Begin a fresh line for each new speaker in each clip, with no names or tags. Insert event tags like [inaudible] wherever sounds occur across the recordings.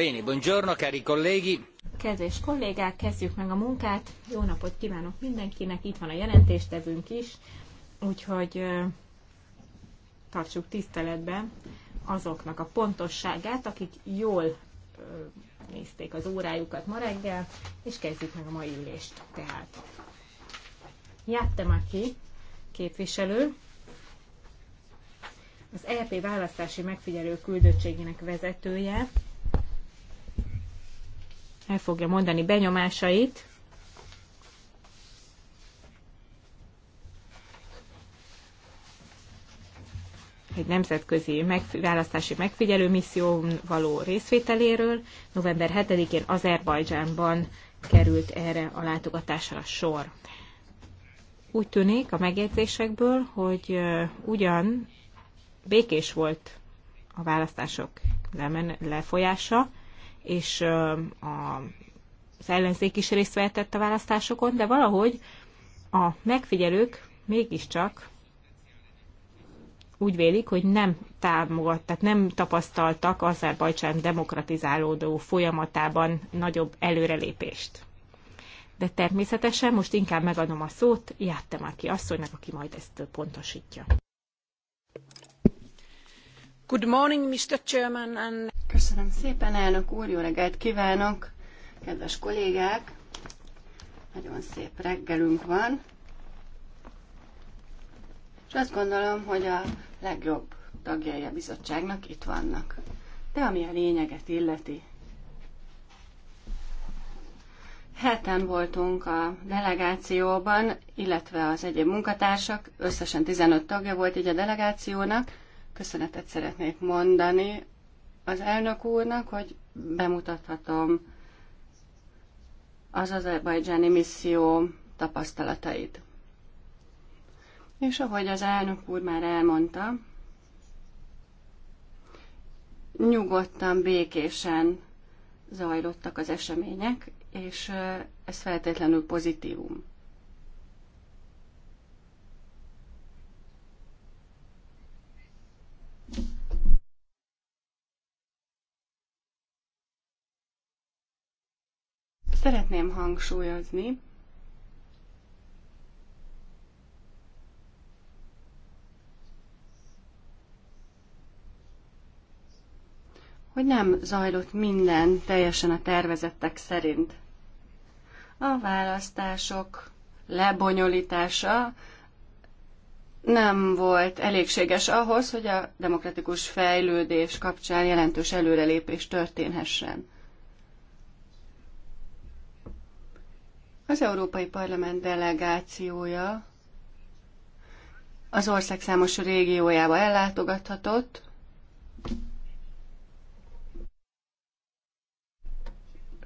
buongiorno, cari colleghi.
Kedves kollégák, kezdjük meg a munkát. Jó napot kívánok mindenkinek, itt van a jelentéstevünk is, úgyhogy tartsuk tiszteletben azoknak a pontosságát, akik jól nézték az órájukat ma reggel, és kezdjük meg a mai ülést tehát. Jattemaki képviselő, az EP választási megfigyelő küldöttségének vezetője, el fogja mondani benyomásait. egy nemzetközi megválasztási választási megfigyelő misszión való részvételéről. November 7-én Azerbajdzsánban került erre a látogatásra sor. Úgy tűnik a megjegyzésekből, hogy ugyan békés volt a választások lemen- lefolyása, és az ellenzék is részt vehetett a választásokon, de valahogy a megfigyelők mégiscsak úgy vélik, hogy nem támogattak, nem tapasztaltak Azerbajcsán demokratizálódó folyamatában nagyobb előrelépést. De természetesen most inkább megadom a szót Játtem aki asszonynak, aki majd ezt pontosítja.
Good morning, Mr. Chairman, and... Köszönöm szépen, elnök úr, jó reggelt kívánok, kedves kollégák! Nagyon szép reggelünk van. És azt gondolom, hogy a legjobb tagjai a bizottságnak itt vannak. De ami a lényeget illeti. Heten voltunk a delegációban, illetve az egyéb munkatársak, összesen 15 tagja volt így a delegációnak. Köszönetet szeretnék mondani az elnök úrnak, hogy bemutathatom az azerbajdzsáni misszió tapasztalatait. És ahogy az elnök úr már elmondta, nyugodtan, békésen zajlottak az események, és ez feltétlenül pozitívum. Szeretném hangsúlyozni, hogy nem zajlott minden teljesen a tervezettek szerint. A választások lebonyolítása nem volt elégséges ahhoz, hogy a demokratikus fejlődés kapcsán jelentős előrelépés történhessen. Az Európai Parlament delegációja az ország számos régiójába ellátogathatott.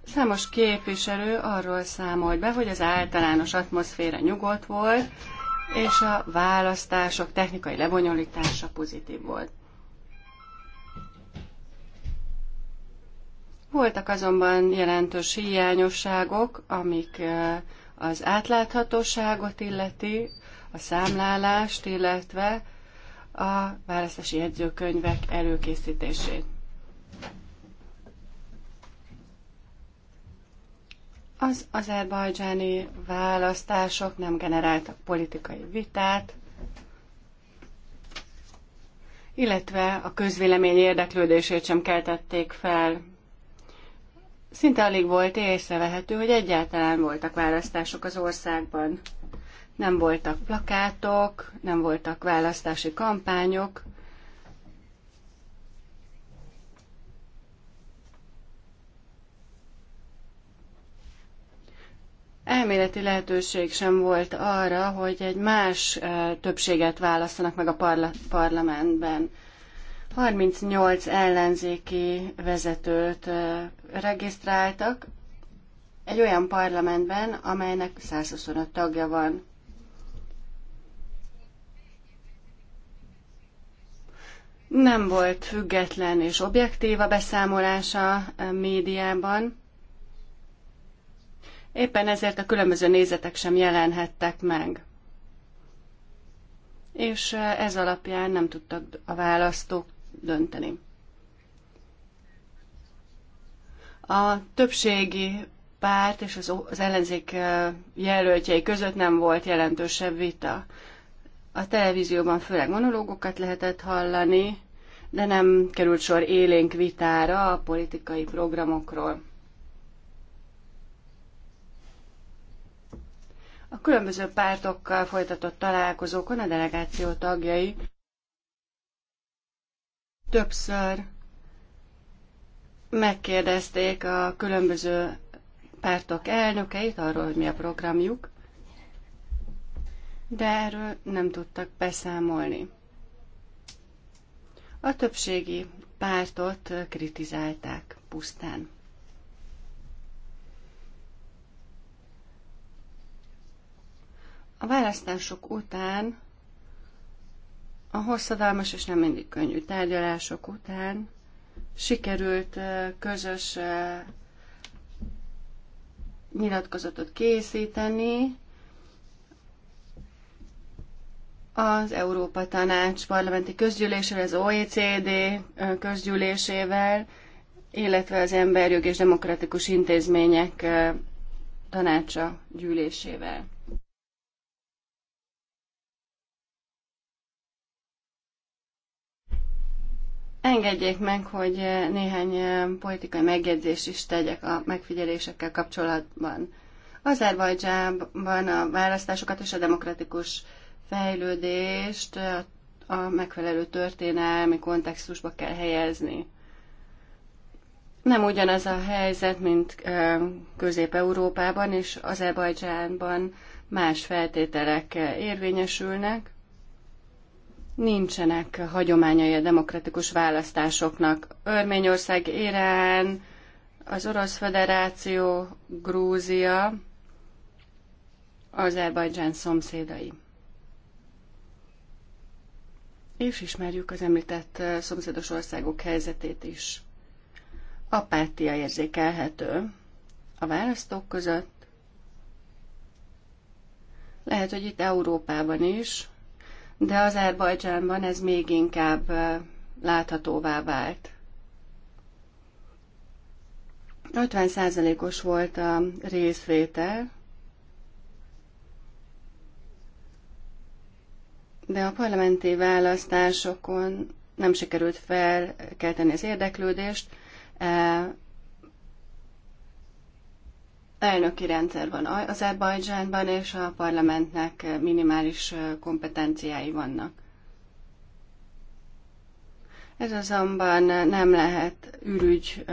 Számos képviselő arról számolt be, hogy az általános atmoszféra nyugodt volt, és a választások technikai lebonyolítása pozitív volt. Voltak azonban jelentős hiányosságok, amik az átláthatóságot illeti, a számlálást, illetve a választási jegyzőkönyvek előkészítését. Az azerbajdzsáni választások nem generáltak politikai vitát, illetve a közvélemény érdeklődését sem keltették fel Szinte alig volt észrevehető, hogy egyáltalán voltak választások az országban. Nem voltak plakátok, nem voltak választási kampányok. Elméleti lehetőség sem volt arra, hogy egy más eh, többséget választanak meg a parla- parlamentben. 38 ellenzéki vezetőt regisztráltak egy olyan parlamentben, amelynek 125 tagja van. Nem volt független és objektív a beszámolása a médiában. Éppen ezért a különböző nézetek sem jelenhettek meg. És ez alapján nem tudtak a választók dönteni. A többségi párt és az, az ellenzék jelöltjei között nem volt jelentősebb vita. A televízióban főleg monológokat lehetett hallani, de nem került sor élénk vitára a politikai programokról. A különböző pártokkal folytatott találkozókon a delegáció tagjai Többször megkérdezték a különböző pártok elnökeit arról, hogy mi a programjuk, de erről nem tudtak beszámolni. A többségi pártot kritizálták pusztán. A választások után a hosszadalmas és nem mindig könnyű tárgyalások után sikerült közös nyilatkozatot készíteni az Európa Tanács parlamenti közgyűlésével, az OECD közgyűlésével, illetve az emberjog és demokratikus intézmények tanácsa gyűlésével. Engedjék meg, hogy eh, néhány eh, politikai megjegyzést is tegyek a megfigyelésekkel kapcsolatban. Azerbajdzsában a választásokat és a demokratikus fejlődést eh, a megfelelő történelmi kontextusba kell helyezni. Nem ugyanaz a helyzet, mint Közép-Európában és Azerbajdzsánban más feltételek érvényesülnek nincsenek hagyományai a demokratikus választásoknak. Örményország, Irán, az Orosz Föderáció, Grúzia, Azerbajdzsán szomszédai. És ismerjük az említett szomszédos országok helyzetét is. Apátia érzékelhető a választók között. Lehet, hogy itt Európában is de az Azerbajdzsánban ez még inkább láthatóvá vált. 50%-os volt a részvétel, de a parlamenti választásokon nem sikerült felkelteni az érdeklődést, e, elnöki rendszer van Azerbajdzsánban, és a parlamentnek minimális kompetenciái vannak. Ez azonban nem lehet ürügy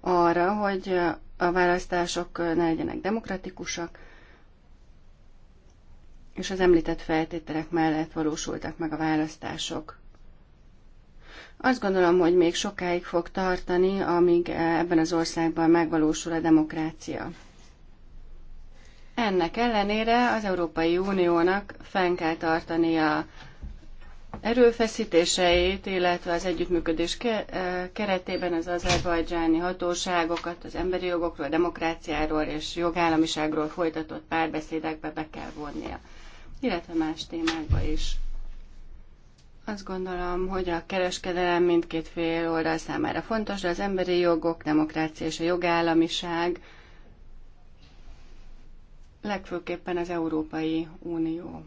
arra, hogy a választások ne legyenek demokratikusak, és az említett feltételek mellett valósultak meg a választások. Azt gondolom, hogy még sokáig fog tartani, amíg ebben az országban megvalósul a demokrácia. Ennek ellenére az Európai Uniónak fenn kell tartania erőfeszítéseit, illetve az együttműködés eh, keretében az azerbajdzsáni hatóságokat az emberi jogokról, demokráciáról és jogállamiságról folytatott párbeszédekbe be kell vonnia, illetve más témákba is. Azt gondolom, hogy a kereskedelem mindkét fél oldal számára fontos, de az emberi jogok, demokrácia és a jogállamiság legfőképpen az Európai Unió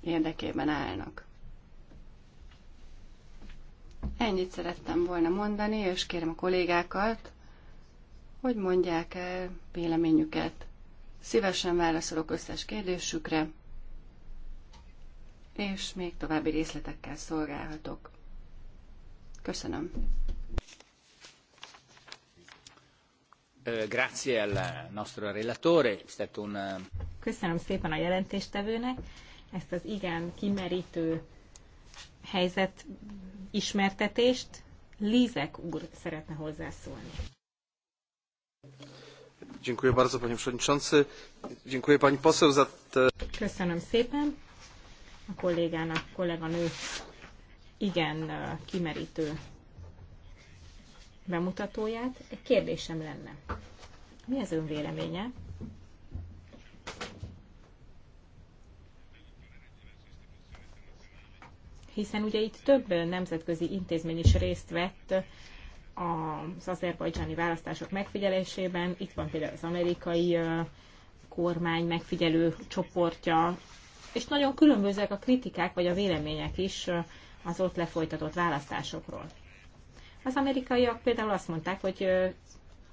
érdekében állnak. Ennyit szerettem volna mondani, és kérem a kollégákat, hogy mondják el véleményüket. Szívesen válaszolok összes kérdésükre, és még további részletekkel szolgálhatok. Köszönöm.
Eh, eh, Köszönöm szépen a jelentéstevőnek ezt az igen kimerítő helyzet ismertetést. Lízek úr szeretne hozzászólni. Dziękuję bardzo,
panie przewodniczący. Dziękuję pani poseł za te...
Köszönöm szépen a kollégának, kolléganő igen eh, kimerítő bemutatóját. Egy kérdésem lenne. Mi az ön véleménye? Hiszen ugye itt több nemzetközi intézmény is részt vett az azerbajdzsáni választások megfigyelésében. Itt van például az amerikai kormány megfigyelő csoportja, és nagyon különbözőek a kritikák vagy a vélemények is az ott lefolytatott választásokról. Az amerikaiak például azt mondták, hogy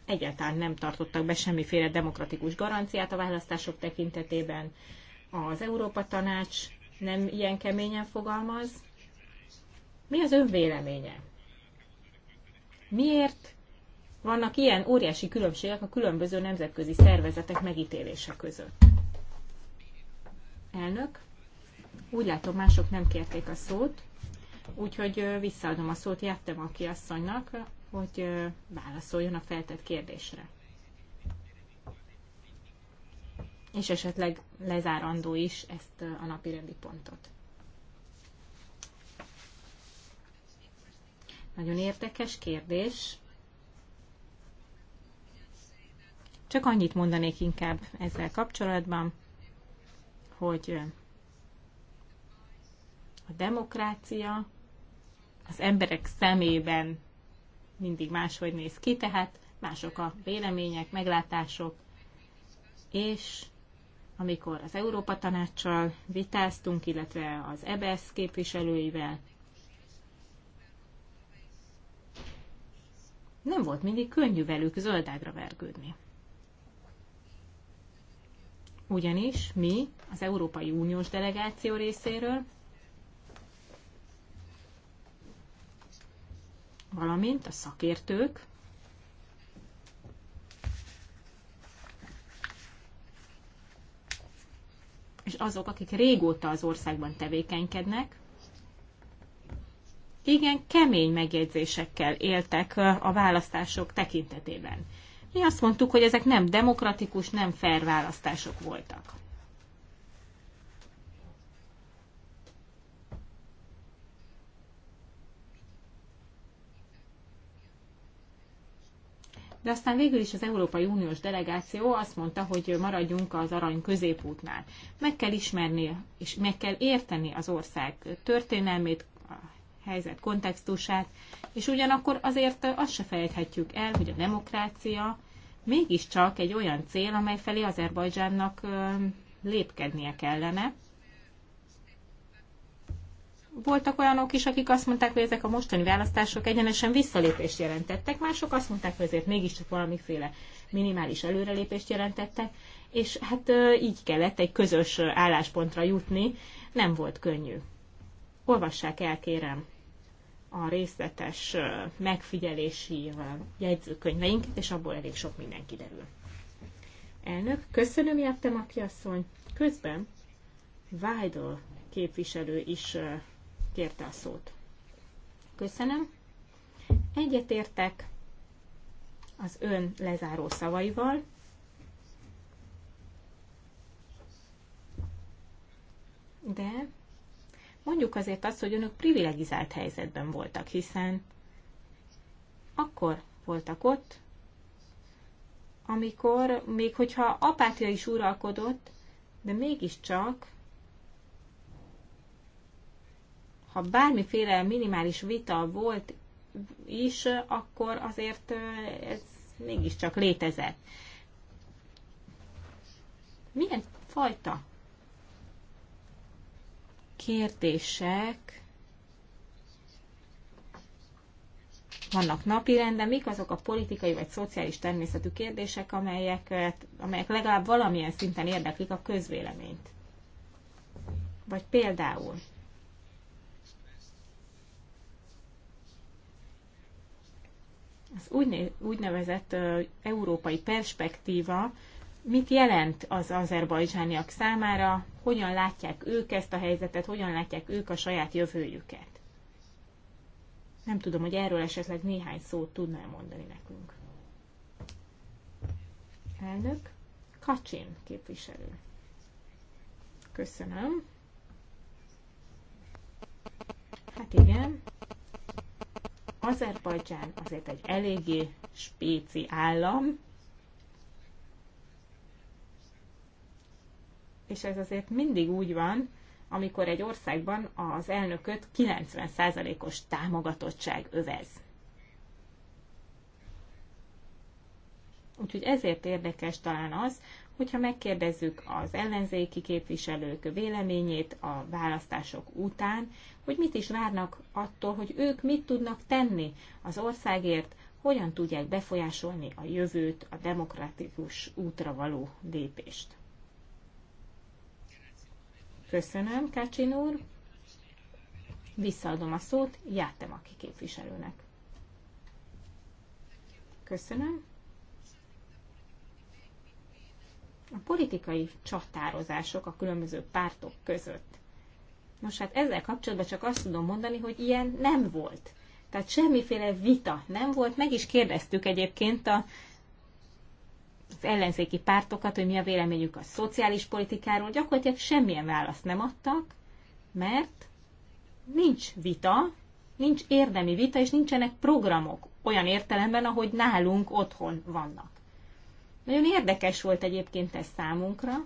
egyáltalán nem tartottak be semmiféle demokratikus garanciát a választások tekintetében. Az Európa Tanács nem ilyen keményen fogalmaz. Mi az ön véleménye? Miért vannak ilyen óriási különbségek a különböző nemzetközi szervezetek megítélése között? Elnök, úgy látom mások nem kérték a szót. Úgyhogy visszaadom a szót Jattem aki asszonynak, hogy válaszoljon a feltett kérdésre. És esetleg lezárandó is ezt a napi rendi pontot. Nagyon érdekes kérdés. Csak annyit mondanék inkább ezzel kapcsolatban, hogy a demokrácia az emberek szemében mindig máshogy néz ki, tehát mások a vélemények, meglátások, és amikor az Európa Tanácssal vitáztunk, illetve az EBS e képviselőivel, nem volt mindig könnyű velük zöldágra vergődni. Ugyanis mi, az Európai Uniós delegáció részéről, valamint a szakértők, és azok, akik régóta az országban tevékenykednek, igen kemény megjegyzésekkel éltek a választások tekintetében. Mi azt mondtuk, hogy ezek nem demokratikus, nem fair választások voltak. de aztán végül is az Európai Uniós delegáció azt mondta, hogy maradjunk az arany középútnál. Meg kell ismerni és meg kell érteni az ország történelmét, a helyzet kontextusát, és ugyanakkor azért azt se felejthetjük el, hogy a demokrácia mégiscsak egy olyan cél, amely felé Azerbajdzsánnak lépkednie kellene, voltak olyanok is, akik azt mondták, hogy ezek a mostani választások egyenesen visszalépést jelentettek, mások azt mondták, hogy ezért mégiscsak valamiféle minimális előrelépést jelentettek, és hát így kellett egy közös álláspontra jutni, nem volt könnyű. Olvassák el, kérem, a részletes megfigyelési jegyzőkönyveinket, és abból elég sok minden kiderül. Elnök, köszönöm, a asszony. Közben Weidel képviselő is kérte a szót. Köszönöm. Egyetértek az ön lezáró szavaival. De mondjuk azért azt, hogy önök privilegizált helyzetben voltak, hiszen akkor voltak ott, amikor, még hogyha apátia is uralkodott, de mégiscsak ha bármiféle minimális vita volt is, akkor azért ez mégiscsak létezett. Milyen fajta kérdések vannak napirenden, mik azok a politikai vagy szociális természetű kérdések, amelyeket, amelyek legalább valamilyen szinten érdeklik a közvéleményt. Vagy például az úgynevezett európai perspektíva, mit jelent az azerbajdzsániak számára, hogyan látják ők ezt a helyzetet, hogyan látják ők a saját jövőjüket. Nem tudom, hogy erről esetleg néhány szót tudná mondani nekünk. Elnök Kacsin képviselő. Köszönöm. Hát igen, Azerbajdzsán azért egy eléggé spéci állam, és ez azért mindig úgy van, amikor egy országban az elnököt 90%-os támogatottság övez. Úgyhogy ezért érdekes talán az, hogyha megkérdezzük az ellenzéki képviselők véleményét a választások után, hogy mit is várnak attól, hogy ők mit tudnak tenni az országért, hogyan tudják befolyásolni a jövőt, a demokratikus útra való lépést. Köszönöm, Kácsin úr. Visszaadom a szót a képviselőnek. Köszönöm. a politikai csatározások a különböző pártok között. Nos, hát ezzel kapcsolatban csak azt tudom mondani, hogy ilyen nem volt. Tehát semmiféle vita nem volt. Meg is kérdeztük egyébként a, az ellenzéki pártokat, hogy mi a véleményük a szociális politikáról. Gyakorlatilag semmilyen választ nem adtak, mert nincs vita, nincs érdemi vita, és nincsenek programok olyan értelemben, ahogy nálunk otthon vannak. Nagyon érdekes volt egyébként ez számunkra,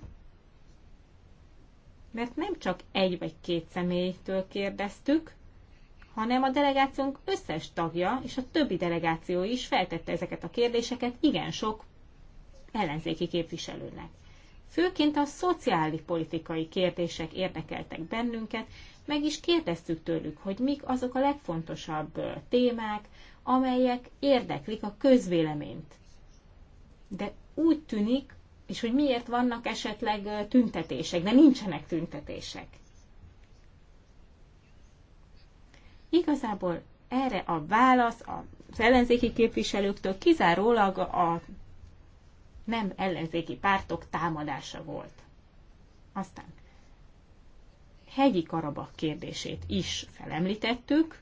mert nem csak egy vagy két személytől kérdeztük, hanem a delegációnk összes tagja és a többi delegáció is feltette ezeket a kérdéseket igen sok ellenzéki képviselőnek. Főként a szociálpolitikai kérdések érdekeltek bennünket, meg is kérdeztük tőlük, hogy mik azok a legfontosabb témák, amelyek érdeklik a közvéleményt. De úgy tűnik, és hogy miért vannak esetleg tüntetések, de nincsenek tüntetések. Igazából erre a válasz az ellenzéki képviselőktől kizárólag a nem ellenzéki pártok támadása volt. Aztán hegyi karabak kérdését is felemlítettük,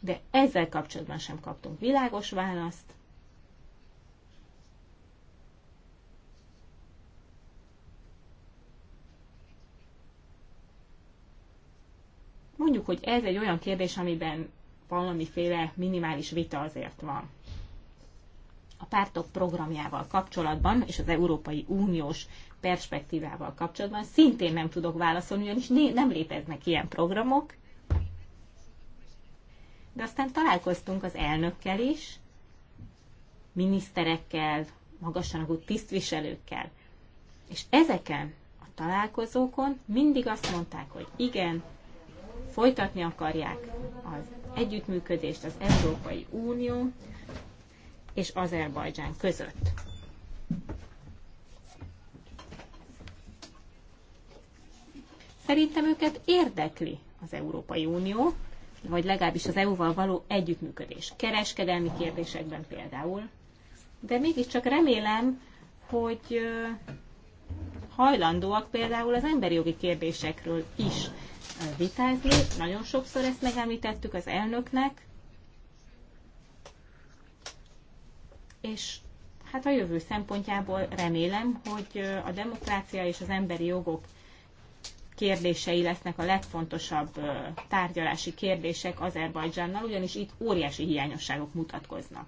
de ezzel kapcsolatban sem kaptunk világos választ. Mondjuk, hogy ez egy olyan kérdés, amiben valamiféle minimális vita azért van. A pártok programjával kapcsolatban és az Európai Uniós perspektívával kapcsolatban szintén nem tudok válaszolni, ugyanis nem léteznek ilyen programok. De aztán találkoztunk az elnökkel is, miniszterekkel, magasrangú tisztviselőkkel. És ezeken a találkozókon mindig azt mondták, hogy igen, folytatni akarják az együttműködést az Európai Unió és Azerbajdzsán között. Szerintem őket érdekli az Európai Unió, vagy legalábbis az EU-val való együttműködés. Kereskedelmi kérdésekben például. De mégiscsak remélem, hogy hajlandóak például az emberi jogi kérdésekről is vitázni. Nagyon sokszor ezt megemlítettük az elnöknek, és hát a jövő szempontjából remélem, hogy a demokrácia és az emberi jogok kérdései lesznek a legfontosabb tárgyalási kérdések Azerbajdzsánnal, ugyanis itt óriási hiányosságok mutatkoznak.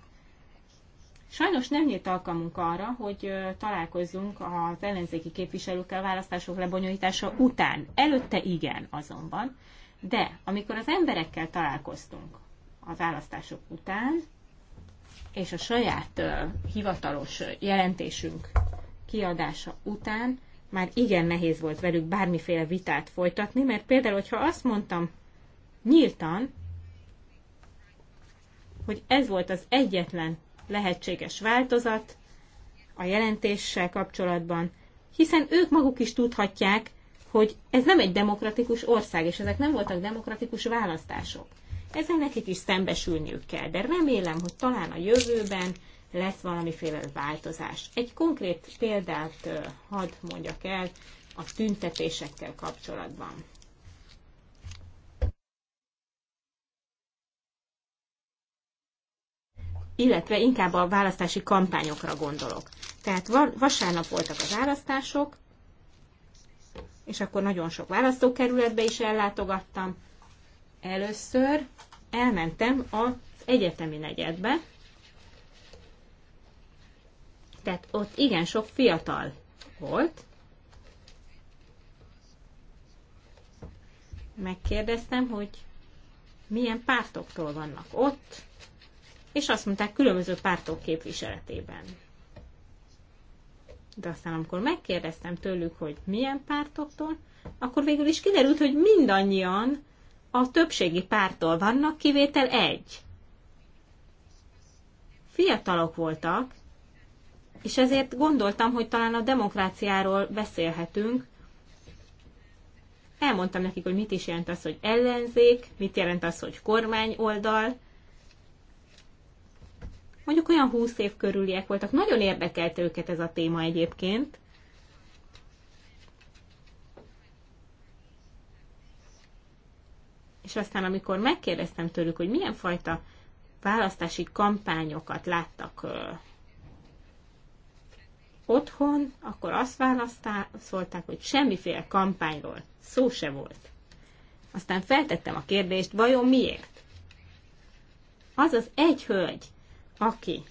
Sajnos nem nyílt alkalmunk arra, hogy találkozzunk az ellenzéki képviselőkkel választások lebonyolítása után. Előtte igen azonban, de amikor az emberekkel találkoztunk a választások után, és a saját hivatalos jelentésünk kiadása után, már igen nehéz volt velük bármiféle vitát folytatni, mert például, hogyha azt mondtam nyíltan, hogy ez volt az egyetlen lehetséges változat a jelentéssel kapcsolatban, hiszen ők maguk is tudhatják, hogy ez nem egy demokratikus ország, és ezek nem voltak demokratikus választások. Ezzel nekik is szembesülniük kell, de remélem, hogy talán a jövőben lesz valamiféle változás. Egy konkrét példát hadd mondjak el a tüntetésekkel kapcsolatban. illetve inkább a választási kampányokra gondolok. Tehát vasárnap voltak az választások, és akkor nagyon sok választókerületbe is ellátogattam. Először elmentem az egyetemi negyedbe, tehát ott igen sok fiatal volt. Megkérdeztem, hogy milyen pártoktól vannak ott, és azt mondták különböző pártok képviseletében. De aztán, amikor megkérdeztem tőlük, hogy milyen pártoktól, akkor végül is kiderült, hogy mindannyian a többségi pártól vannak, kivétel egy. Fiatalok voltak, és ezért gondoltam, hogy talán a demokráciáról beszélhetünk. Elmondtam nekik, hogy mit is jelent az, hogy ellenzék, mit jelent az, hogy kormány oldal, mondjuk olyan 20 év körüliek voltak. Nagyon érdekelt őket ez a téma egyébként. És aztán, amikor megkérdeztem tőlük, hogy milyen fajta választási kampányokat láttak ö, otthon, akkor azt válaszolták, hogy semmiféle kampányról szó se volt. Aztán feltettem a kérdést, vajon miért? Az az egy hölgy, aki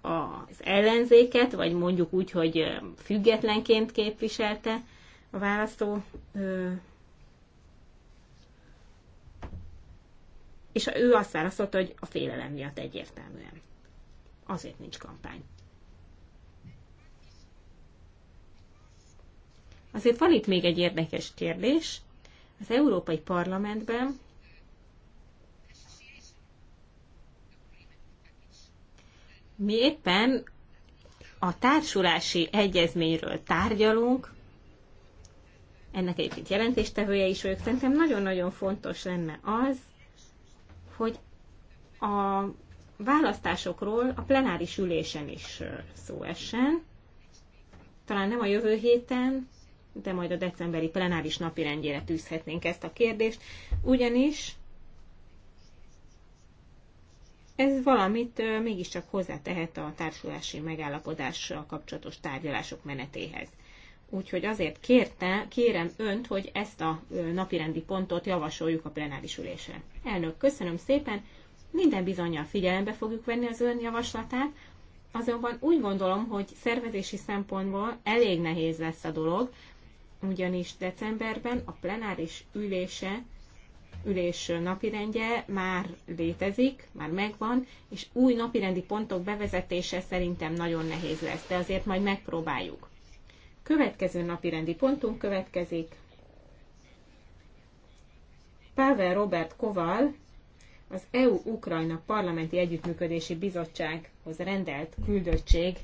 az ellenzéket, vagy mondjuk úgy, hogy függetlenként képviselte a választó, és ő azt válaszolta, hogy a félelem miatt egyértelműen. Azért nincs kampány. Azért van itt még egy érdekes kérdés. Az Európai Parlamentben Mi éppen a társulási egyezményről tárgyalunk, ennek egyébként jelentéstevője is vagyok, szerintem nagyon-nagyon fontos lenne az, hogy a választásokról a plenáris ülésen is szó essen. Talán nem a jövő héten, de majd a decemberi plenáris napirendjére tűzhetnénk ezt a kérdést, ugyanis ez valamit mégiscsak hozzátehet a társulási megállapodással kapcsolatos tárgyalások menetéhez. Úgyhogy azért kérte, kérem önt, hogy ezt a napirendi pontot javasoljuk a plenáris ülésre. Elnök, köszönöm szépen, minden bizonyal figyelembe fogjuk venni az ön javaslatát, azonban úgy gondolom, hogy szervezési szempontból elég nehéz lesz a dolog, ugyanis decemberben a plenáris ülése ülés napirendje már létezik, már megvan, és új napirendi pontok bevezetése szerintem nagyon nehéz lesz, de azért majd megpróbáljuk. Következő napirendi pontunk következik. Pavel Robert Koval, az EU-Ukrajna Parlamenti Együttműködési Bizottsághoz rendelt küldöttség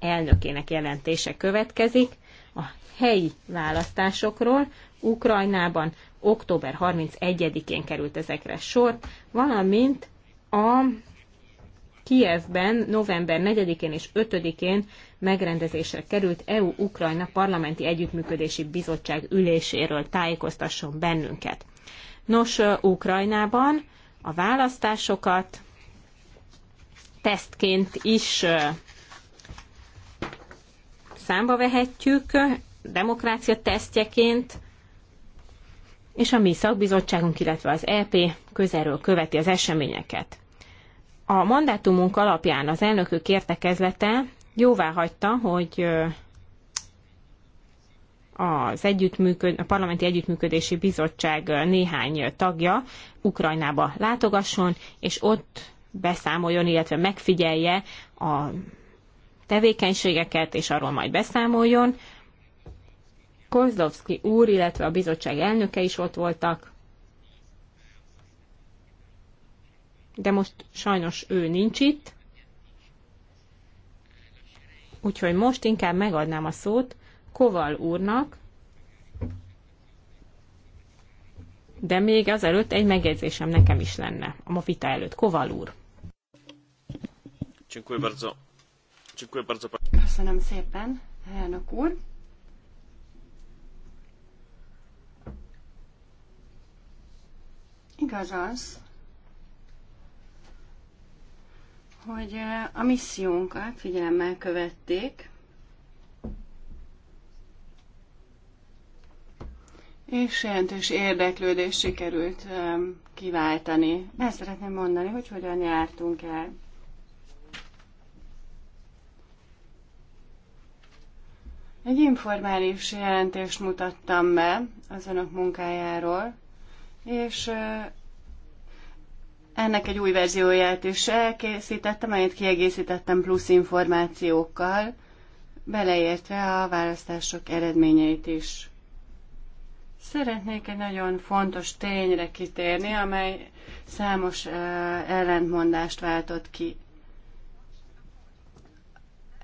elnökének jelentése következik a helyi választásokról, Ukrajnában október 31-én került ezekre sor, valamint a Kijevben november 4-én és 5-én megrendezésre került EU-Ukrajna Parlamenti Együttműködési Bizottság üléséről tájékoztasson bennünket. Nos, Ukrajnában a választásokat tesztként is számba vehetjük, demokrácia tesztjeként, és a mi szakbizottságunk, illetve az EP közelről követi az eseményeket. A mandátumunk alapján az elnökök értekezlete jóvá hagyta, hogy az együttműköd, a Parlamenti Együttműködési Bizottság néhány tagja Ukrajnába látogasson, és ott beszámoljon, illetve megfigyelje a tevékenységeket, és arról majd beszámoljon. Kozlovszki úr, illetve a bizottság elnöke is ott voltak, de most sajnos ő nincs itt, úgyhogy most inkább megadnám a szót Koval úrnak, de még azelőtt egy megjegyzésem nekem is lenne, a ma vita előtt. Koval úr.
Köszönöm szépen, elnök úr. Igaz az, hogy a missziónkat figyelemmel követték, és jelentős érdeklődés sikerült kiváltani. Ezt szeretném mondani, hogy hogyan jártunk el. Egy informális jelentést mutattam be az önök munkájáról, és ennek egy új verzióját is elkészítettem, amelyet kiegészítettem plusz információkkal, beleértve a választások eredményeit is. Szeretnék egy nagyon fontos tényre kitérni, amely számos ellentmondást váltott ki.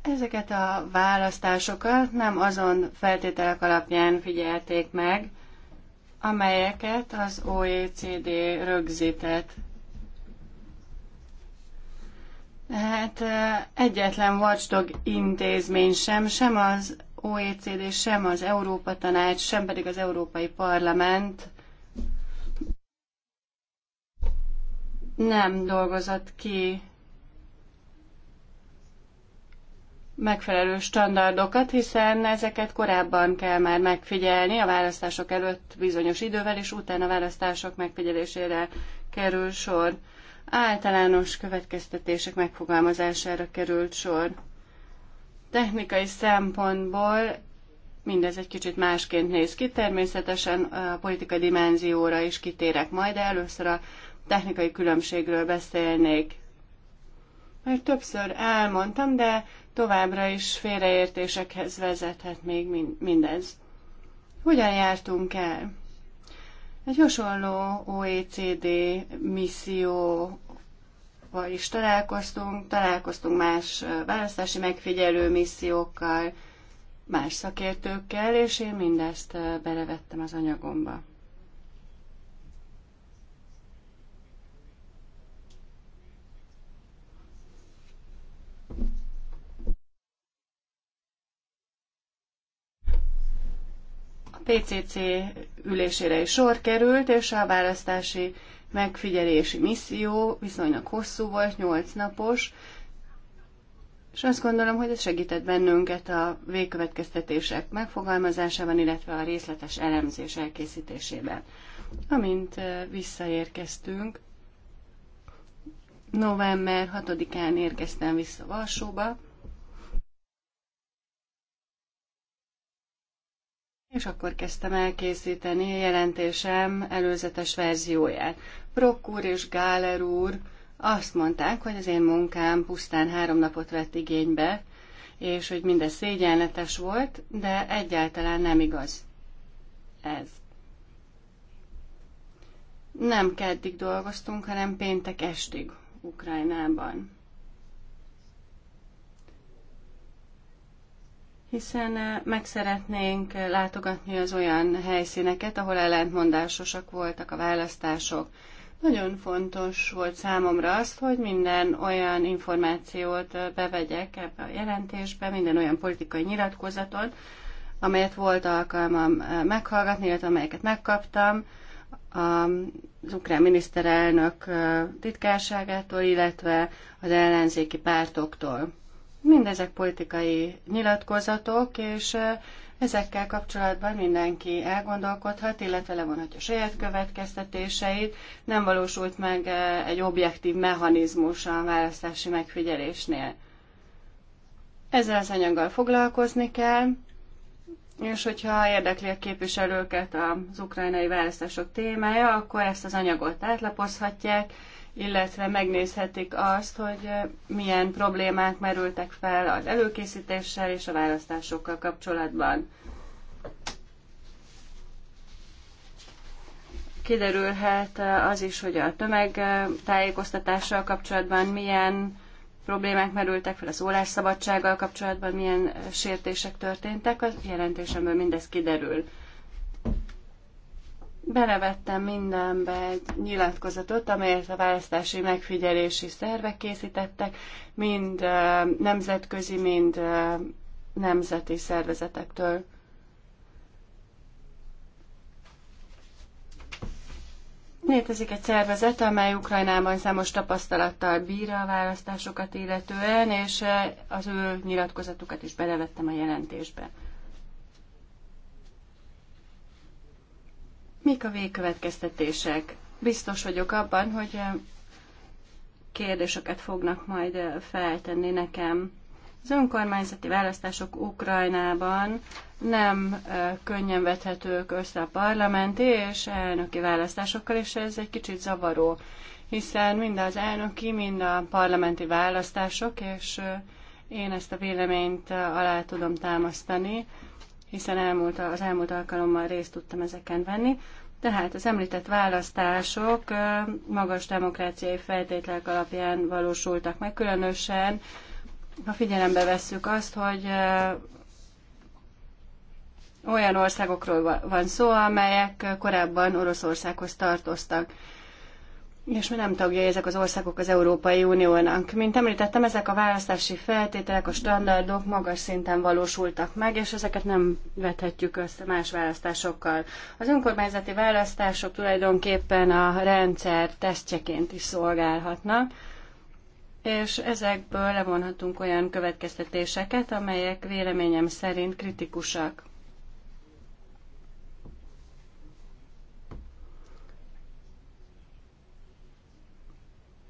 Ezeket a választásokat nem azon feltételek alapján figyelték meg, amelyeket az OECD rögzített. Tehát egyetlen watchdog intézmény sem, sem az OECD, sem az Európa Tanács, sem pedig az Európai Parlament nem dolgozott ki megfelelő standardokat, hiszen ezeket korábban kell már megfigyelni, a választások előtt bizonyos idővel, és utána a választások megfigyelésére kerül sor. Általános következtetések megfogalmazására került sor. Technikai szempontból mindez egy kicsit másként néz ki, természetesen a politikai dimenzióra is kitérek majd, de először a technikai különbségről beszélnék. Már többször elmondtam, de továbbra is félreértésekhez vezethet még mindez. Hogyan jártunk el? Egy hasonló OECD misszió is találkoztunk, találkoztunk más választási megfigyelő missziókkal, más szakértőkkel, és én mindezt belevettem az anyagomba. PCC ülésére is sor került, és a választási megfigyelési misszió viszonylag hosszú volt, 8 napos, és azt gondolom, hogy ez segített bennünket a végkövetkeztetések megfogalmazásában, illetve a részletes elemzés elkészítésében. Amint visszaérkeztünk, november 6-án érkeztem vissza Varsóba, És akkor kezdtem elkészíteni a jelentésem előzetes verzióját. Brock úr és Gáler úr azt mondták, hogy az én munkám pusztán három napot vett igénybe, és hogy mindez szégyenletes volt, de egyáltalán nem igaz ez. Nem keddig dolgoztunk, hanem péntek estig Ukrajnában. hiszen meg szeretnénk látogatni az olyan helyszíneket, ahol ellentmondásosak voltak a választások. Nagyon fontos volt számomra azt, hogy minden olyan információt bevegyek ebbe a jelentésbe, minden olyan politikai nyilatkozatot, amelyet volt alkalmam meghallgatni, illetve amelyeket megkaptam az ukrán miniszterelnök titkárságától, illetve az ellenzéki pártoktól. Mindezek politikai nyilatkozatok, és ezekkel kapcsolatban mindenki elgondolkodhat, illetve levonhatja saját következtetéseit. Nem valósult meg egy objektív mechanizmus a választási megfigyelésnél. Ezzel az anyaggal foglalkozni kell, és hogyha érdekli a képviselőket az ukrajnai választások témája, akkor ezt az anyagot átlapozhatják, illetve megnézhetik azt, hogy eh, milyen problémák merültek fel az előkészítéssel és a választásokkal kapcsolatban. Kiderülhet eh, az is, hogy a tömegtájékoztatással kapcsolatban milyen problémák merültek fel, a szólásszabadsággal kapcsolatban milyen eh, sértések történtek, a jelentésemből mindez kiderül belevettem mindenbe egy nyilatkozatot, amelyet a választási megfigyelési szervek készítettek, mind nemzetközi, mind nemzeti szervezetektől. Létezik egy szervezet, amely Ukrajnában számos tapasztalattal bír a választásokat illetően, és az ő nyilatkozatukat is belevettem a jelentésbe. Mik a végkövetkeztetések? Biztos vagyok abban, hogy kérdéseket fognak majd feltenni nekem. Az önkormányzati választások Ukrajnában nem könnyen vethetők össze a parlamenti és elnöki választásokkal, és ez egy kicsit zavaró, hiszen mind az elnöki, mind a parlamenti választások, és én ezt a véleményt alá tudom támasztani hiszen elmúlt, az elmúlt alkalommal részt tudtam ezeken venni. Tehát az említett választások magas demokráciai feltételek alapján valósultak meg, különösen ha figyelembe vesszük azt, hogy olyan országokról van szó, amelyek korábban Oroszországhoz tartoztak és mi nem tagjai ezek az országok az Európai Uniónak. Mint említettem, ezek a választási feltételek, a standardok magas szinten valósultak meg, és ezeket nem vethetjük össze más választásokkal. Az önkormányzati választások tulajdonképpen a rendszer tesztjeként is szolgálhatnak, és ezekből levonhatunk olyan következtetéseket, amelyek véleményem szerint kritikusak.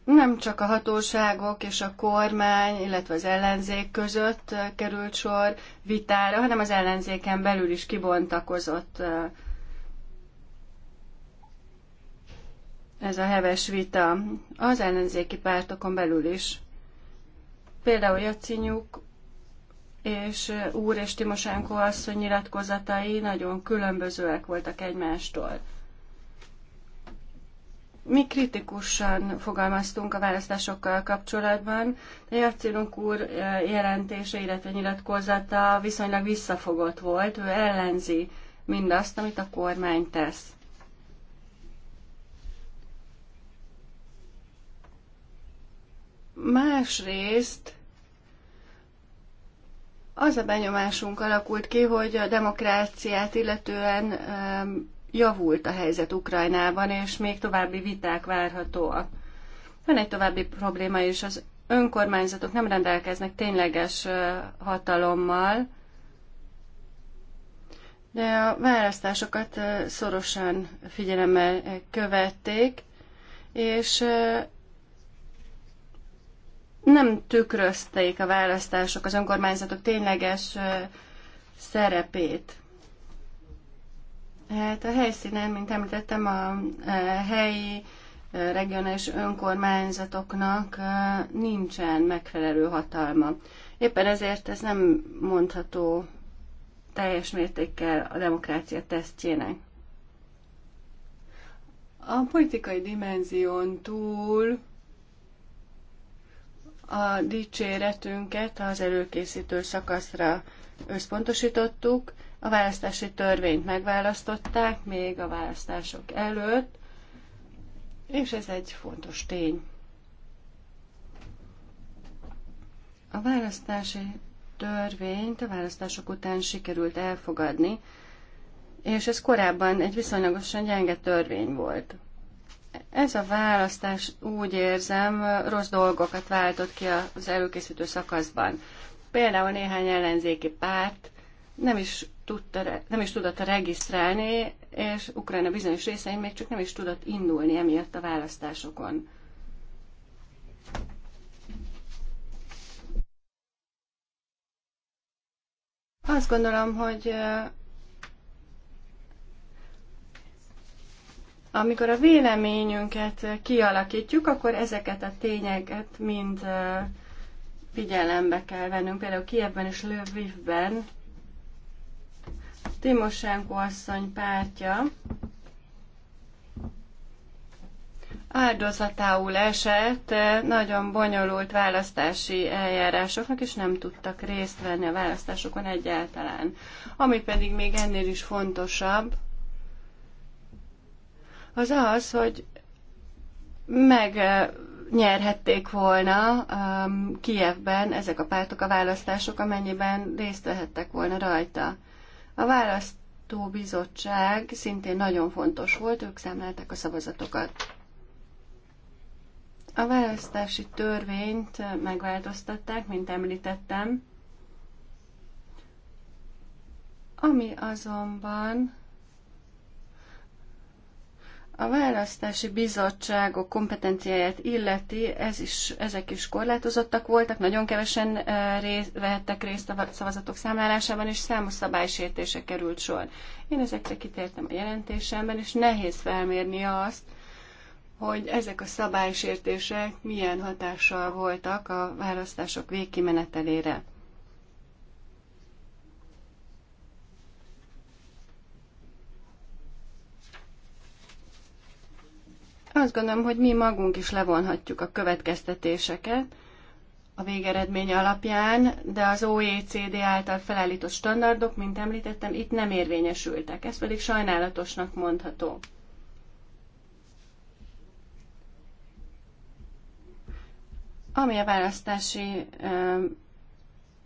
nem csak a hatóságok és a kormány, illetve az ellenzék között került sor vitára, hanem az ellenzéken belül is kibontakozott ez a heves vita az ellenzéki pártokon belül is. Például Jacinyuk és Úr és Timosánko asszony nyilatkozatai nagyon különbözőek voltak egymástól mi kritikusan fogalmaztunk a választásokkal kapcsolatban, de Jarcilunk úr eh, jelentése, illetve nyilatkozata viszonylag visszafogott volt, ő ellenzi mindazt, amit a kormány tesz. Másrészt az a benyomásunk alakult ki, hogy a demokráciát illetően javult a helyzet Ukrajnában, és még további viták várhatóak. Van egy további probléma is, az önkormányzatok nem rendelkeznek tényleges hatalommal, de a választásokat szorosan figyelemmel követték, és nem tükrözték a választások az önkormányzatok tényleges szerepét. Hát a helyszínen, mint említettem, a e, helyi e, regionális önkormányzatoknak e, nincsen megfelelő hatalma. Éppen ezért ez nem mondható teljes mértékkel a demokrácia tesztjének. A politikai dimenzión túl a dicséretünket az előkészítő szakaszra összpontosítottuk, a választási törvényt megválasztották még a választások előtt, és ez egy fontos tény. A választási törvényt a választások után sikerült elfogadni, és ez korábban egy viszonylagosan gyenge törvény volt. Ez a választás úgy érzem rossz dolgokat váltott ki az előkészítő szakaszban. Például néhány ellenzéki párt nem is, tudta, nem is tudott regisztrálni, és Ukrajna bizonyos részein még csak nem is tudott indulni emiatt a választásokon. Azt gondolom, hogy amikor a véleményünket kialakítjuk, akkor ezeket a tényeket mind figyelembe kell vennünk. Például Kievben és Lövivben Timosenko asszony pártja áldozatául esett nagyon bonyolult választási eljárásoknak, és nem tudtak részt venni a választásokon egyáltalán. Ami pedig még ennél is fontosabb, az az, hogy megnyerhették volna um, Kijevben ezek a pártok a választások, amennyiben részt vehettek volna rajta. A választóbizottság szintén nagyon fontos volt, ők számlálták a szavazatokat. A választási törvényt megváltoztatták, mint említettem, ami azonban a választási bizottságok kompetenciáját illeti, ez is, ezek is korlátozottak voltak, nagyon kevesen eh, rész, vehettek részt a szavazatok számlálásában, és számos szabálysértése került sor. Én ezekre kitértem a jelentésemben, és nehéz felmérni azt, hogy ezek a szabálysértések milyen hatással voltak a választások végkimenetelére. Azt gondolom, hogy mi magunk is levonhatjuk a következtetéseket a végeredmény alapján, de az OECD által felállított standardok, mint említettem, itt nem érvényesültek. Ez pedig sajnálatosnak mondható. Ami a választási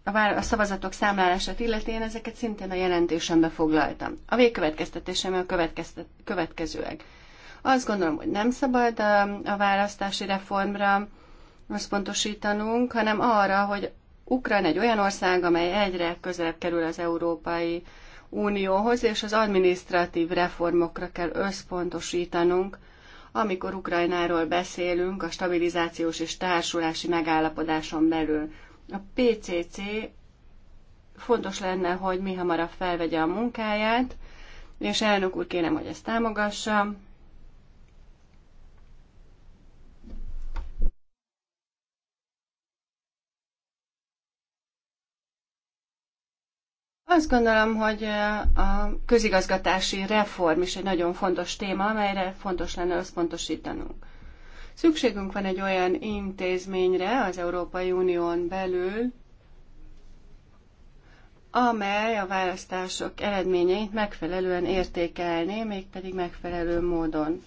eh, a szavazatok számlálását illeti, én ezeket szintén a jelentésembe foglaltam. A végkövetkeztetésem a következőek. Azt gondolom, hogy nem szabad a, a választási reformra összpontosítanunk, hanem arra, hogy Ukrán egy olyan ország, amely egyre közelebb kerül az Európai Unióhoz, és az administratív reformokra kell összpontosítanunk, amikor Ukrajnáról beszélünk a stabilizációs és társulási megállapodáson belül. A PCC fontos lenne, hogy mi hamarabb felvegye a munkáját, és elnök úr kérem, hogy ezt támogassa. Azt gondolom, hogy a közigazgatási reform is egy nagyon fontos téma, amelyre fontos lenne összpontosítanunk. Szükségünk van egy olyan intézményre az Európai Unión belül, amely a választások eredményeit megfelelően értékelné, mégpedig megfelelő módon.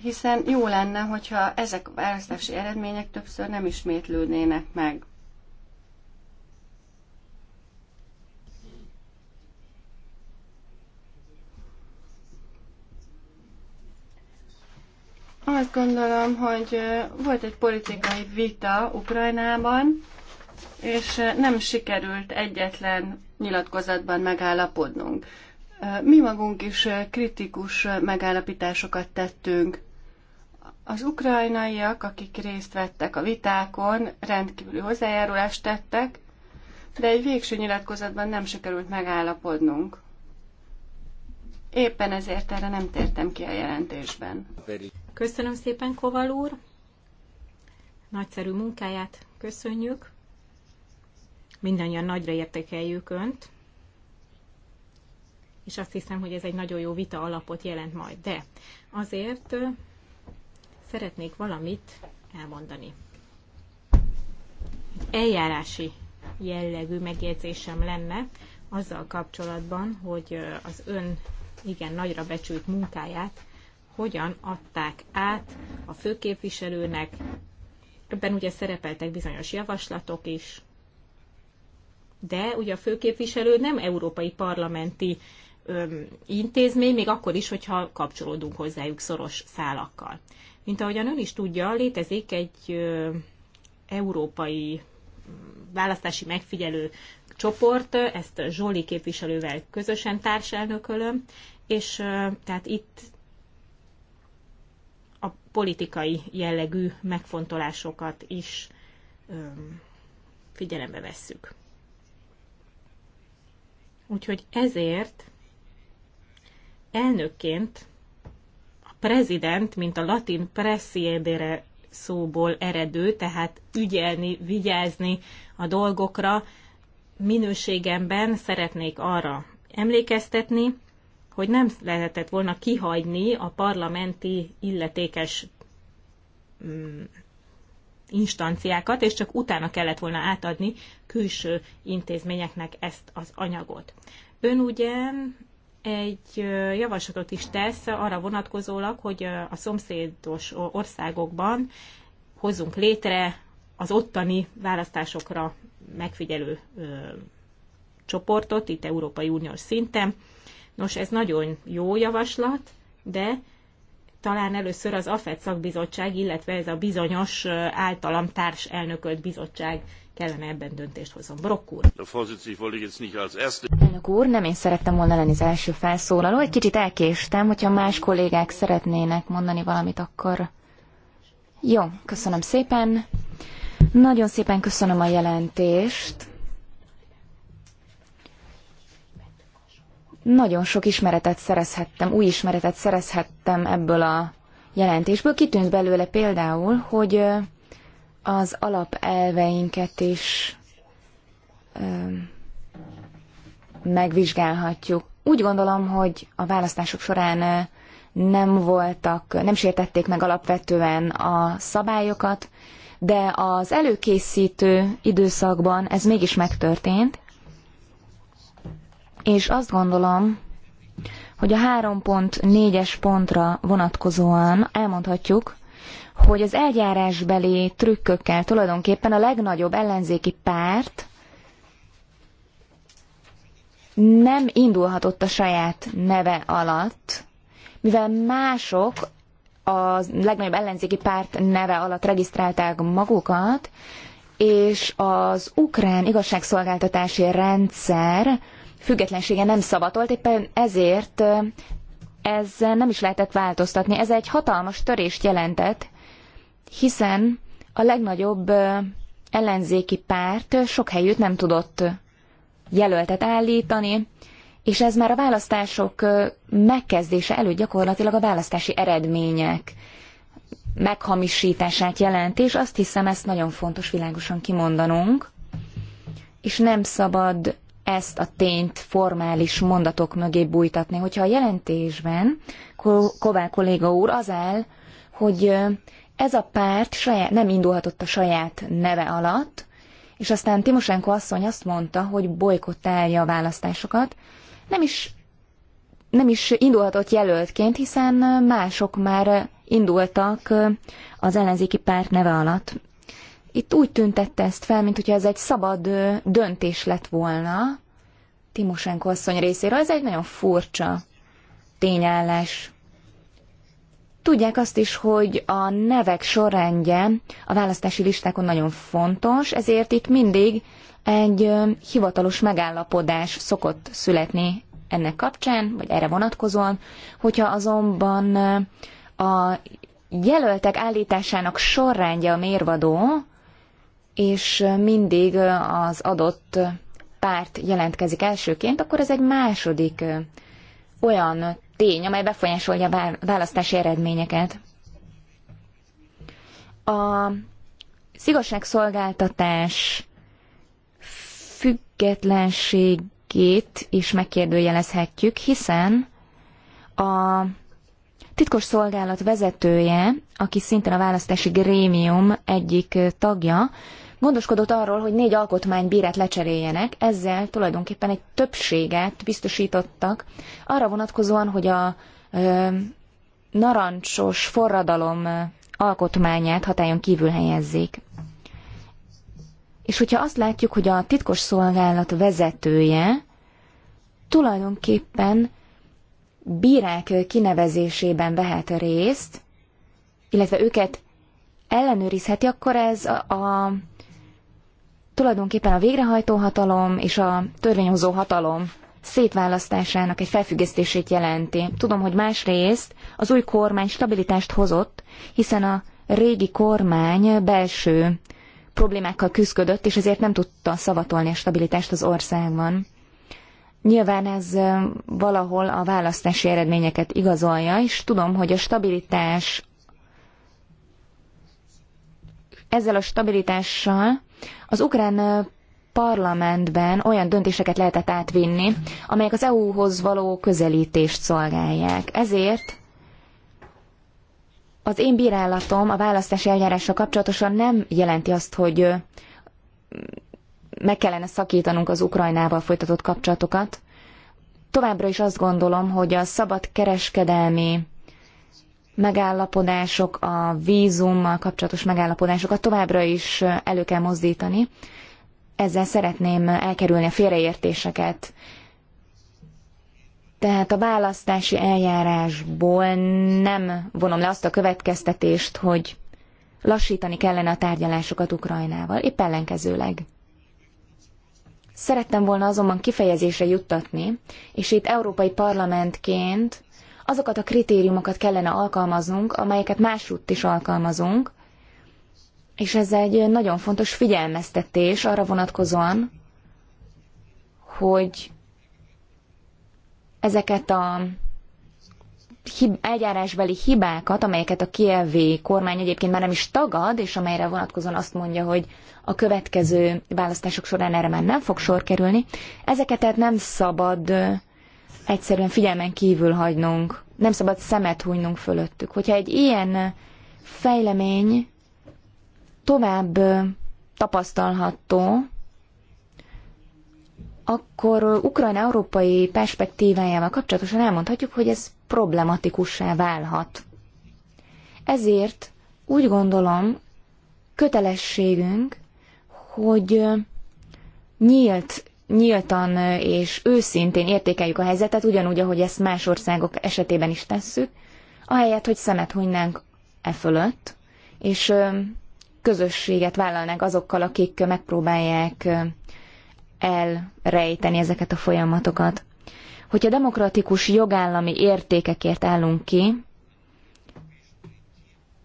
Hiszen jó lenne, hogyha ezek a választási eredmények többször nem ismétlődnének meg. Azt gondolom, hogy volt egy politikai vita Ukrajnában, és nem sikerült egyetlen nyilatkozatban megállapodnunk. Mi magunk is kritikus megállapításokat tettünk. Az ukrajnaiak, akik részt vettek a vitákon, rendkívüli hozzájárulást tettek, de egy végső nyilatkozatban nem sikerült megállapodnunk.
Éppen ezért erre nem tértem ki a jelentésben. Köszönöm szépen, Koval úr! Nagyszerű munkáját köszönjük. Mindannyian nagyra értékeljük Önt. És azt hiszem, hogy ez egy nagyon jó vita alapot jelent majd. De azért szeretnék valamit elmondani. Egy eljárási jellegű megjegyzésem lenne azzal kapcsolatban, hogy az ön igen nagyra becsült munkáját hogyan adták át a főképviselőnek. Ebben ugye szerepeltek bizonyos javaslatok is, de ugye a főképviselő nem európai parlamenti öm, intézmény, még akkor is, hogyha kapcsolódunk hozzájuk szoros szálakkal. Mint ahogyan ön is tudja, létezik egy ö, európai mm, választási megfigyelő csoport, ezt Zsoli képviselővel közösen társelnökölöm, és tehát itt politikai jellegű megfontolásokat is figyelembe vesszük. Úgyhogy ezért elnökként a prezident, mint a latin presiedere szóból eredő, tehát ügyelni, vigyázni a dolgokra, minőségemben szeretnék arra emlékeztetni, hogy nem lehetett volna kihagyni a parlamenti illetékes mm, instanciákat, és csak utána kellett volna átadni külső intézményeknek ezt az anyagot. Ön ugyan egy javaslatot is tesz arra vonatkozólag, hogy a szomszédos országokban hozzunk létre az ottani választásokra megfigyelő csoportot, itt Európai Uniós szinten, Nos, ez nagyon jó javaslat, de talán először az AFED szakbizottság, illetve ez a bizonyos általam társ elnökölt bizottság kellene ebben döntést hozom. Brokk úr.
Elnök
úr, nem én szerettem volna lenni az első felszólaló. Egy kicsit elkéstem, hogyha más kollégák szeretnének mondani valamit, akkor... Jó, köszönöm szépen. Nagyon szépen köszönöm a jelentést. Nagyon sok ismeretet szerezhettem, új ismeretet szerezhettem ebből a jelentésből. Kitűnt belőle például, hogy az alapelveinket is megvizsgálhatjuk. Úgy gondolom, hogy a választások során nem voltak, nem sértették meg alapvetően a szabályokat, de az előkészítő időszakban ez mégis megtörtént, és azt gondolom, hogy a 3.4-es pontra vonatkozóan elmondhatjuk, hogy az eljárásbeli trükkökkel tulajdonképpen a legnagyobb ellenzéki párt nem indulhatott a saját neve alatt, mivel mások a legnagyobb ellenzéki párt neve alatt regisztrálták magukat, és az ukrán igazságszolgáltatási rendszer függetlensége nem szavatolt, éppen ezért ez nem is lehetett változtatni. Ez egy hatalmas törést jelentett, hiszen a legnagyobb ellenzéki párt sok helyütt nem tudott jelöltet állítani, és ez már a választások megkezdése előtt gyakorlatilag a választási eredmények meghamisítását jelenti, és azt hiszem ezt nagyon fontos világosan kimondanunk, és nem szabad ezt a tényt formális mondatok mögé bújtatni. Hogyha a jelentésben kovács kolléga úr az áll, hogy ez a párt saját, nem indulhatott a saját neve alatt, és aztán Timosenko asszony azt mondta, hogy bolykottálja a választásokat, nem is, nem is indulhatott jelöltként, hiszen mások már indultak az ellenzéki párt neve alatt. Itt úgy tüntette ezt fel, mint hogyha ez egy szabad döntés lett volna Timosenko asszony részéről. Ez egy nagyon furcsa tényállás. Tudják azt is, hogy a nevek sorrendje a választási listákon nagyon fontos, ezért itt mindig egy hivatalos megállapodás szokott születni ennek kapcsán, vagy erre vonatkozóan, hogyha azonban a jelöltek állításának sorrendje a mérvadó, és mindig az adott párt jelentkezik elsőként, akkor ez egy második olyan tény, amely befolyásolja a választási eredményeket. A szigorságszolgáltatás függetlenségét is megkérdőjelezhetjük, hiszen a titkos szolgálat vezetője, aki szintén a választási grémium egyik tagja, gondoskodott arról, hogy négy alkotmánybíret lecseréljenek, ezzel tulajdonképpen egy többséget biztosítottak arra vonatkozóan, hogy a ö, narancsos forradalom alkotmányát hatályon kívül helyezzék. És hogyha azt látjuk, hogy a titkos szolgálat vezetője tulajdonképpen bírák kinevezésében vehet részt, illetve őket ellenőrizheti, akkor ez a, a tulajdonképpen a végrehajtó hatalom és a törvényhozó hatalom szétválasztásának egy felfüggesztését jelenti. Tudom, hogy másrészt az új kormány stabilitást hozott, hiszen a régi kormány belső problémákkal küzdött, és ezért nem tudta szavatolni a stabilitást az országban. Nyilván ez valahol a választási eredményeket igazolja, és tudom, hogy a stabilitás ezzel a stabilitással az ukrán parlamentben olyan döntéseket lehetett átvinni, amelyek az EU-hoz való közelítést szolgálják. Ezért az én bírálatom a választási eljárással kapcsolatosan nem jelenti azt, hogy meg kellene szakítanunk az Ukrajnával folytatott kapcsolatokat. Továbbra is azt gondolom, hogy a szabad kereskedelmi megállapodások, a vízummal kapcsolatos megállapodásokat továbbra is elő kell mozdítani. Ezzel szeretném elkerülni a félreértéseket. Tehát a választási eljárásból nem vonom le azt a következtetést, hogy lassítani kellene a tárgyalásokat Ukrajnával, épp ellenkezőleg. Szerettem volna azonban kifejezésre juttatni, és itt Európai Parlamentként azokat a kritériumokat kellene alkalmaznunk, amelyeket másútt is alkalmazunk, és ez egy nagyon fontos figyelmeztetés arra vonatkozóan, hogy ezeket a hib- eljárásbeli hibákat, amelyeket a KLV kormány egyébként már nem is tagad, és amelyre vonatkozóan azt mondja, hogy a következő választások során erre már nem fog sor kerülni, ezeket tehát nem szabad egyszerűen figyelmen kívül hagynunk. Nem szabad szemet hunynunk fölöttük. Hogyha egy ilyen fejlemény tovább tapasztalható, akkor Ukrajna európai perspektívájával kapcsolatosan elmondhatjuk, hogy ez problematikussá válhat. Ezért úgy gondolom, kötelességünk, hogy nyílt nyíltan és őszintén értékeljük a helyzetet, ugyanúgy, ahogy ezt más országok esetében is tesszük, ahelyett, hogy szemet hunynánk e fölött, és közösséget vállalnánk azokkal, akik megpróbálják elrejteni ezeket a folyamatokat. Hogyha demokratikus jogállami értékekért állunk ki,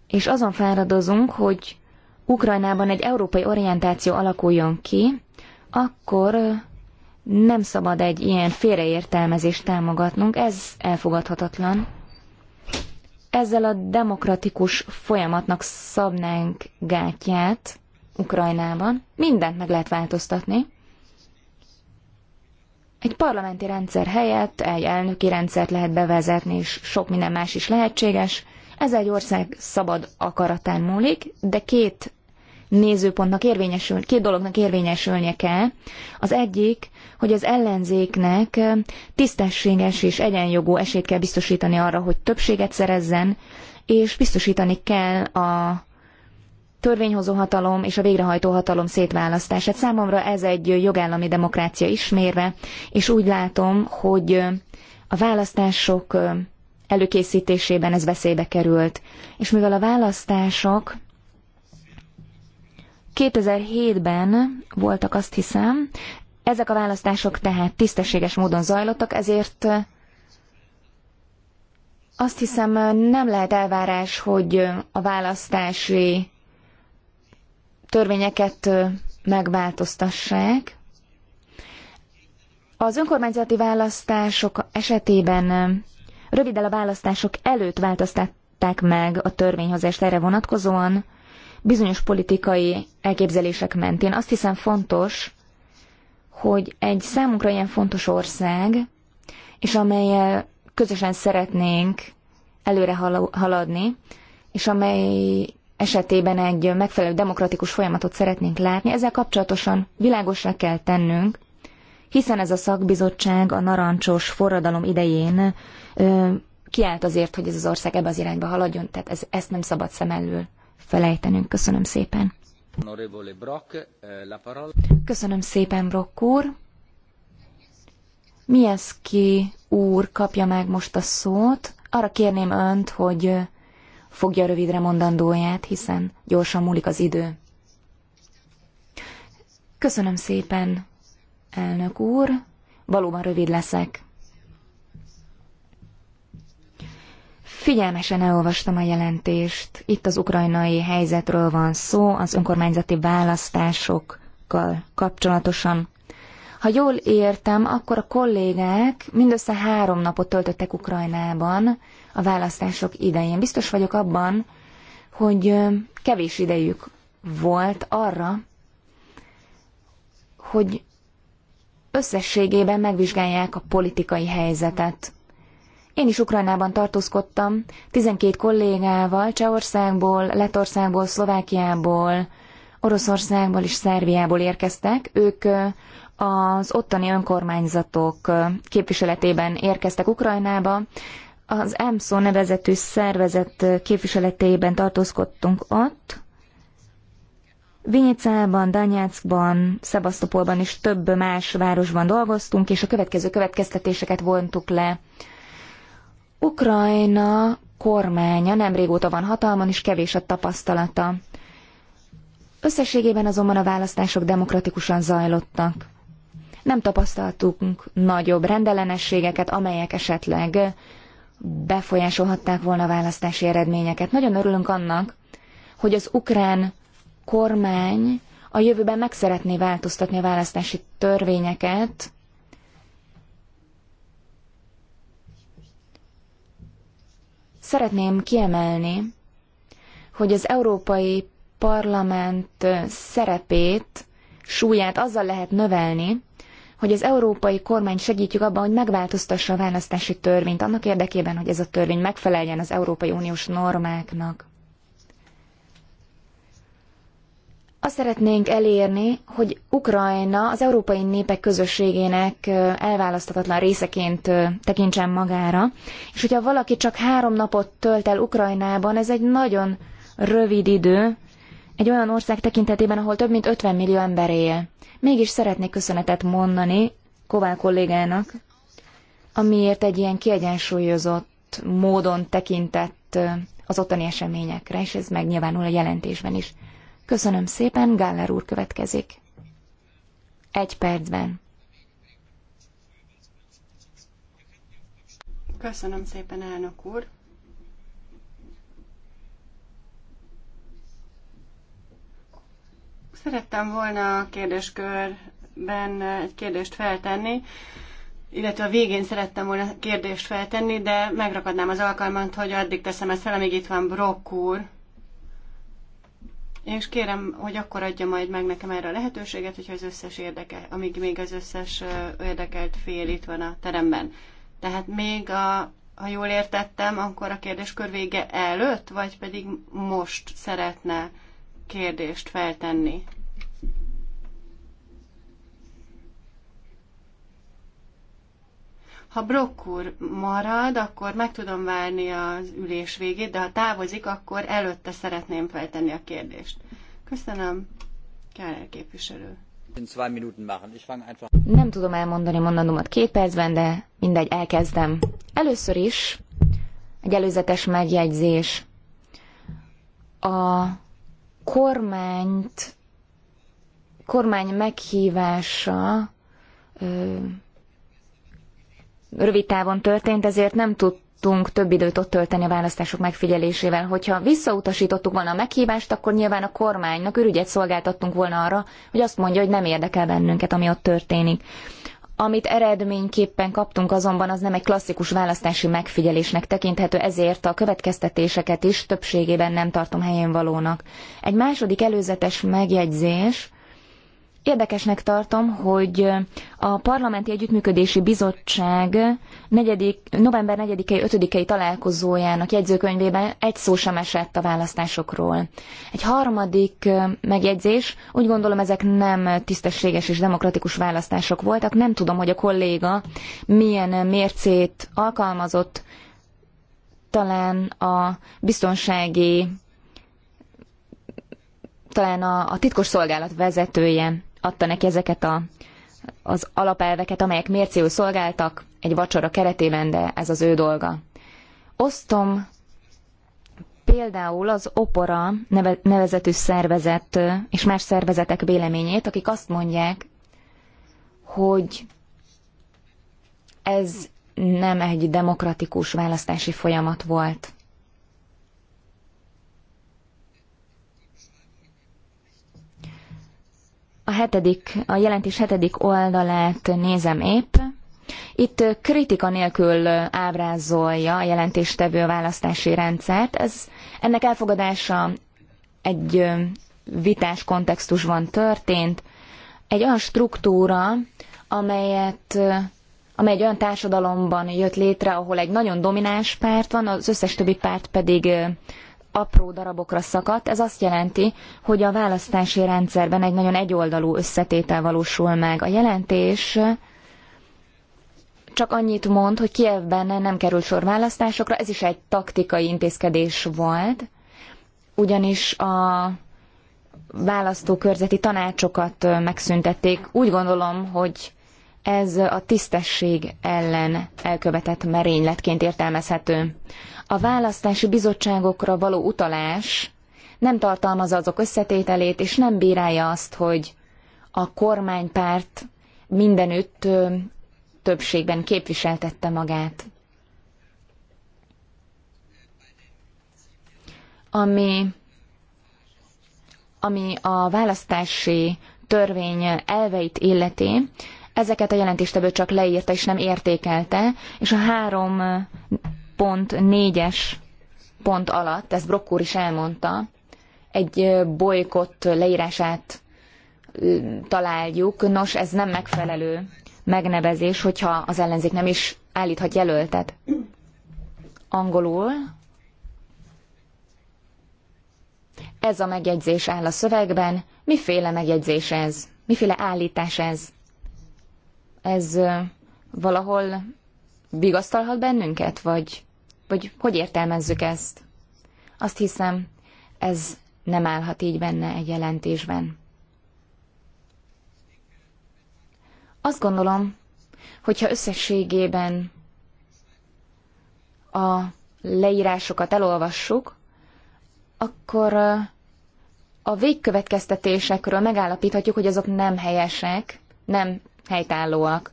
és azon fáradozunk, hogy Ukrajnában egy európai orientáció alakuljon ki, akkor nem szabad egy ilyen félreértelmezést támogatnunk, ez elfogadhatatlan. Ezzel a demokratikus folyamatnak szabnánk gátját Ukrajnában. Mindent meg lehet változtatni. Egy parlamenti rendszer helyett egy elnöki rendszert lehet bevezetni, és sok minden más is lehetséges. Ez egy ország szabad akaratán múlik, de két nézőpontnak érvényesül, két dolognak érvényesülnie kell. Az egyik, hogy az ellenzéknek tisztességes és egyenjogú esélyt kell biztosítani arra, hogy többséget szerezzen, és biztosítani kell a törvényhozó hatalom és a végrehajtó hatalom szétválasztását. Számomra ez egy jogállami demokrácia ismérve, és úgy látom, hogy a választások előkészítésében ez veszélybe került. És mivel a választások 2007-ben voltak azt hiszem, ezek a választások tehát tisztességes módon zajlottak, ezért azt hiszem nem lehet elvárás, hogy a választási törvényeket megváltoztassák. Az önkormányzati választások esetében röviddel a választások előtt változtatták meg a törvényhozást erre vonatkozóan, bizonyos politikai elképzelések mentén. Azt hiszem fontos, hogy egy számunkra ilyen fontos ország, és amelyel közösen szeretnénk előre haladni, és amely esetében egy megfelelő demokratikus folyamatot szeretnénk látni, ezzel kapcsolatosan világosra kell tennünk, hiszen ez a szakbizottság a narancsos forradalom idején ö, kiállt azért, hogy ez az ország ebbe az irányba haladjon, tehát ez, ezt nem szabad szem elől felejtenünk. Köszönöm szépen. Eh, Köszönöm szépen, Brock úr. Mieszki úr kapja meg most a szót. Arra kérném önt, hogy eh, fogja rövidre mondandóját, hiszen gyorsan múlik az idő. Köszönöm szépen, elnök úr. Valóban rövid leszek. Figyelmesen elolvastam a jelentést. Itt az ukrajnai helyzetről van szó, az önkormányzati választásokkal kapcsolatosan. Ha jól értem, akkor a kollégák mindössze három napot töltöttek Ukrajnában a választások idején. Biztos vagyok abban, hogy kevés idejük volt arra, hogy összességében megvizsgálják a politikai helyzetet én is Ukrajnában tartózkodtam, 12 kollégával, Csehországból, Letországból, Szlovákiából, Oroszországból és Szerbiából érkeztek. Ők az ottani önkormányzatok képviseletében érkeztek Ukrajnába. Az EMSZO nevezetű szervezet képviseletében tartózkodtunk ott. Vinyicában, Danyáckban, Szebasztopolban és több más városban dolgoztunk, és a következő következtetéseket vontuk le Ukrajna kormánya nem régóta van hatalmon, és kevés a tapasztalata. Összességében azonban a választások demokratikusan zajlottak. Nem tapasztaltunk nagyobb rendellenességeket, amelyek esetleg befolyásolhatták volna a választási eredményeket. Nagyon örülünk annak, hogy az ukrán kormány a jövőben meg szeretné változtatni a választási törvényeket, Szeretném kiemelni, hogy az Európai Parlament szerepét, súlyát azzal lehet növelni, hogy az európai kormány segítjük abban, hogy megváltoztassa a választási törvényt annak érdekében, hogy ez a törvény megfeleljen az Európai Uniós normáknak. Azt szeretnénk elérni, hogy Ukrajna az európai népek közösségének elválaszthatatlan részeként tekintsen magára, és hogyha valaki csak három napot tölt el Ukrajnában, ez egy nagyon rövid idő, egy olyan ország tekintetében, ahol több mint 50 millió ember él. Mégis szeretnék köszönetet mondani Kovál kollégának, amiért egy ilyen kiegyensúlyozott módon tekintett az ottani eseményekre, és ez megnyilvánul a jelentésben is. Köszönöm szépen, Gáller úr következik. Egy percben.
Köszönöm szépen, elnök úr. Szerettem volna a kérdéskörben egy kérdést feltenni, illetve a végén szerettem volna kérdést feltenni, de megrakadnám az alkalmat, hogy addig teszem ezt fel, amíg itt van Brock úr. És kérem, hogy akkor adja majd meg nekem erre a lehetőséget, hogyha az összes érdeke, amíg még az összes érdekelt fél itt van a teremben. Tehát még a ha jól értettem, akkor a kérdéskör vége előtt, vagy pedig most szeretne kérdést feltenni? Ha Brock úr marad, akkor meg tudom várni az ülés végét, de ha távozik, akkor előtte szeretném feltenni a kérdést. Köszönöm, Keller képviselő.
Nem tudom elmondani mondanomat két percben, de mindegy, elkezdem. Először is egy előzetes megjegyzés. A kormányt, kormány meghívása ö, rövid távon történt, ezért nem tudtunk több időt ott tölteni a választások megfigyelésével. Hogyha visszautasítottuk volna a meghívást, akkor nyilván a kormánynak ürügyet szolgáltattunk volna arra, hogy azt mondja, hogy nem érdekel bennünket, ami ott történik. Amit eredményképpen kaptunk azonban, az nem egy klasszikus választási megfigyelésnek tekinthető, ezért a következtetéseket is többségében nem tartom helyén valónak. Egy második előzetes megjegyzés – Érdekesnek tartom, hogy a Parlamenti Együttműködési Bizottság 4. november 4-i 5-i találkozójának jegyzőkönyvében egy szó sem esett a választásokról. Egy harmadik megjegyzés, úgy gondolom ezek nem tisztességes és demokratikus választások voltak, nem tudom, hogy a kolléga milyen mércét alkalmazott, talán a biztonsági talán a, a titkos szolgálat vezetője adta neki ezeket a, az alapelveket, amelyek mércéül szolgáltak egy vacsora keretében, de ez az ő dolga. Osztom például az Opora nevezetű szervezet és más szervezetek véleményét, akik azt mondják, hogy ez nem egy demokratikus választási folyamat volt. a, hetedik, a jelentés hetedik oldalát nézem épp. Itt kritika nélkül ábrázolja a jelentéstevő a választási rendszert. Ez, ennek elfogadása egy vitás kontextusban történt. Egy olyan struktúra, amelyet amely egy olyan társadalomban jött létre, ahol egy nagyon domináns párt van, az összes többi párt pedig apró darabokra szakadt. Ez azt jelenti, hogy a választási rendszerben egy nagyon egyoldalú összetétel valósul meg. A jelentés csak annyit mond, hogy Kievben nem kerül sor választásokra, ez is egy taktikai intézkedés volt, ugyanis a választókörzeti tanácsokat megszüntették. Úgy gondolom, hogy ez a tisztesség ellen elkövetett merényletként értelmezhető. A választási bizottságokra való utalás nem tartalmazza azok összetételét, és nem bírálja azt, hogy a kormánypárt mindenütt többségben képviseltette magát. Ami, ami a választási törvény elveit illeti, Ezeket a jelentéstevő csak leírta és nem értékelte, és a három pont négyes pont alatt, ezt Brock úr is elmondta, egy bolykott leírását találjuk. Nos, ez nem megfelelő megnevezés, hogyha az ellenzék nem is állíthat jelöltet. Angolul ez a megjegyzés áll a szövegben. Miféle megjegyzés ez? Miféle állítás ez? Ez valahol vigasztalhat bennünket, vagy, vagy hogy értelmezzük ezt? Azt hiszem, ez nem állhat így benne egy jelentésben. Azt gondolom, hogyha összességében a leírásokat elolvassuk, akkor a végkövetkeztetésekről megállapíthatjuk, hogy azok nem helyesek, nem helytállóak.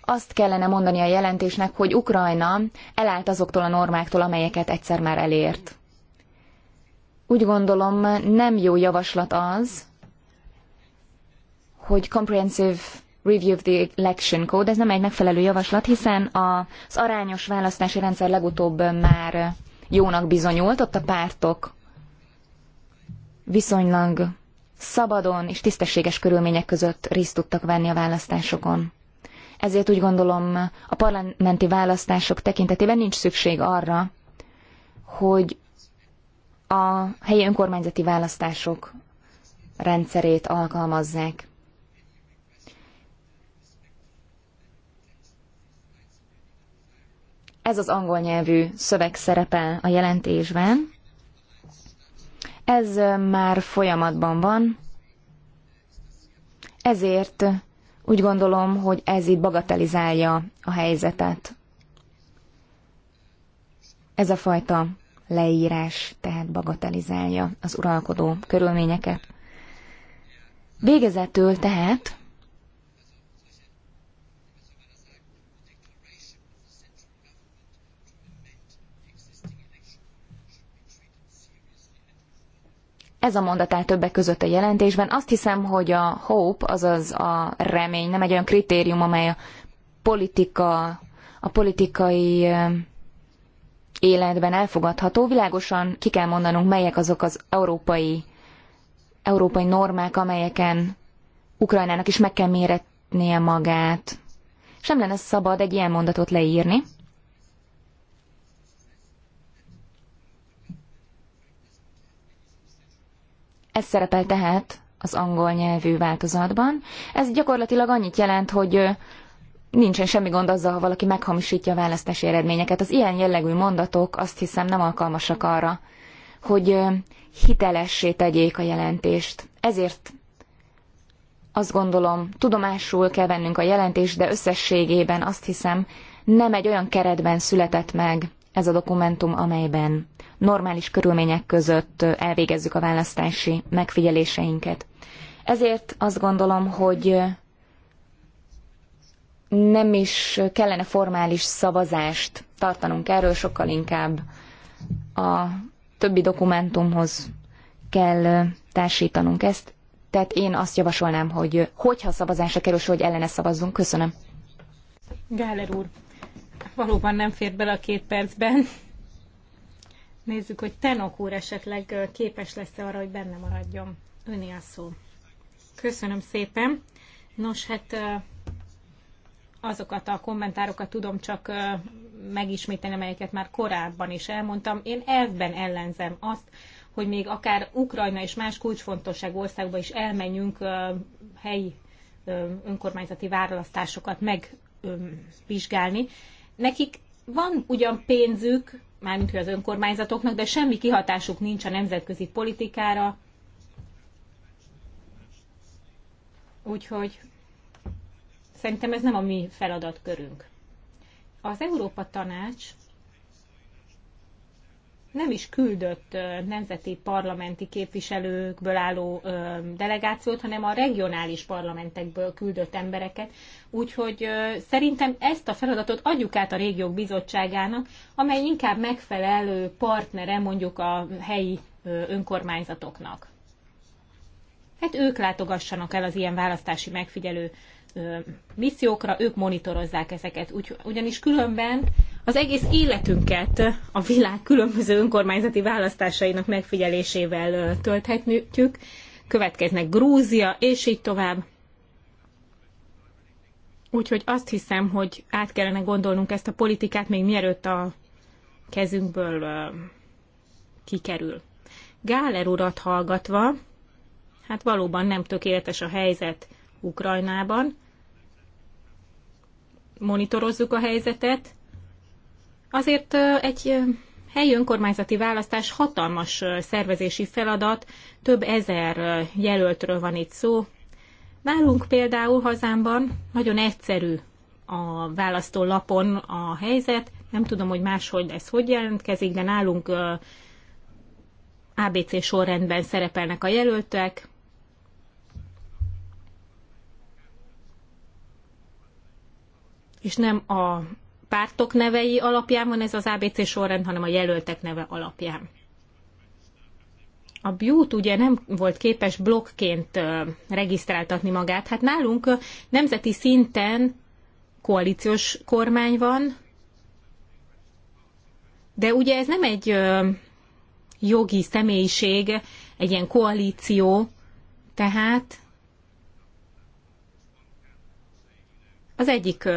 Azt kellene mondani a jelentésnek, hogy Ukrajna elállt azoktól a normáktól, amelyeket egyszer már elért. Úgy gondolom, nem jó javaslat az, hogy comprehensive Review of the Election Code, ez nem egy megfelelő javaslat, hiszen az arányos választási rendszer legutóbb már jónak bizonyult, ott a pártok viszonylag szabadon és tisztességes körülmények között részt tudtak venni a választásokon. Ezért úgy gondolom, a parlamenti választások tekintetében nincs szükség arra, hogy a helyi önkormányzati választások rendszerét alkalmazzák. Ez az angol nyelvű szöveg szerepel a jelentésben, ez már folyamatban van, ezért úgy gondolom, hogy ez itt bagatelizálja a helyzetet. Ez a fajta leírás tehát bagatelizálja az uralkodó körülményeket. Végezetül tehát Ez a mondat áll többek között a jelentésben. Azt hiszem, hogy a hope, azaz a remény nem egy olyan kritérium, amely a politika, a politikai életben elfogadható. Világosan ki kell mondanunk, melyek azok az európai, európai normák, amelyeken Ukrajnának is meg kell méretnie magát. Sem lenne szabad egy ilyen mondatot leírni. Ez szerepel tehát az angol nyelvű változatban. Ez gyakorlatilag annyit jelent, hogy nincsen semmi gond azzal, ha valaki meghamisítja a választási eredményeket. Az ilyen jellegű mondatok azt hiszem nem alkalmasak arra, hogy hitelessé tegyék a jelentést. Ezért azt gondolom, tudomásul kell vennünk a jelentést, de összességében azt hiszem, nem egy olyan keretben született meg, ez a dokumentum, amelyben normális körülmények között elvégezzük a választási megfigyeléseinket. Ezért azt gondolom, hogy nem is kellene formális szavazást tartanunk erről, sokkal inkább a többi dokumentumhoz kell társítanunk ezt. Tehát én azt javasolnám, hogy hogyha szavazásra kerül, hogy ellene szavazzunk. Köszönöm.
Gáler úr, valóban nem fér bele a két percben. Nézzük, hogy Tenok úr esetleg képes lesz-e arra, hogy benne maradjon. Öné a szó. Köszönöm szépen. Nos, hát azokat a kommentárokat tudom csak megismételni, amelyeket már korábban is elmondtam. Én ebben ellenzem azt, hogy még akár Ukrajna és más kulcsfontosság országba is elmenjünk helyi önkormányzati választásokat megvizsgálni, nekik van ugyan pénzük, mármint hogy az önkormányzatoknak, de semmi kihatásuk nincs a nemzetközi politikára. Úgyhogy szerintem ez nem a mi feladatkörünk. Az Európa Tanács nem is küldött nemzeti parlamenti képviselőkből álló delegációt, hanem a regionális parlamentekből küldött embereket. Úgyhogy szerintem ezt a feladatot adjuk át a régiók bizottságának, amely inkább megfelelő partnere mondjuk a helyi önkormányzatoknak. Hát ők látogassanak el az ilyen választási megfigyelő missziókra, ők monitorozzák ezeket, ugyanis különben az egész életünket a világ különböző önkormányzati választásainak megfigyelésével tölthetjük. Következnek Grúzia, és így tovább. Úgyhogy azt hiszem, hogy át kellene gondolnunk ezt a politikát, még mielőtt a kezünkből kikerül. Gáler urat hallgatva, hát valóban nem tökéletes a helyzet Ukrajnában. Monitorozzuk a helyzetet, Azért egy helyi önkormányzati választás hatalmas szervezési feladat, több ezer jelöltről van itt szó. Nálunk például hazámban nagyon egyszerű a választó lapon a helyzet, nem tudom, hogy máshogy ez hogy jelentkezik, de nálunk ABC sorrendben szerepelnek a jelöltek, és nem a pártok nevei alapján van ez az ABC sorrend, hanem a jelöltek neve alapján. A Bute ugye nem volt képes blokkként regisztráltatni magát. Hát nálunk nemzeti szinten koalíciós kormány van, de ugye ez nem egy jogi személyiség, egy ilyen koalíció, tehát az egyik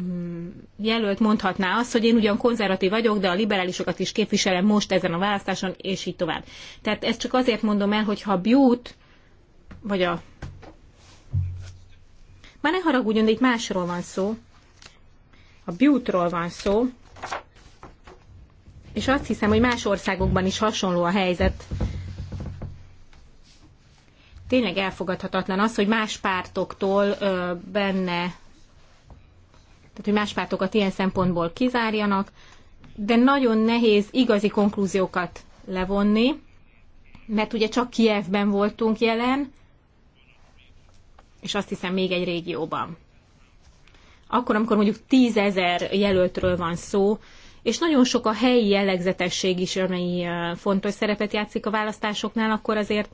Mm, jelölt mondhatná azt, hogy én ugyan konzervatív vagyok, de a liberálisokat is képviselem most ezen a választáson, és így tovább. Tehát ezt csak azért mondom el, hogy ha Bute, vagy a... Már ne haragudjon, de itt másról van szó. A Bute-ról van szó, és azt hiszem, hogy más országokban is hasonló a helyzet. Tényleg elfogadhatatlan az, hogy más pártoktól benne tehát hogy más pártokat ilyen szempontból kizárjanak, de nagyon nehéz igazi konklúziókat levonni, mert ugye csak Kievben voltunk jelen, és azt hiszem még egy régióban. Akkor, amikor mondjuk tízezer jelöltről van szó, és nagyon sok a helyi jellegzetesség is, amely fontos szerepet játszik a választásoknál, akkor azért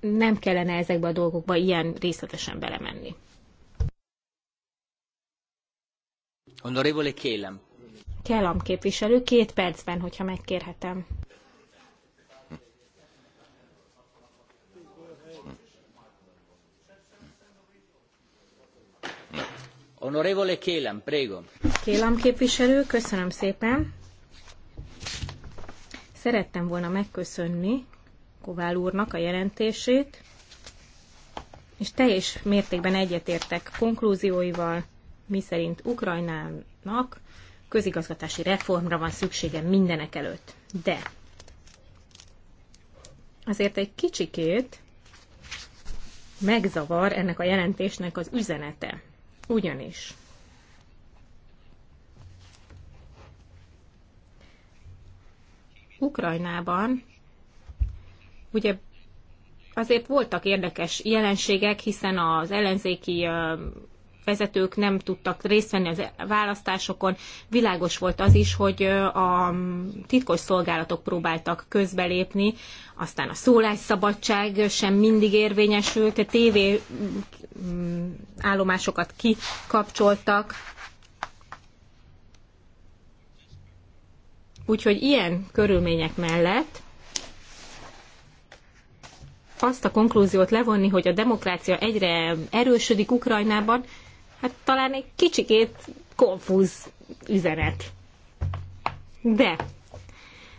nem kellene ezekbe a dolgokba ilyen részletesen belemenni. Honorevole Kélem. Kellam képviselő, két percben, hogyha megkérhetem. Honorevole Kélem, prego. Kélem képviselő, köszönöm szépen. Szerettem volna megköszönni Kovál úrnak a jelentését, és teljes mértékben egyetértek konklúzióival, miszerint Ukrajnának közigazgatási reformra van szüksége mindenek előtt. De azért egy kicsikét megzavar ennek a jelentésnek az üzenete. Ugyanis Ukrajnában ugye azért voltak érdekes jelenségek, hiszen az ellenzéki vezetők nem tudtak részt venni az választásokon. Világos volt az is, hogy a titkos szolgálatok próbáltak közbelépni, aztán a szólásszabadság sem mindig érvényesült, a TV mm, állomásokat kikapcsoltak. Úgyhogy ilyen körülmények mellett azt a konklúziót levonni, hogy a demokrácia egyre erősödik Ukrajnában, hát talán egy kicsikét konfúz üzenet. De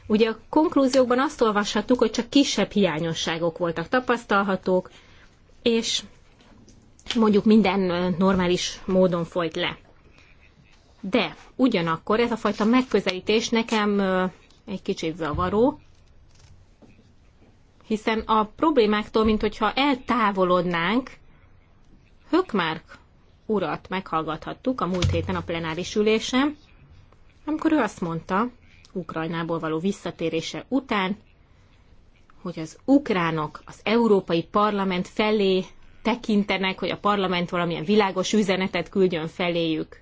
ugye a konklúziókban azt olvashattuk, hogy csak kisebb hiányosságok voltak tapasztalhatók, és mondjuk minden normális módon folyt le. De ugyanakkor ez a fajta megközelítés nekem egy kicsit zavaró, hiszen a problémáktól, mint hogyha eltávolodnánk, Hökmárk urat meghallgathattuk a múlt héten a plenáris ülésen, amikor ő azt mondta, Ukrajnából való visszatérése után, hogy az ukránok az Európai Parlament felé tekintenek, hogy a parlament valamilyen világos üzenetet küldjön feléjük.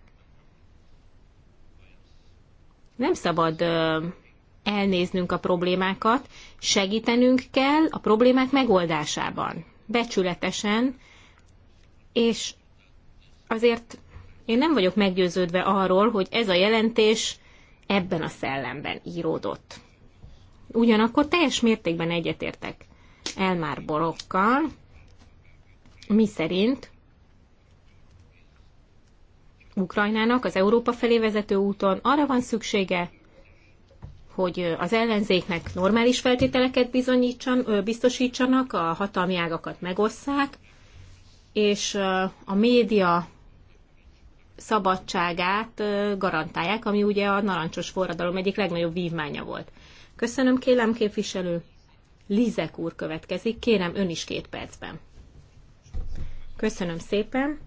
Nem szabad ö, elnéznünk a problémákat, segítenünk kell a problémák megoldásában, becsületesen, és azért én nem vagyok meggyőződve arról, hogy ez a jelentés ebben a szellemben íródott. Ugyanakkor teljes mértékben egyetértek Elmár Borokkal, mi szerint Ukrajnának az Európa felé vezető úton arra van szüksége, hogy az ellenzéknek normális feltételeket bizonyítsan, biztosítsanak, a hatalmi ágakat megosszák, és a média szabadságát garantálják, ami ugye a narancsos forradalom egyik legnagyobb vívmánya volt. Köszönöm, kérem képviselő. Lizek úr következik, kérem ön is két percben. Köszönöm szépen.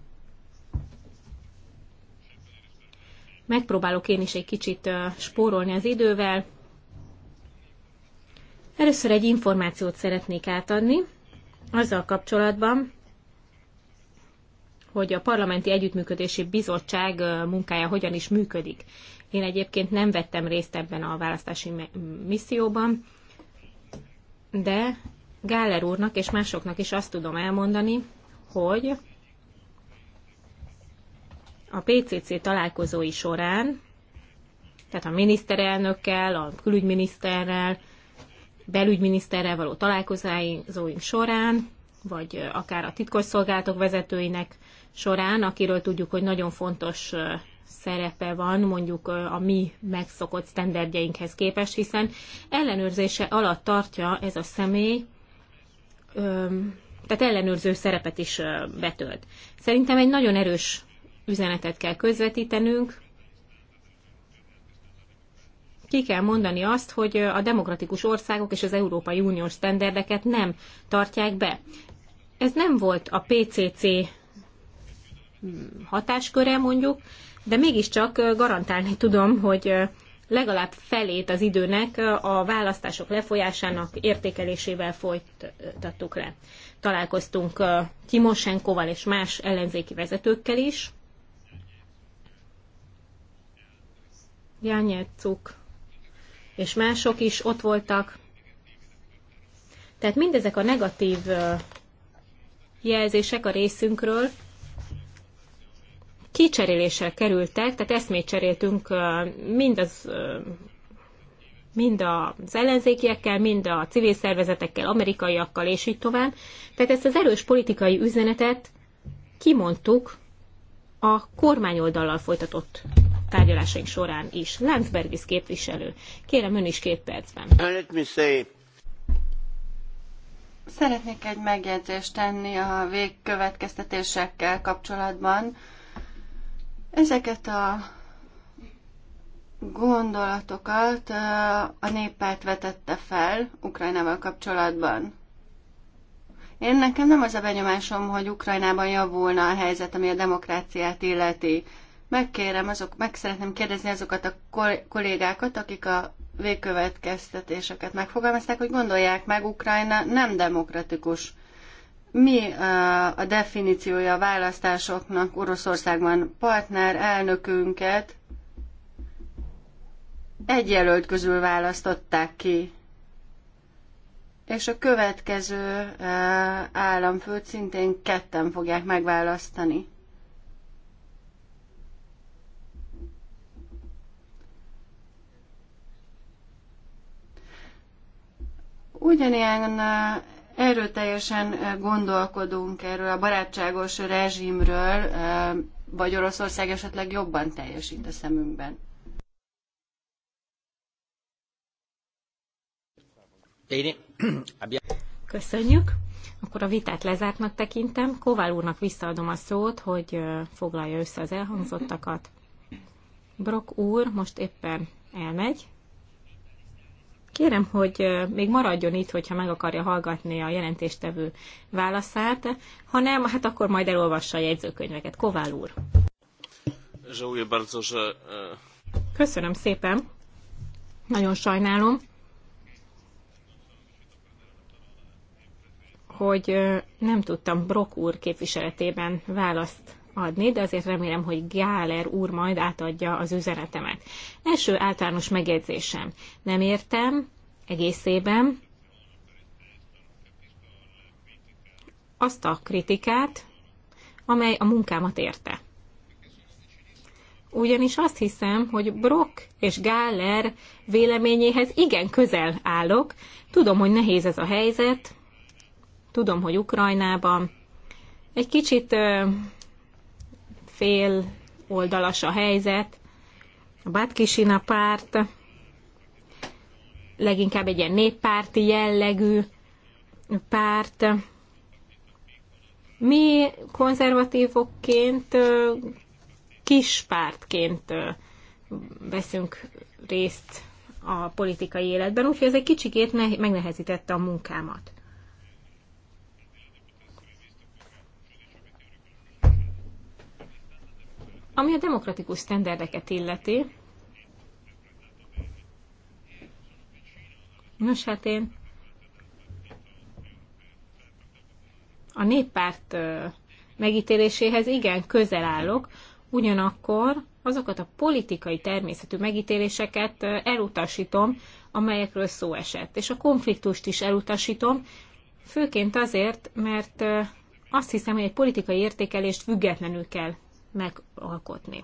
Megpróbálok én is egy kicsit spórolni az idővel. Először egy információt szeretnék átadni azzal kapcsolatban, hogy a Parlamenti Együttműködési Bizottság munkája hogyan is működik. Én egyébként nem vettem részt ebben a választási misszióban, de Gáller úrnak és másoknak is azt tudom elmondani, hogy a PCC találkozói során, tehát a miniszterelnökkel, a külügyminiszterrel, belügyminiszterrel való találkozóink során, vagy akár a titkosszolgálatok vezetőinek során, akiről tudjuk, hogy nagyon fontos szerepe van mondjuk a mi megszokott standardjainkhez képest, hiszen ellenőrzése alatt tartja ez a személy, tehát ellenőrző szerepet is betölt. Szerintem egy nagyon erős üzenetet kell közvetítenünk, ki kell mondani azt, hogy a demokratikus országok és az Európai Uniós sztenderdeket nem tartják be. Ez nem volt a PCC hatásköre mondjuk, de mégiscsak garantálni tudom, hogy legalább felét az időnek a választások lefolyásának értékelésével folytattuk le. Találkoztunk Timosenkoval és más ellenzéki vezetőkkel is. Jányercuk és mások is ott voltak. Tehát mindezek a negatív jelzések a részünkről kicserélésre kerültek, tehát eszmét cseréltünk mind az mind az ellenzékiekkel, mind a civil szervezetekkel, amerikaiakkal, és így tovább. Tehát ezt az erős politikai üzenetet kimondtuk a kormányoldallal folytatott tárgyalásaink során is. Lenzbergis képviselő. Kérem ön is két percben. Szeretnék
egy megjegyzést tenni a végkövetkeztetésekkel kapcsolatban Ezeket a gondolatokat a néppárt vetette fel Ukrajnával kapcsolatban. Én nekem nem az a benyomásom, hogy Ukrajnában javulna a helyzet, ami a demokráciát illeti. Megkérem, azok, meg szeretném kérdezni azokat a kollégákat, akik a végkövetkeztetéseket megfogalmazták, hogy gondolják meg, Ukrajna nem demokratikus mi a definíciója a választásoknak Oroszországban? Partner elnökünket egy jelölt közül választották ki. És a következő államfőt szintén ketten fogják megválasztani. Ugyanilyen Erről teljesen gondolkodunk, erről a barátságos rezsimről, vagy Oroszország esetleg jobban teljesít a
szemünkben. [clears throat] Köszönjük. Akkor a vitát lezártnak tekintem. Kovál úrnak visszaadom a szót, hogy foglalja össze az elhangzottakat. Brok úr most éppen elmegy, Kérem, hogy még maradjon itt, hogyha meg akarja hallgatni a jelentéstevő válaszát, ha nem, hát akkor majd elolvassa a jegyzőkönyveket. Kovál úr. E, Köszönöm szépen. Nagyon sajnálom, hogy nem tudtam Brok úr képviseletében választ adni, de azért remélem, hogy Gáler úr majd átadja az üzenetemet. Első általános megjegyzésem. Nem értem egészében azt a kritikát, amely a munkámat érte. Ugyanis azt hiszem, hogy Brock és Gáller véleményéhez igen közel állok. Tudom, hogy nehéz ez a helyzet, tudom, hogy Ukrajnában egy kicsit fél oldalas a helyzet. A Batkisina párt leginkább egy ilyen néppárti jellegű párt. Mi konzervatívokként, kis pártként veszünk részt a politikai életben, úgyhogy ez egy kicsikét megnehezítette a munkámat. Ami a demokratikus sztenderdeket illeti, nos hát én a néppárt megítéléséhez igen közel állok, ugyanakkor azokat a politikai természetű megítéléseket elutasítom, amelyekről szó esett. És a konfliktust is elutasítom, főként azért, mert azt hiszem, hogy egy politikai értékelést függetlenül kell megalkotni.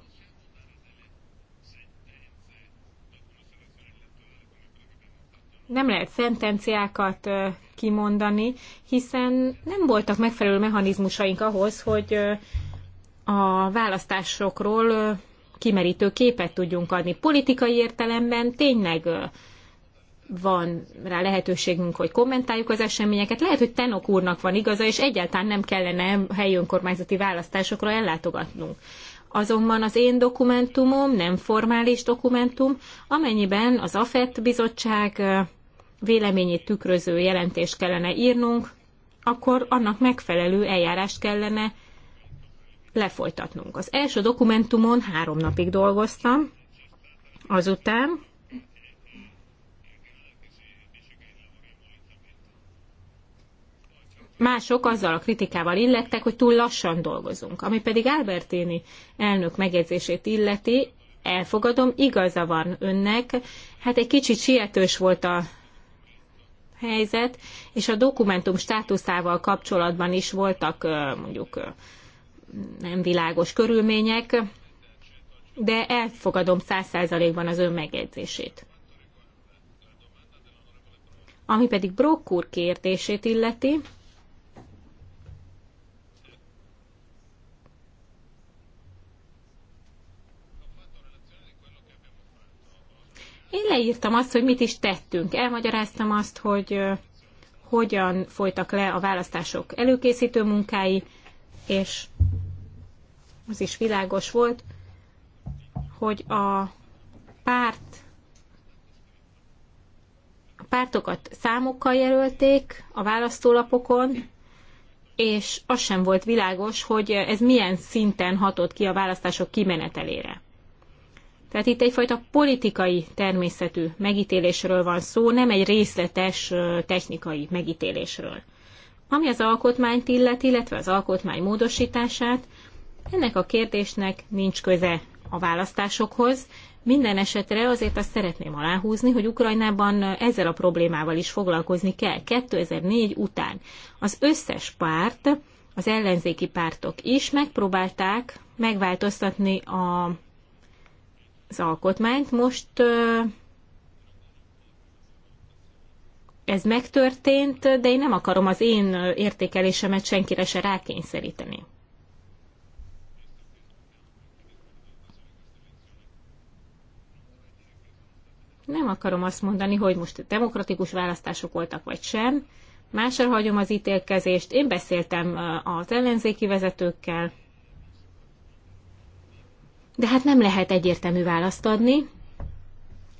nem lehet szentenciákat kimondani, hiszen nem voltak megfelelő mechanizmusaink ahhoz, hogy a választásokról kimerítő képet tudjunk adni. Politikai értelemben tényleg van rá lehetőségünk, hogy kommentáljuk az eseményeket. Lehet, hogy Tenok úrnak van igaza, és egyáltalán nem kellene helyi önkormányzati választásokra ellátogatnunk. Azonban az én dokumentumom nem formális dokumentum, amennyiben az AFET bizottság véleményét tükröző jelentést kellene írnunk, akkor annak megfelelő eljárást kellene lefolytatnunk. Az első dokumentumon három napig dolgoztam, azután mások azzal a kritikával illettek, hogy túl lassan dolgozunk. Ami pedig Albertini elnök megjegyzését illeti, elfogadom, igaza van önnek, hát egy kicsit sietős volt a helyzet, és a dokumentum státuszával kapcsolatban is voltak mondjuk nem világos körülmények, de elfogadom száz százalékban az ön megjegyzését. Ami pedig Brock úr kérdését illeti, Én leírtam azt, hogy mit is tettünk. Elmagyaráztam azt, hogy hogyan folytak le a választások előkészítő munkái, és az is világos volt, hogy a párt a pártokat számokkal jelölték a választólapokon, és az sem volt világos, hogy ez milyen szinten hatott ki a választások kimenetelére. Tehát itt egyfajta politikai természetű megítélésről van szó, nem egy részletes technikai megítélésről. Ami az alkotmányt illet, illetve az alkotmány módosítását, ennek a kérdésnek nincs köze a választásokhoz. Minden esetre azért azt szeretném aláhúzni, hogy Ukrajnában ezzel a problémával is foglalkozni kell 2004 után. Az összes párt, az ellenzéki pártok is megpróbálták megváltoztatni a az alkotmányt. Most ez megtörtént, de én nem akarom az én értékelésemet senkire se rákényszeríteni. Nem akarom azt mondani, hogy most demokratikus választások voltak vagy sem. Másra hagyom az ítélkezést. Én beszéltem az ellenzéki vezetőkkel, de hát nem lehet egyértelmű választ adni.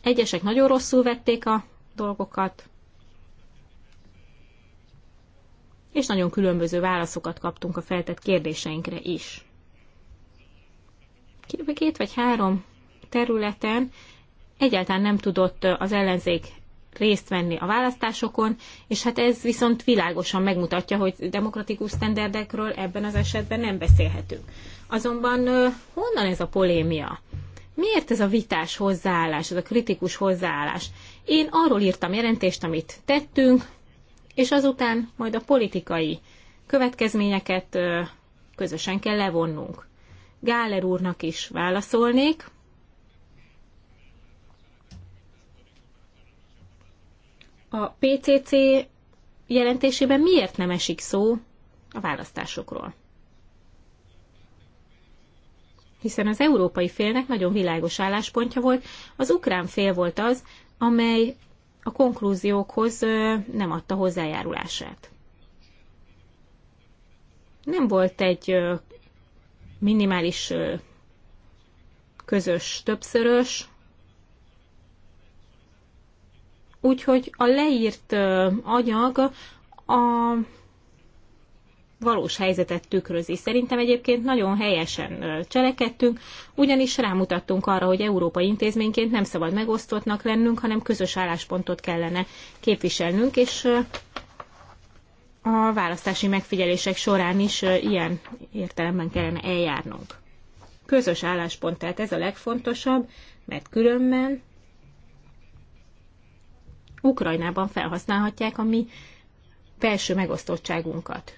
Egyesek nagyon rosszul vették a dolgokat, és nagyon különböző válaszokat kaptunk a feltett kérdéseinkre is. Két vagy három területen egyáltalán nem tudott az ellenzék részt venni a választásokon, és hát ez viszont világosan megmutatja, hogy demokratikus sztenderdekről ebben az esetben nem beszélhetünk. Azonban honnan ez a polémia? Miért ez a vitás hozzáállás, ez a kritikus hozzáállás? Én arról írtam jelentést, amit tettünk, és azután majd a politikai következményeket közösen kell levonnunk. Gáler úrnak is válaszolnék, a PCC jelentésében miért nem esik szó a választásokról? Hiszen az európai félnek nagyon világos álláspontja volt, az ukrán fél volt az, amely a konklúziókhoz nem adta hozzájárulását. Nem volt egy minimális közös többszörös, Úgyhogy a leírt anyag a valós helyzetet tükrözi. Szerintem egyébként nagyon helyesen cselekedtünk, ugyanis rámutattunk arra, hogy európai intézményként nem szabad megosztottnak lennünk, hanem közös álláspontot kellene képviselnünk, és a választási megfigyelések során is ilyen értelemben kellene eljárnunk. Közös álláspont, tehát ez a legfontosabb, mert különben Ukrajnában felhasználhatják a mi belső megosztottságunkat.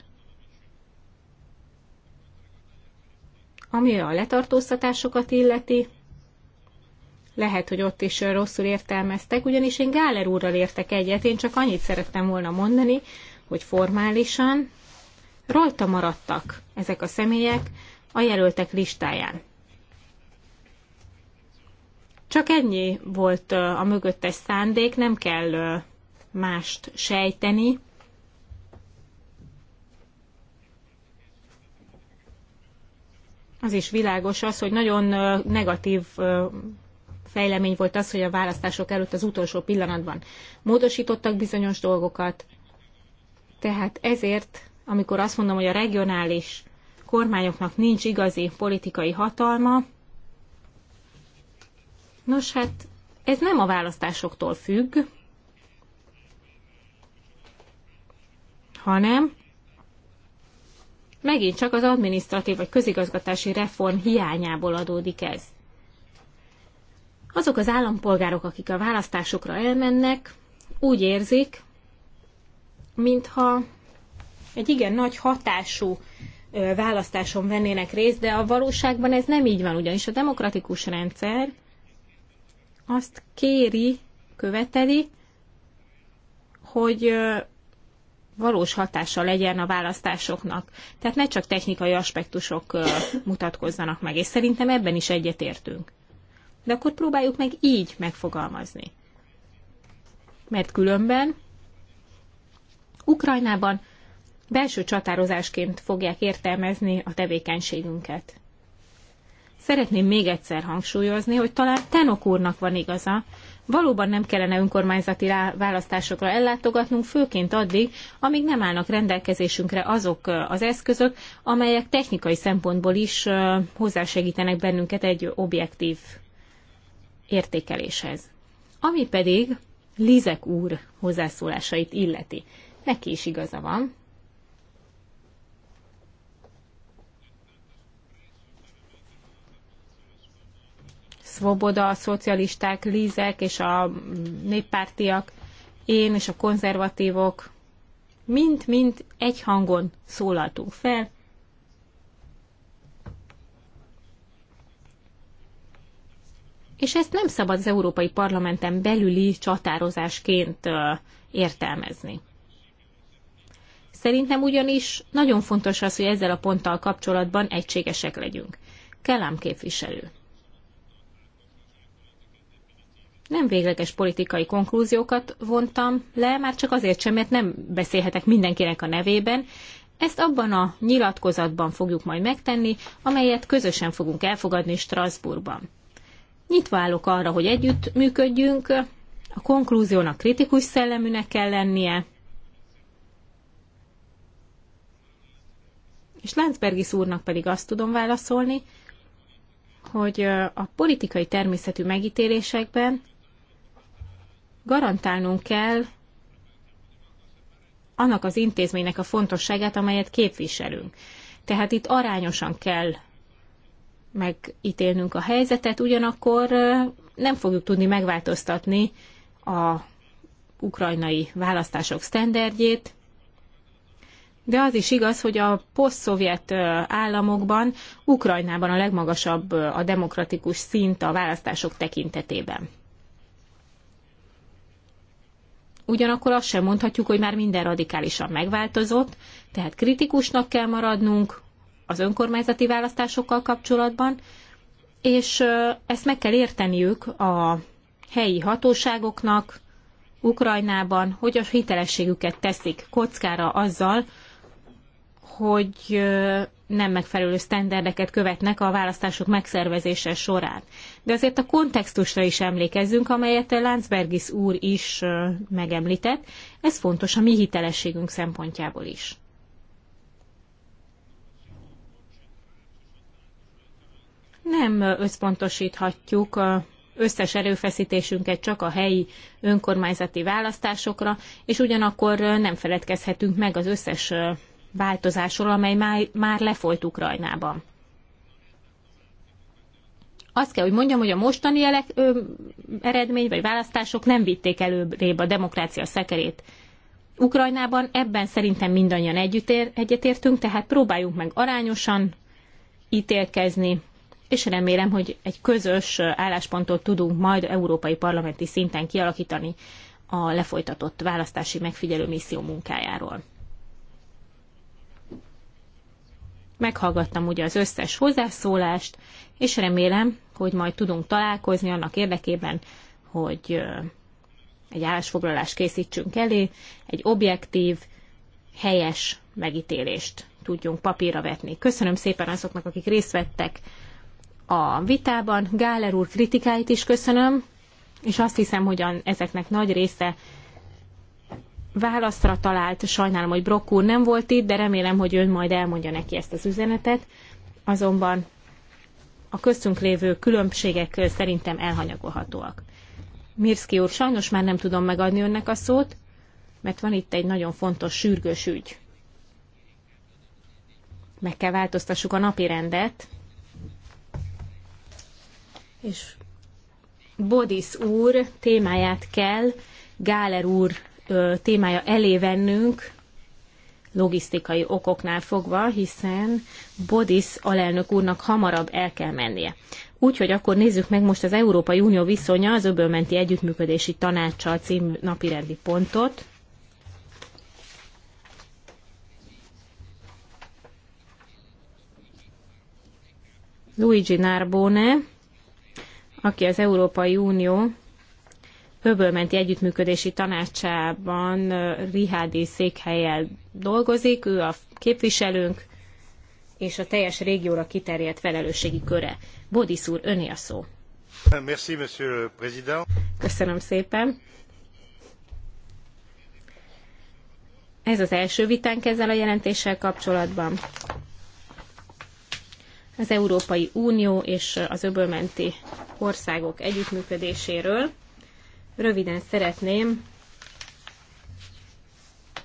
Ami a letartóztatásokat illeti, lehet, hogy ott is rosszul értelmeztek, ugyanis én Gáler úrral értek egyet, én csak annyit szerettem volna mondani, hogy formálisan rajta maradtak ezek a személyek a jelöltek listáján. Csak ennyi volt a mögöttes szándék, nem kell mást sejteni. Az is világos az, hogy nagyon negatív fejlemény volt az, hogy a választások előtt az utolsó pillanatban módosítottak bizonyos dolgokat. Tehát ezért, amikor azt mondom, hogy a regionális kormányoknak nincs igazi politikai hatalma, Nos, hát ez nem a választásoktól függ, hanem megint csak az adminisztratív vagy közigazgatási reform hiányából adódik ez. Azok az állampolgárok, akik a választásokra elmennek, úgy érzik, mintha egy igen nagy hatású választáson vennének részt, de a valóságban ez nem így van, ugyanis a demokratikus rendszer azt kéri, követeli, hogy valós hatása legyen a választásoknak. Tehát ne csak technikai aspektusok mutatkozzanak meg, és szerintem ebben is egyetértünk. De akkor próbáljuk meg így megfogalmazni. Mert különben Ukrajnában belső csatározásként fogják értelmezni a tevékenységünket. Szeretném még egyszer hangsúlyozni, hogy talán Tenok úrnak van igaza, Valóban nem kellene önkormányzati választásokra ellátogatnunk, főként addig, amíg nem állnak rendelkezésünkre azok az eszközök, amelyek technikai szempontból is hozzásegítenek bennünket egy objektív értékeléshez. Ami pedig Lizek úr hozzászólásait illeti. Neki is igaza van. Svoboda, a szocialisták, Lízek és a néppártiak, én és a konzervatívok mind-mind egy hangon szólaltunk fel, És ezt nem szabad az Európai Parlamenten belüli csatározásként értelmezni. Szerintem ugyanis nagyon fontos az, hogy ezzel a ponttal kapcsolatban egységesek legyünk. Kellám képviselő nem végleges politikai konklúziókat vontam le, már csak azért sem, mert nem beszélhetek mindenkinek a nevében. Ezt abban a nyilatkozatban fogjuk majd megtenni, amelyet közösen fogunk elfogadni Strasbourgban. Nyitva állok arra, hogy együtt működjünk, a konklúziónak kritikus szelleműnek kell lennie, és Láncbergis úrnak pedig azt tudom válaszolni, hogy a politikai természetű megítélésekben garantálnunk kell annak az intézménynek a fontosságát, amelyet képviselünk. Tehát itt arányosan kell megítélnünk a helyzetet, ugyanakkor nem fogjuk tudni megváltoztatni a ukrajnai választások sztenderdjét, de az is igaz, hogy a poszt államokban, Ukrajnában a legmagasabb a demokratikus szint a választások tekintetében ugyanakkor azt sem mondhatjuk, hogy már minden radikálisan megváltozott, tehát kritikusnak kell maradnunk az önkormányzati választásokkal kapcsolatban, és ezt meg kell érteniük a helyi hatóságoknak Ukrajnában, hogy a hitelességüket teszik kockára azzal, hogy nem megfelelő sztenderdeket követnek a választások megszervezése során. De azért a kontextusra is emlékezzünk, amelyet Lánzbergis úr is megemlített. Ez fontos a mi hitelességünk szempontjából is. Nem összpontosíthatjuk összes erőfeszítésünket csak a helyi önkormányzati választásokra, és ugyanakkor nem feledkezhetünk meg az összes változásról, amely már, már lefolyt Ukrajnában. Azt kell, hogy mondjam, hogy a mostani elek, ö, eredmény vagy választások nem vitték előrébb a demokrácia szekerét. Ukrajnában ebben szerintem mindannyian együttér, egyetértünk, tehát próbáljunk meg arányosan ítélkezni, és remélem, hogy egy közös álláspontot tudunk majd európai parlamenti szinten kialakítani a lefolytatott választási megfigyelő misszió munkájáról. Meghallgattam ugye az összes hozzászólást, és remélem, hogy majd tudunk találkozni annak érdekében, hogy egy állásfoglalást készítsünk elé, egy objektív, helyes megítélést tudjunk papírra vetni. Köszönöm szépen azoknak, akik részt vettek a vitában. Gáler úr kritikáit is köszönöm, és azt hiszem, hogy ezeknek nagy része válaszra talált. Sajnálom, hogy Brock úr nem volt itt, de remélem, hogy ön majd elmondja neki ezt az üzenetet. Azonban a köztünk lévő különbségek szerintem elhanyagolhatóak. Mirszki úr, sajnos már nem tudom megadni önnek a szót, mert van itt egy nagyon fontos, sürgős ügy. Meg kell változtassuk a napi rendet, és Bodis úr témáját kell Gáler úr témája elé vennünk, logisztikai okoknál fogva, hiszen Bodis alelnök úrnak hamarabb el kell mennie. Úgyhogy akkor nézzük meg most az Európai Unió viszonya az öbölmenti együttműködési tanácssal című napirendi pontot. Luigi Narbone, aki az Európai Unió öbölmenti együttműködési tanácsában Rihádi székhelyel dolgozik, ő a képviselőnk, és a teljes régióra kiterjedt felelősségi köre. Bodis úr, öné a szó. Merci, monsieur le président. Köszönöm szépen. Ez az első vitánk ezzel a jelentéssel kapcsolatban. Az Európai Unió és az öbölmenti országok együttműködéséről. Röviden szeretném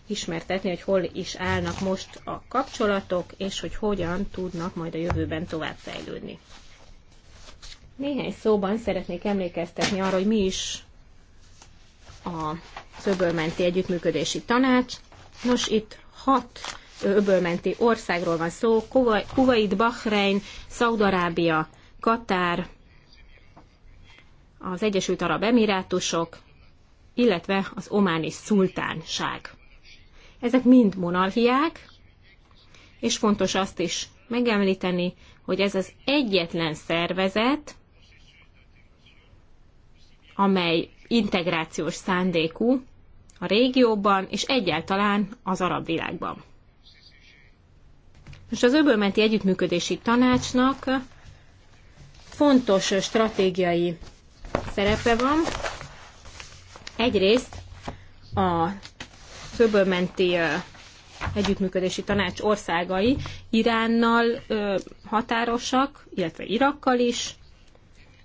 ismertetni, hogy hol is állnak most a kapcsolatok, és hogy hogyan tudnak majd a jövőben tovább fejlődni. Néhány szóban szeretnék emlékeztetni arra, hogy mi is a öbölmenti együttműködési tanács. Nos, itt hat öbölmenti országról van szó, Kuwait, Bahrein, Szaudarábia, Katár, az Egyesült Arab Emirátusok, illetve az ománi szultánság. Ezek mind monarchiák, és fontos azt is megemlíteni, hogy ez az egyetlen szervezet, amely integrációs szándékú a régióban és egyáltalán az arab világban. Most az öbölmenti együttműködési tanácsnak fontos stratégiai szerepe van. Egyrészt a szöbölmenti együttműködési tanács országai Iránnal határosak, illetve Irakkal is,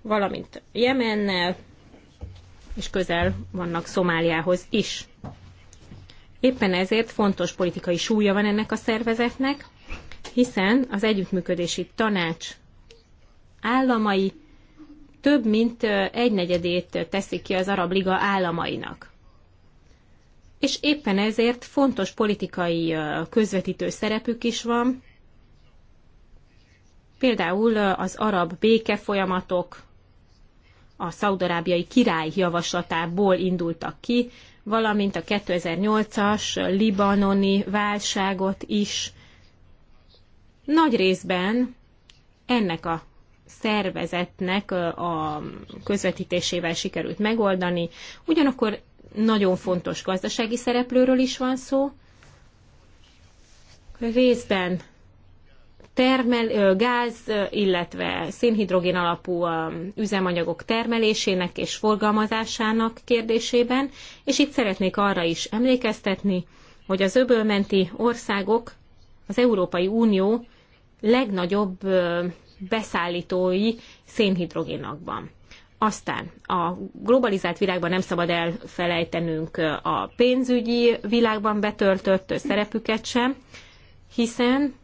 valamint Jemennel, és közel vannak Szomáliához is. Éppen ezért fontos politikai súlya van ennek a szervezetnek, hiszen az együttműködési tanács államai több mint egynegyedét teszik ki az Arab Liga államainak. És éppen ezért fontos politikai közvetítő szerepük is van, például az arab békefolyamatok a szaudarábiai király javaslatából indultak ki, valamint a 2008-as libanoni válságot is nagy részben ennek a szervezetnek a közvetítésével sikerült megoldani. Ugyanakkor nagyon fontos gazdasági szereplőről is van szó. Részben termel, gáz, illetve szénhidrogén alapú üzemanyagok termelésének és forgalmazásának kérdésében, és itt szeretnék arra is emlékeztetni, hogy az öbölmenti országok az Európai Unió legnagyobb beszállítói szénhidrogénakban. Aztán a globalizált világban nem szabad elfelejtenünk a pénzügyi világban betöltött szerepüket sem, hiszen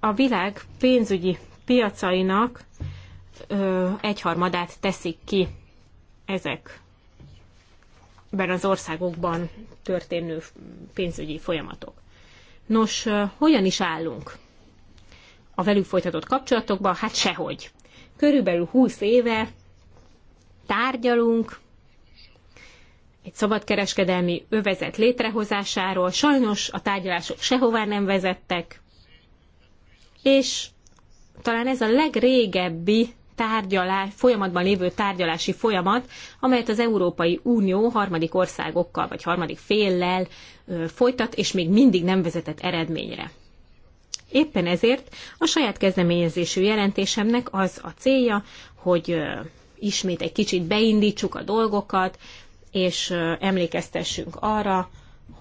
a világ pénzügyi piacainak egyharmadát teszik ki ezekben az országokban történő pénzügyi folyamatok. Nos, hogyan is állunk a velük folytatott kapcsolatokban? Hát sehogy. Körülbelül 20 éve tárgyalunk egy szabadkereskedelmi övezet létrehozásáról. Sajnos a tárgyalások sehová nem vezettek, és talán ez a legrégebbi tárgyalás, folyamatban lévő tárgyalási folyamat, amelyet az Európai Unió harmadik országokkal vagy harmadik féllel folytat, és még mindig nem vezetett eredményre. Éppen ezért a saját kezdeményezésű jelentésemnek az a célja, hogy ismét egy kicsit beindítsuk a dolgokat, és emlékeztessünk arra,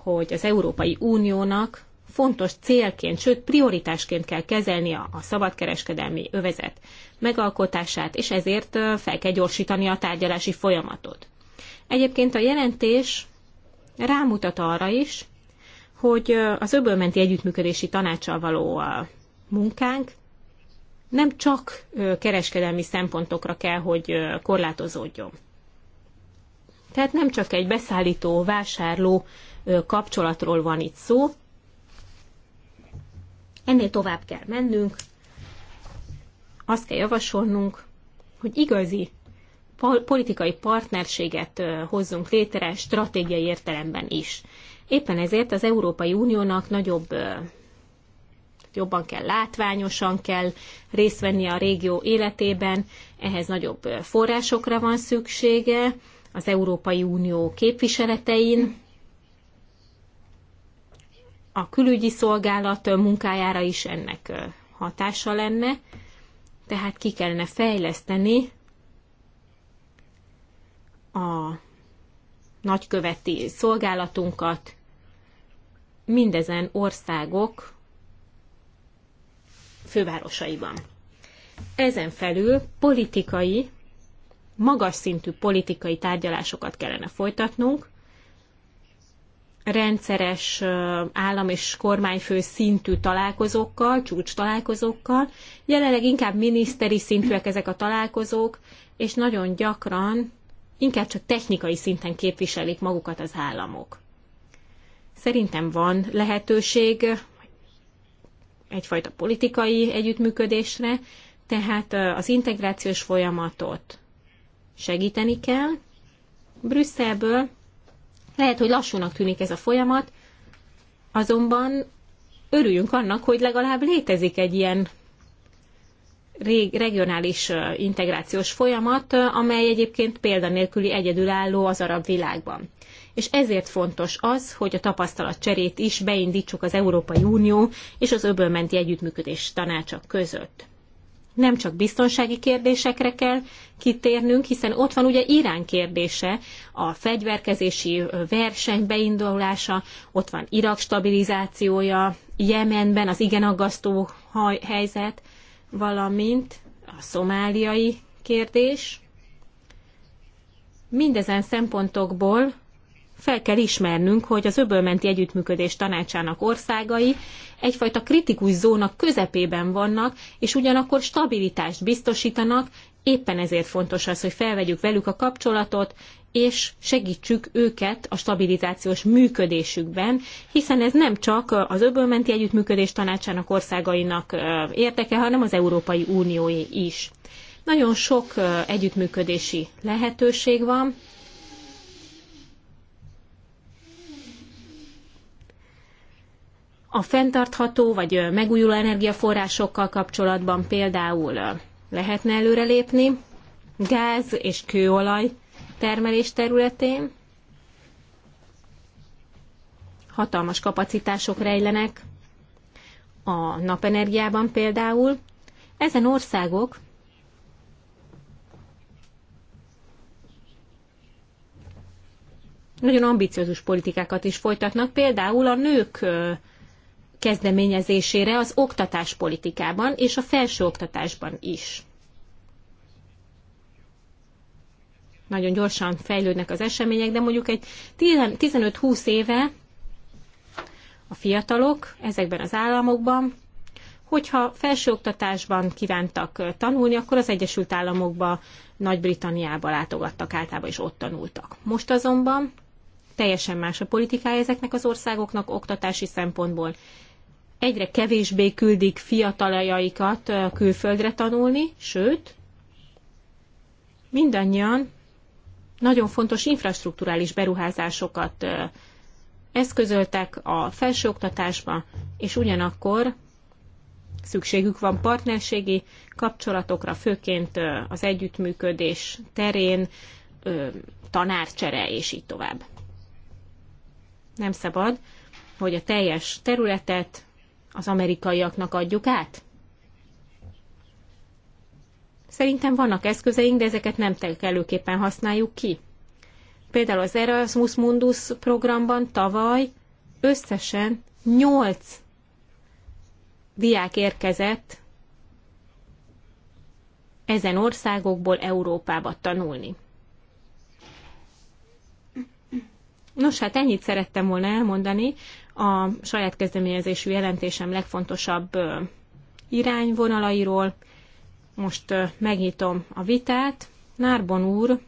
hogy az Európai Uniónak fontos célként, sőt prioritásként kell kezelni a, szabadkereskedelmi övezet megalkotását, és ezért fel kell gyorsítani a tárgyalási folyamatot. Egyébként a jelentés rámutat arra is, hogy az öbölmenti együttműködési tanácsal való munkánk nem csak kereskedelmi szempontokra kell, hogy korlátozódjon. Tehát nem csak egy beszállító-vásárló kapcsolatról van itt szó, ennél tovább kell mennünk, azt kell javasolnunk, hogy igazi politikai partnerséget hozzunk létre stratégiai értelemben is. Éppen ezért az Európai Uniónak nagyobb jobban kell látványosan kell részt venni a régió életében, ehhez nagyobb forrásokra van szüksége, az Európai Unió képviseletein, a külügyi szolgálat munkájára is ennek hatása lenne, tehát ki kellene fejleszteni a nagyköveti szolgálatunkat, mindezen országok fővárosaiban. Ezen felül politikai, magas szintű politikai tárgyalásokat kellene folytatnunk, rendszeres állam és kormányfő szintű találkozókkal, csúcs találkozókkal. Jelenleg inkább miniszteri szintűek ezek a találkozók, és nagyon gyakran inkább csak technikai szinten képviselik magukat az államok. Szerintem van lehetőség egyfajta politikai együttműködésre, tehát az integrációs folyamatot segíteni kell. Brüsszelből lehet, hogy lassúnak tűnik ez a folyamat, azonban örüljünk annak, hogy legalább létezik egy ilyen regionális integrációs folyamat, amely egyébként példanélküli egyedülálló az arab világban és ezért fontos az, hogy a tapasztalatcserét is beindítsuk az Európai Unió és az öbölmenti együttműködés tanácsa között. Nem csak biztonsági kérdésekre kell kitérnünk, hiszen ott van ugye Irán kérdése, a fegyverkezési verseny beindulása, ott van Irak stabilizációja, Jemenben az igen aggasztó helyzet, valamint a szomáliai kérdés. Mindezen szempontokból fel kell ismernünk, hogy az öbölmenti együttműködés tanácsának országai egyfajta kritikus zóna közepében vannak, és ugyanakkor stabilitást biztosítanak, éppen ezért fontos az, hogy felvegyük velük a kapcsolatot, és segítsük őket a stabilizációs működésükben, hiszen ez nem csak az öbölmenti együttműködés tanácsának országainak érdeke, hanem az Európai Unióé is. Nagyon sok együttműködési lehetőség van, a fenntartható vagy megújuló energiaforrásokkal kapcsolatban például lehetne előrelépni, gáz és kőolaj termelés területén. Hatalmas kapacitások rejlenek a napenergiában például. Ezen országok nagyon ambiciózus politikákat is folytatnak, például a nők kezdeményezésére az oktatáspolitikában és a felsőoktatásban is. Nagyon gyorsan fejlődnek az események, de mondjuk egy 15-20 éve a fiatalok ezekben az államokban, hogyha felsőoktatásban kívántak tanulni, akkor az Egyesült Államokba, Nagy-Britanniába látogattak általában, és ott tanultak. Most azonban teljesen más a politikája ezeknek az országoknak oktatási szempontból, egyre kevésbé küldik fiataljaikat külföldre tanulni, sőt, mindannyian nagyon fontos infrastruktúrális beruházásokat eszközöltek a felsőoktatásba, és ugyanakkor szükségük van partnerségi kapcsolatokra, főként az együttműködés terén, tanárcsere és így tovább. Nem szabad, hogy a teljes területet az amerikaiaknak adjuk át? Szerintem vannak eszközeink, de ezeket nem kellőképpen használjuk ki. Például az Erasmus Mundus programban tavaly összesen 8 diák érkezett ezen országokból Európába tanulni. Nos, hát ennyit szerettem volna elmondani a saját kezdeményezésű jelentésem legfontosabb irányvonalairól. Most megnyitom a vitát. Nárbon úr,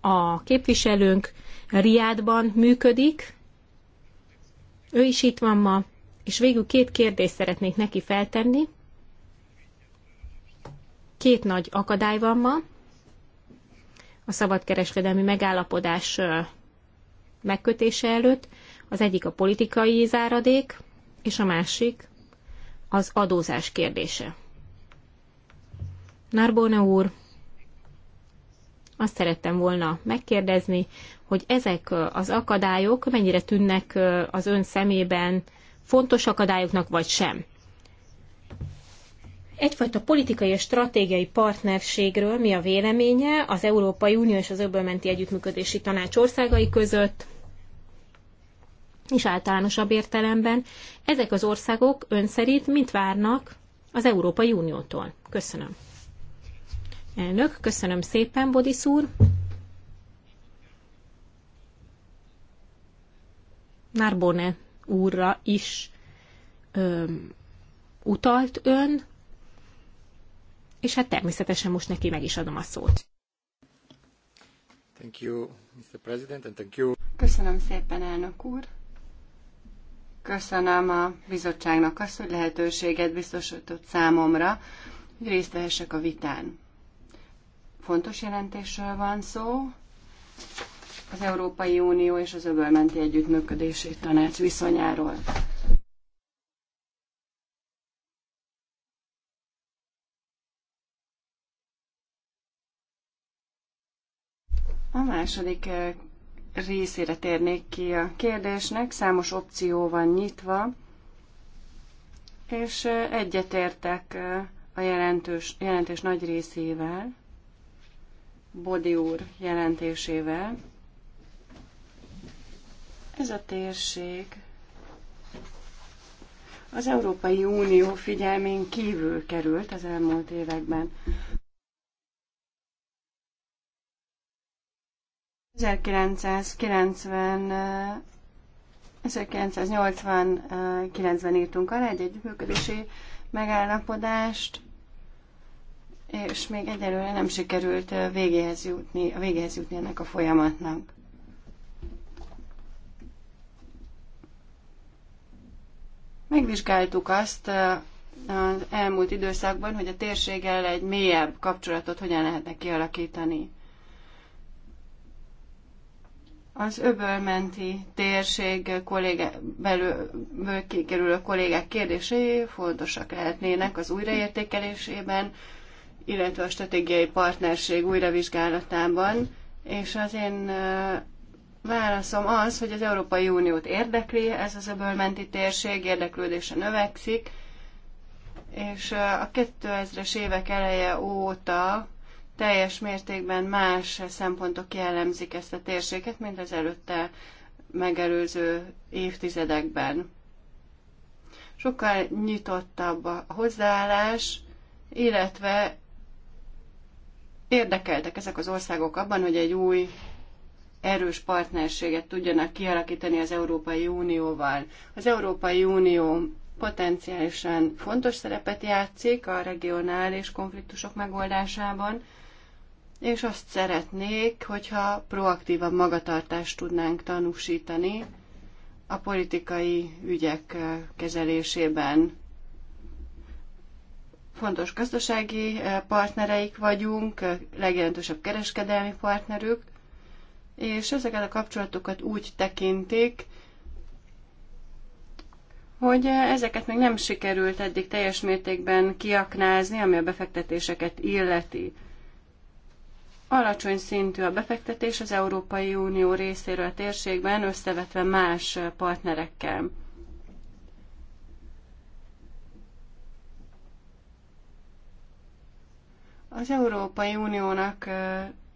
a képviselőnk Riádban működik, ő is itt van ma, és végül két kérdést szeretnék neki feltenni. Két nagy akadály van ma. A szabadkereskedelmi megállapodás megkötése előtt. Az egyik a politikai záradék, és a másik az adózás kérdése. Narbona úr, azt szerettem volna megkérdezni, hogy ezek az akadályok mennyire tűnnek az ön szemében fontos akadályoknak, vagy sem. Egyfajta politikai és stratégiai partnerségről mi a véleménye az Európai Unió és az öbölmenti együttműködési tanács országai között, és általánosabb értelemben ezek az országok ön szerint mit várnak az Európai Uniótól? Köszönöm. Elnök, köszönöm szépen, Bodis úr. Narbonne úrra is ö, utalt ön, és hát természetesen most neki meg is adom a szót.
Thank you, Mr. President, and thank you.
Köszönöm szépen, elnök úr. Köszönöm a bizottságnak azt, hogy lehetőséget biztosított számomra, hogy részt vehessek a vitán. Fontos jelentésről van szó. Az Európai Unió és az öbölmenti együttműködési tanács viszonyáról. A második eh, részére térnék ki a kérdésnek. Számos opció van nyitva, és egyetértek a jelentős, jelentés nagy részével, Bodi úr jelentésével. Ez a térség az Európai Unió figyelmén kívül került az elmúlt években. 1990 1989-ben írtunk alá egy együttműködési megállapodást, és még egyelőre nem sikerült végéhez jutni, a végéhez jutni ennek a folyamatnak. Megvizsgáltuk azt az elmúlt időszakban, hogy a térséggel egy mélyebb kapcsolatot hogyan lehetne kialakítani. Az öbölmenti térség kollége, belül, kikerülő kollégák kérdései fontosak lehetnének az újraértékelésében, illetve a stratégiai partnerség újravizsgálatában, és az én válaszom az, hogy az Európai Uniót érdekli, ez az öbölmenti térség érdeklődése növekszik, és a 2000-es évek eleje óta teljes mértékben más szempontok jellemzik ezt a térséget, mint az előtte megelőző évtizedekben. Sokkal nyitottabb a hozzáállás, illetve érdekeltek ezek az országok abban, hogy egy új erős partnerséget tudjanak kialakítani az Európai Unióval. Az Európai Unió potenciálisan fontos szerepet játszik a regionális konfliktusok megoldásában, és azt szeretnék, hogyha proaktívabb magatartást tudnánk tanúsítani a politikai ügyek kezelésében. Fontos gazdasági partnereik vagyunk, legjelentősebb kereskedelmi partnerük, és ezeket a kapcsolatokat úgy tekintik, hogy ezeket még nem sikerült eddig teljes mértékben kiaknázni, ami a befektetéseket illeti. Alacsony szintű a befektetés az Európai Unió részéről a térségben, összevetve más partnerekkel. Az Európai Uniónak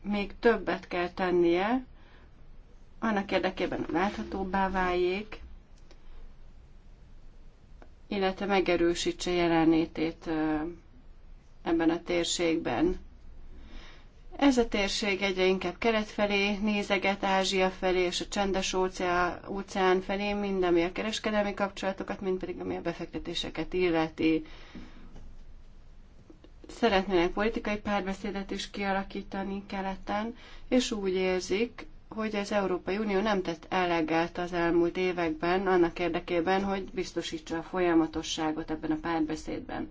még többet kell tennie, annak érdekében láthatóbbá váljék, illetve megerősítse jelenlétét ebben a térségben. Ez a térség egyre inkább kelet felé nézeget, Ázsia felé és a csendes óceán felé, mind ami a kereskedelmi kapcsolatokat, mind pedig ami a befektetéseket illeti. Szeretnének politikai párbeszédet is kialakítani keleten, és úgy érzik, hogy az Európai Unió nem tett eleget az elmúlt években annak érdekében, hogy biztosítsa a folyamatosságot ebben a párbeszédben.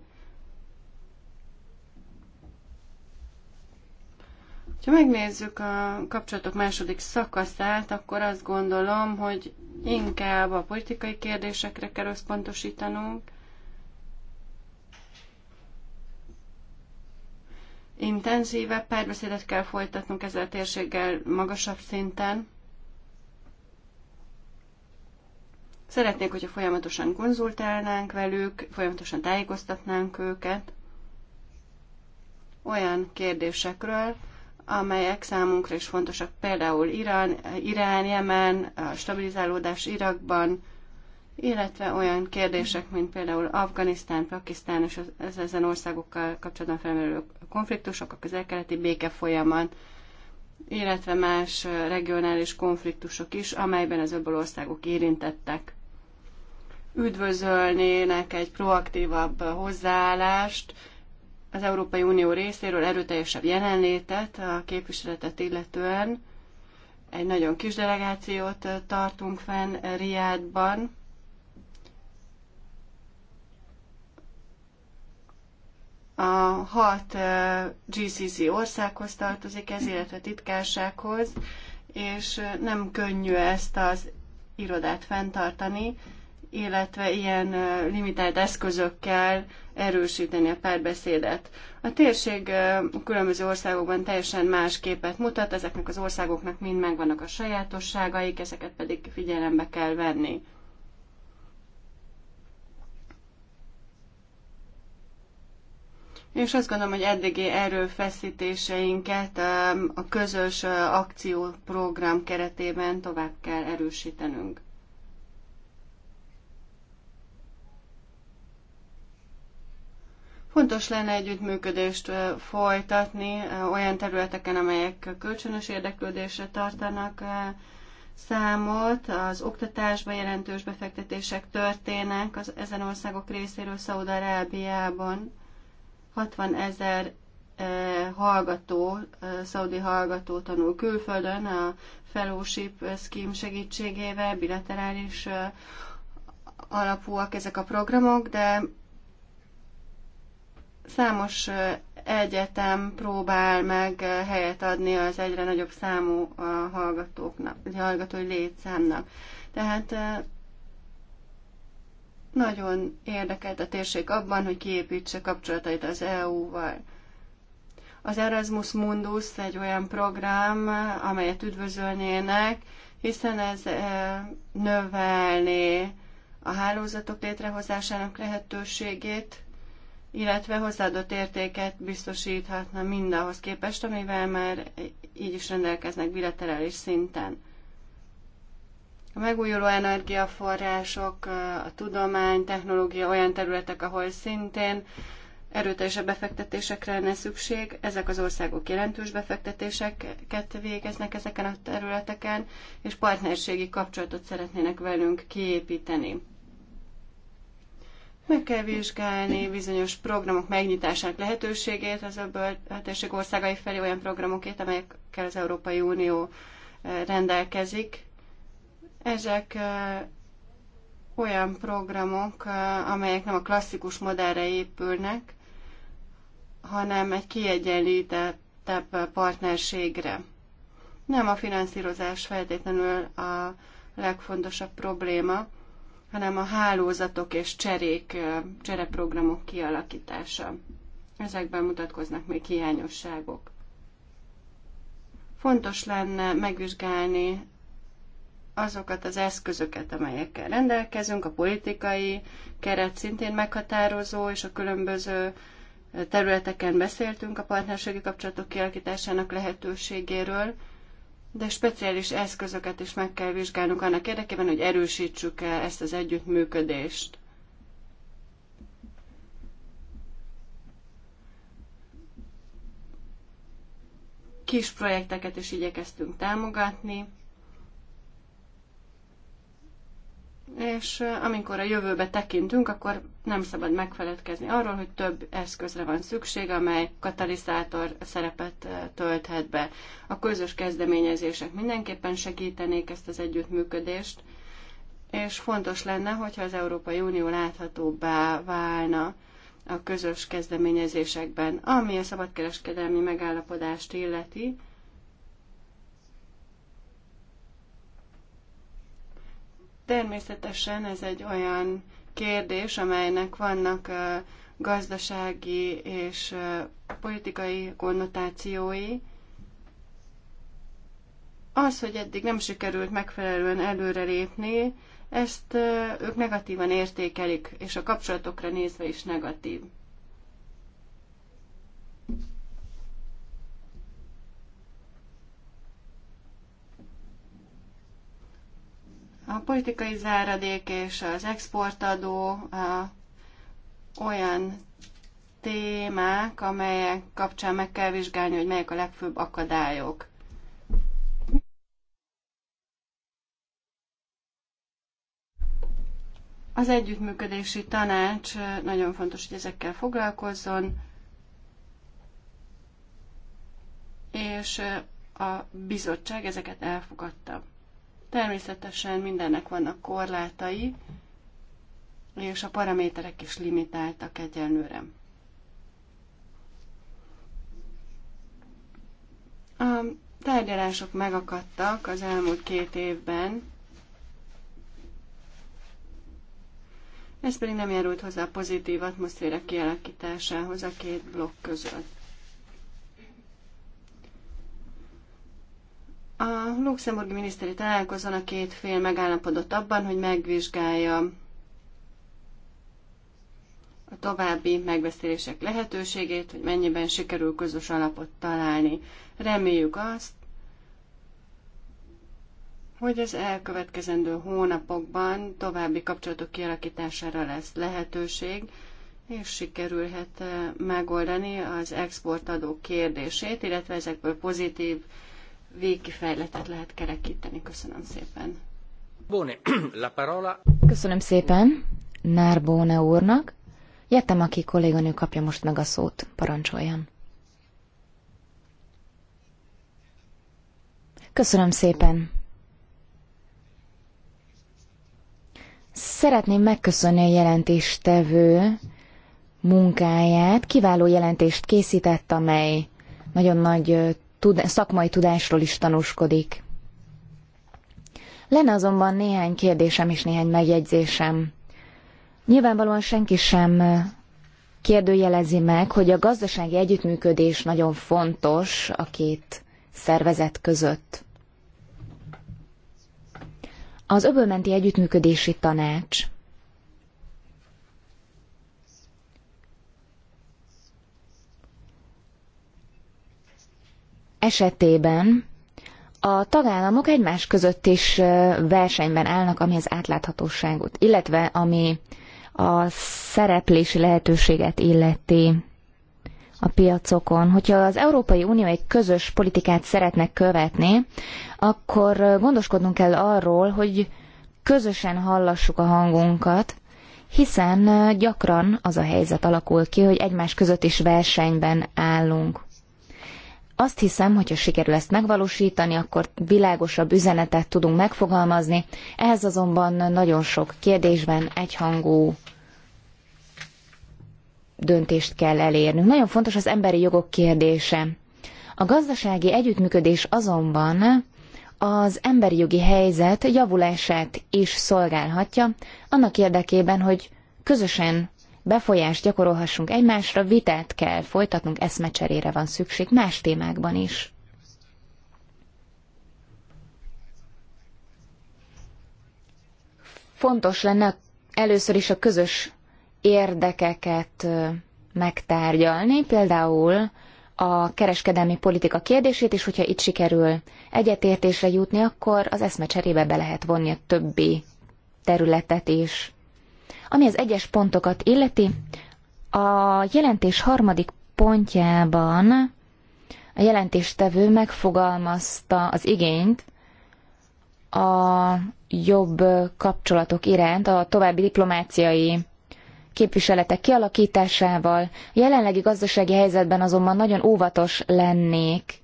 Ha megnézzük a kapcsolatok második szakaszát, akkor azt gondolom, hogy inkább a politikai kérdésekre kell összpontosítanunk, intenzívebb párbeszédet kell folytatnunk ezzel a térséggel magasabb szinten. Szeretnék, hogyha folyamatosan konzultálnánk velük, folyamatosan tájékoztatnánk őket olyan kérdésekről, amelyek számunkra is fontosak, például Irán, Irán, Jemen, a stabilizálódás Irakban, illetve olyan kérdések, mint például Afganisztán, Pakisztán és az ezen országokkal kapcsolatban felmerülő konfliktusok, a közel-keleti béke folyamat, illetve más regionális konfliktusok is, amelyben az öbből országok érintettek. Üdvözölnének egy proaktívabb hozzáállást, az Európai Unió részéről erőteljesebb jelenlétet a képviseletet illetően. Egy nagyon kis delegációt tartunk fenn Riádban. A hat GCC országhoz tartozik ez, illetve titkársághoz, és nem könnyű ezt az irodát fenntartani, illetve ilyen limitált eszközökkel erősíteni a párbeszédet. A térség a különböző országokban teljesen más képet mutat, ezeknek az országoknak mind megvannak a sajátosságaik, ezeket pedig figyelembe kell venni. És azt gondolom, hogy eddigi erőfeszítéseinket a közös akcióprogram keretében tovább kell erősítenünk. Fontos lenne együttműködést folytatni olyan területeken, amelyek kölcsönös érdeklődésre tartanak számot, az oktatásban jelentős befektetések történnek az ezen országok részéről szaúd 60 ezer hallgató, szaudi hallgató tanul külföldön a fellowship scheme segítségével, bilaterális alapúak ezek a programok, de Számos egyetem próbál meg helyet adni az egyre nagyobb számú hallgatóknak, hallgatói létszámnak. Tehát nagyon érdekelt a térség abban, hogy kiépítse kapcsolatait az EU-val. Az Erasmus Mundus egy olyan program, amelyet üdvözölnének, hiszen ez növelné a hálózatok létrehozásának lehetőségét, illetve hozzáadott értéket biztosíthatna mindahhoz képest, amivel már így is rendelkeznek bilaterális szinten. A megújuló energiaforrások, a tudomány, technológia olyan területek, ahol szintén erőteljesebb befektetésekre lenne szükség. Ezek az országok jelentős befektetéseket végeznek ezeken a területeken, és partnerségi kapcsolatot szeretnének velünk kiépíteni. Meg kell vizsgálni bizonyos programok megnyitásának lehetőségét az ebből lehetőség országai felé olyan programokét, amelyekkel az Európai Unió eh, rendelkezik. Ezek eh, olyan programok, eh, amelyek nem a klasszikus modellre épülnek, hanem egy kiegyenlítettebb partnerségre. Nem a finanszírozás feltétlenül a legfontosabb probléma, hanem a hálózatok és cserék, csereprogramok kialakítása. Ezekben mutatkoznak még hiányosságok. Fontos lenne megvizsgálni azokat az eszközöket, amelyekkel rendelkezünk, a politikai keret szintén meghatározó, és a különböző területeken beszéltünk a partnerségi kapcsolatok kialakításának lehetőségéről, de speciális eszközöket is meg kell vizsgálnunk annak érdekében, hogy erősítsük -e ezt az együttműködést. Kis projekteket is igyekeztünk támogatni, és amikor a jövőbe tekintünk, akkor nem szabad megfeledkezni arról, hogy több eszközre van szükség, amely katalizátor szerepet tölthet be. A közös kezdeményezések mindenképpen segítenék ezt az együttműködést, és fontos lenne, hogyha az Európai Unió láthatóbbá válna a közös kezdeményezésekben, ami a szabadkereskedelmi megállapodást illeti, Természetesen ez egy olyan kérdés, amelynek vannak gazdasági és politikai konnotációi. Az, hogy eddig nem sikerült megfelelően előrelépni, ezt ők negatívan értékelik, és a kapcsolatokra nézve is negatív. A politikai záradék és az exportadó olyan témák, amelyek kapcsán meg kell vizsgálni, hogy melyek a legfőbb akadályok. Az együttműködési tanács nagyon fontos, hogy ezekkel foglalkozzon, és a bizottság ezeket elfogadta. Természetesen mindennek vannak korlátai, és a paraméterek is limitáltak egyenlőre. A tárgyalások megakadtak az elmúlt két évben, ez pedig nem járult hozzá a pozitív atmoszféra kialakításához a két blokk között. A luxemburgi miniszteri találkozón a két fél megállapodott abban, hogy megvizsgálja a további megbeszélések lehetőségét, hogy mennyiben sikerül közös alapot találni. Reméljük azt, hogy az elkövetkezendő hónapokban további kapcsolatok kialakítására lesz lehetőség, és sikerülhet eh, megoldani az exportadó kérdését, illetve ezekből pozitív végkifejletet lehet kerekíteni. Köszönöm szépen.
Bone, [clears throat] la parola. Köszönöm szépen Nárbóne úrnak. Jettem, aki kolléganő kapja most meg a szót. Parancsoljon. Köszönöm szépen. Szeretném megköszönni a jelentéstevő munkáját. Kiváló jelentést készített, amely nagyon nagy tud, szakmai tudásról is tanúskodik. Lenne azonban néhány kérdésem és néhány megjegyzésem. Nyilvánvalóan senki sem kérdőjelezi meg, hogy a gazdasági együttműködés nagyon fontos a két szervezet között. Az öbölmenti együttműködési tanács esetében a tagállamok egymás között is versenyben állnak, ami az átláthatóságot, illetve ami a szereplési lehetőséget illeti a piacokon. Hogyha az Európai Unió egy közös politikát szeretne követni, akkor gondoskodnunk kell arról, hogy közösen hallassuk a hangunkat, hiszen gyakran az a helyzet alakul ki, hogy egymás között is versenyben állunk. Azt hiszem, hogyha sikerül ezt megvalósítani, akkor világosabb üzenetet tudunk megfogalmazni. Ehhez azonban nagyon sok kérdésben egyhangú döntést kell elérnünk. Nagyon fontos az emberi jogok kérdése. A gazdasági együttműködés azonban az emberi jogi helyzet javulását is szolgálhatja, annak érdekében, hogy közösen befolyást gyakorolhassunk egymásra, vitát kell folytatnunk, eszmecserére van szükség más témákban is. Fontos lenne először is a közös érdekeket megtárgyalni, például a kereskedelmi politika kérdését, és hogyha itt sikerül egyetértésre jutni, akkor az eszmecserébe be lehet vonni a többi területet is. Ami az egyes pontokat illeti, a jelentés harmadik pontjában a jelentéstevő megfogalmazta az igényt a jobb kapcsolatok iránt a további diplomáciai képviseletek kialakításával. A jelenlegi gazdasági helyzetben azonban nagyon óvatos lennék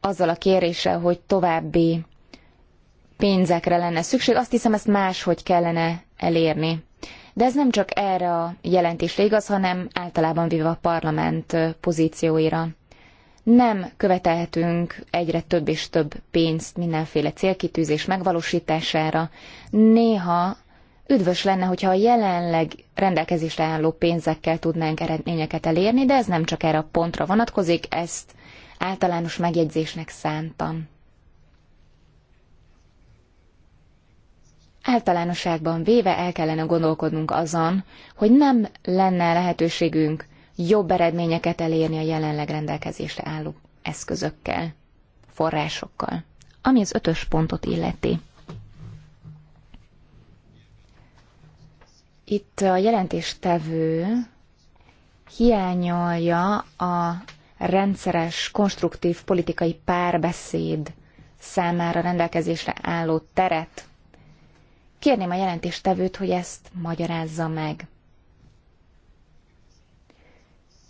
azzal a kérése, hogy további pénzekre lenne szükség. Azt hiszem, ezt máshogy kellene elérni. De ez nem csak erre a jelentésre igaz, hanem általában véve a parlament pozícióira. Nem követelhetünk egyre több és több pénzt mindenféle célkitűzés megvalósítására. Néha üdvös lenne, hogyha a jelenleg rendelkezésre álló pénzekkel tudnánk eredményeket elérni, de ez nem csak erre a pontra vonatkozik, ezt általános megjegyzésnek szántam. Általánosságban véve el kellene gondolkodnunk azon, hogy nem lenne lehetőségünk jobb eredményeket elérni a jelenleg rendelkezésre álló eszközökkel, forrásokkal, ami az ötös pontot illeti. Itt a jelentéstevő hiányolja a rendszeres, konstruktív politikai párbeszéd számára rendelkezésre álló teret Kérném a jelentéstevőt, hogy ezt magyarázza meg.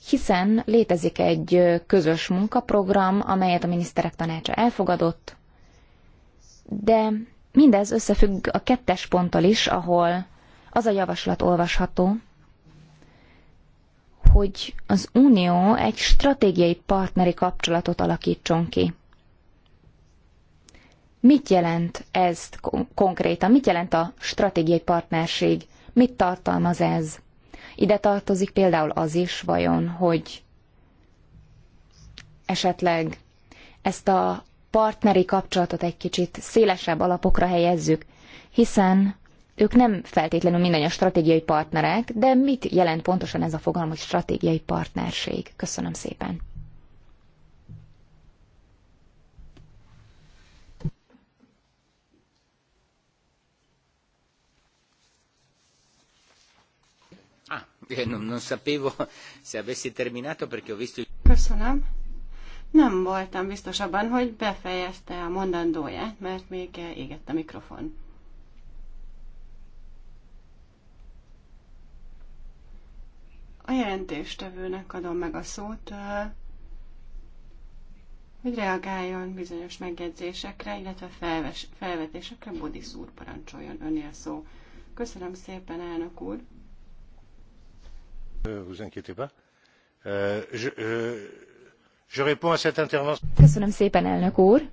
Hiszen létezik egy közös munkaprogram, amelyet a miniszterek tanácsa elfogadott, de mindez összefügg a kettes ponttal is, ahol az a javaslat olvasható, hogy az Unió egy stratégiai partneri kapcsolatot alakítson ki. Mit jelent ez konkrétan? Mit jelent a stratégiai partnerség? Mit tartalmaz ez? Ide tartozik például az is, vajon, hogy esetleg ezt a partneri kapcsolatot egy kicsit szélesebb alapokra helyezzük, hiszen ők nem feltétlenül mindannyian stratégiai partnerek, de mit jelent pontosan ez a fogalom, hogy stratégiai partnerség? Köszönöm szépen.
Non, sapevo
[laughs] se avessi terminato perché ho visto... Köszönöm. Nem voltam biztos abban, hogy befejezte a mondandóját, mert még égett a mikrofon. A jelentéstevőnek adom meg a szót, hogy reagáljon bizonyos megjegyzésekre, illetve felves, felvetésekre. Bodis úr parancsoljon önél szó. Köszönöm szépen, elnök úr!
Euh, euh, euh,
köszönöm szépen, elnök úr.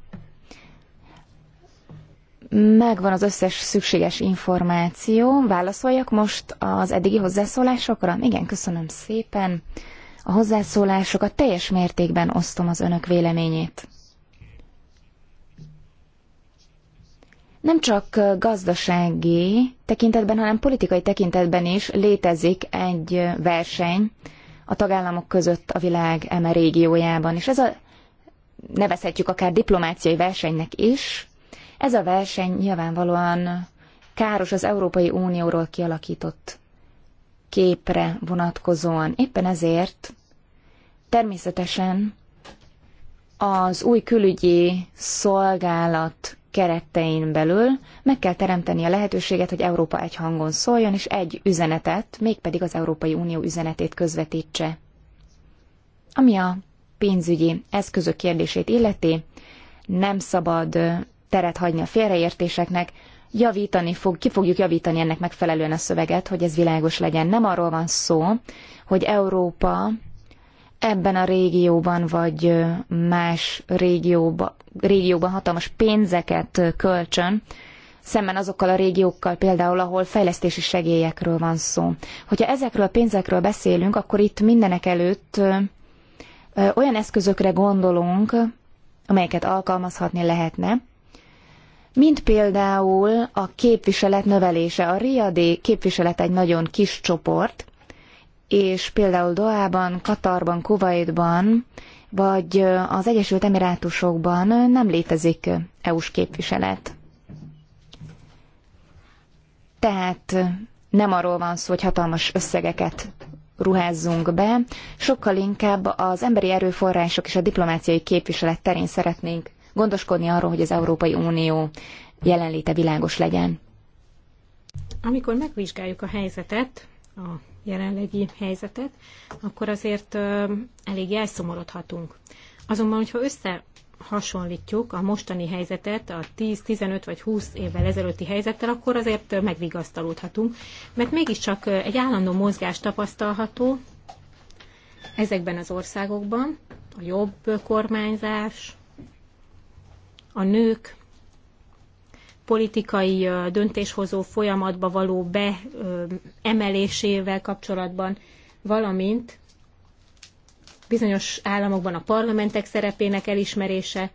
Megvan az összes szükséges információ. Válaszoljak most az eddigi hozzászólásokra? Igen, köszönöm szépen. A hozzászólásokat teljes mértékben osztom az önök véleményét. nem csak gazdasági tekintetben, hanem politikai tekintetben is létezik egy verseny a tagállamok között a világ eme régiójában, és ez a nevezhetjük akár diplomáciai versenynek is. Ez a verseny nyilvánvalóan káros az Európai Unióról kialakított képre vonatkozóan. Éppen ezért természetesen az új külügyi szolgálat keretein belül meg kell teremteni a lehetőséget, hogy Európa egy hangon szóljon, és egy üzenetet, mégpedig az Európai Unió üzenetét közvetítse. Ami a pénzügyi eszközök kérdését illeti, nem szabad teret hagyni a félreértéseknek, javítani fog, ki fogjuk javítani ennek megfelelően a szöveget, hogy ez világos legyen. Nem arról van szó, hogy Európa ebben a régióban vagy más régióba, régióban hatalmas pénzeket kölcsön, szemben azokkal a régiókkal például, ahol fejlesztési segélyekről van szó. Hogyha ezekről a pénzekről beszélünk, akkor itt mindenek előtt olyan eszközökre gondolunk, amelyeket alkalmazhatni lehetne, mint például a képviselet növelése. A RIAD képviselet egy nagyon kis csoport, és például Doában, Katarban, Kuwaitban, vagy az Egyesült Emirátusokban nem létezik EU-s képviselet. Tehát nem arról van szó, hogy hatalmas összegeket ruházzunk be, sokkal inkább az emberi erőforrások és a diplomáciai képviselet terén szeretnénk gondoskodni arról, hogy az Európai Unió jelenléte világos legyen.
Amikor megvizsgáljuk a helyzetet, a jelenlegi helyzetet, akkor azért elég elszomorodhatunk. Azonban, hogyha összehasonlítjuk a mostani helyzetet a 10, 15 vagy 20 évvel ezelőtti helyzettel, akkor azért megvigasztalódhatunk, mert mégiscsak egy állandó mozgás tapasztalható ezekben az országokban, a jobb kormányzás, a nők politikai döntéshozó folyamatba való beemelésével kapcsolatban, valamint bizonyos államokban a parlamentek szerepének elismerése.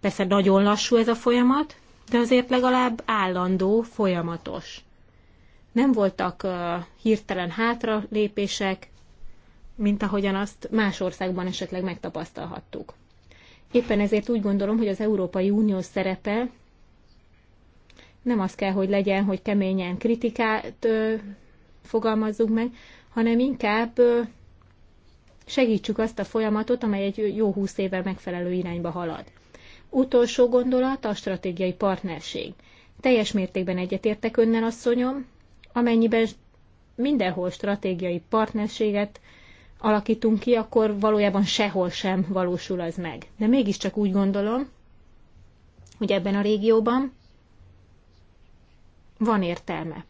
Persze nagyon lassú ez a folyamat, de azért legalább állandó, folyamatos. Nem voltak hirtelen hátralépések, mint ahogyan azt más országban esetleg megtapasztalhattuk. Éppen ezért úgy gondolom, hogy az Európai Unió szerepe nem az kell, hogy legyen, hogy keményen kritikát ö, fogalmazzunk meg, hanem inkább ö, segítsük azt a folyamatot, amely egy jó húsz évvel megfelelő irányba halad. Utolsó gondolat a stratégiai partnerség. Teljes mértékben egyetértek önnel, asszonyom, amennyiben mindenhol stratégiai partnerséget alakítunk ki, akkor valójában sehol sem valósul az meg. De mégiscsak úgy gondolom, hogy ebben a régióban van értelme.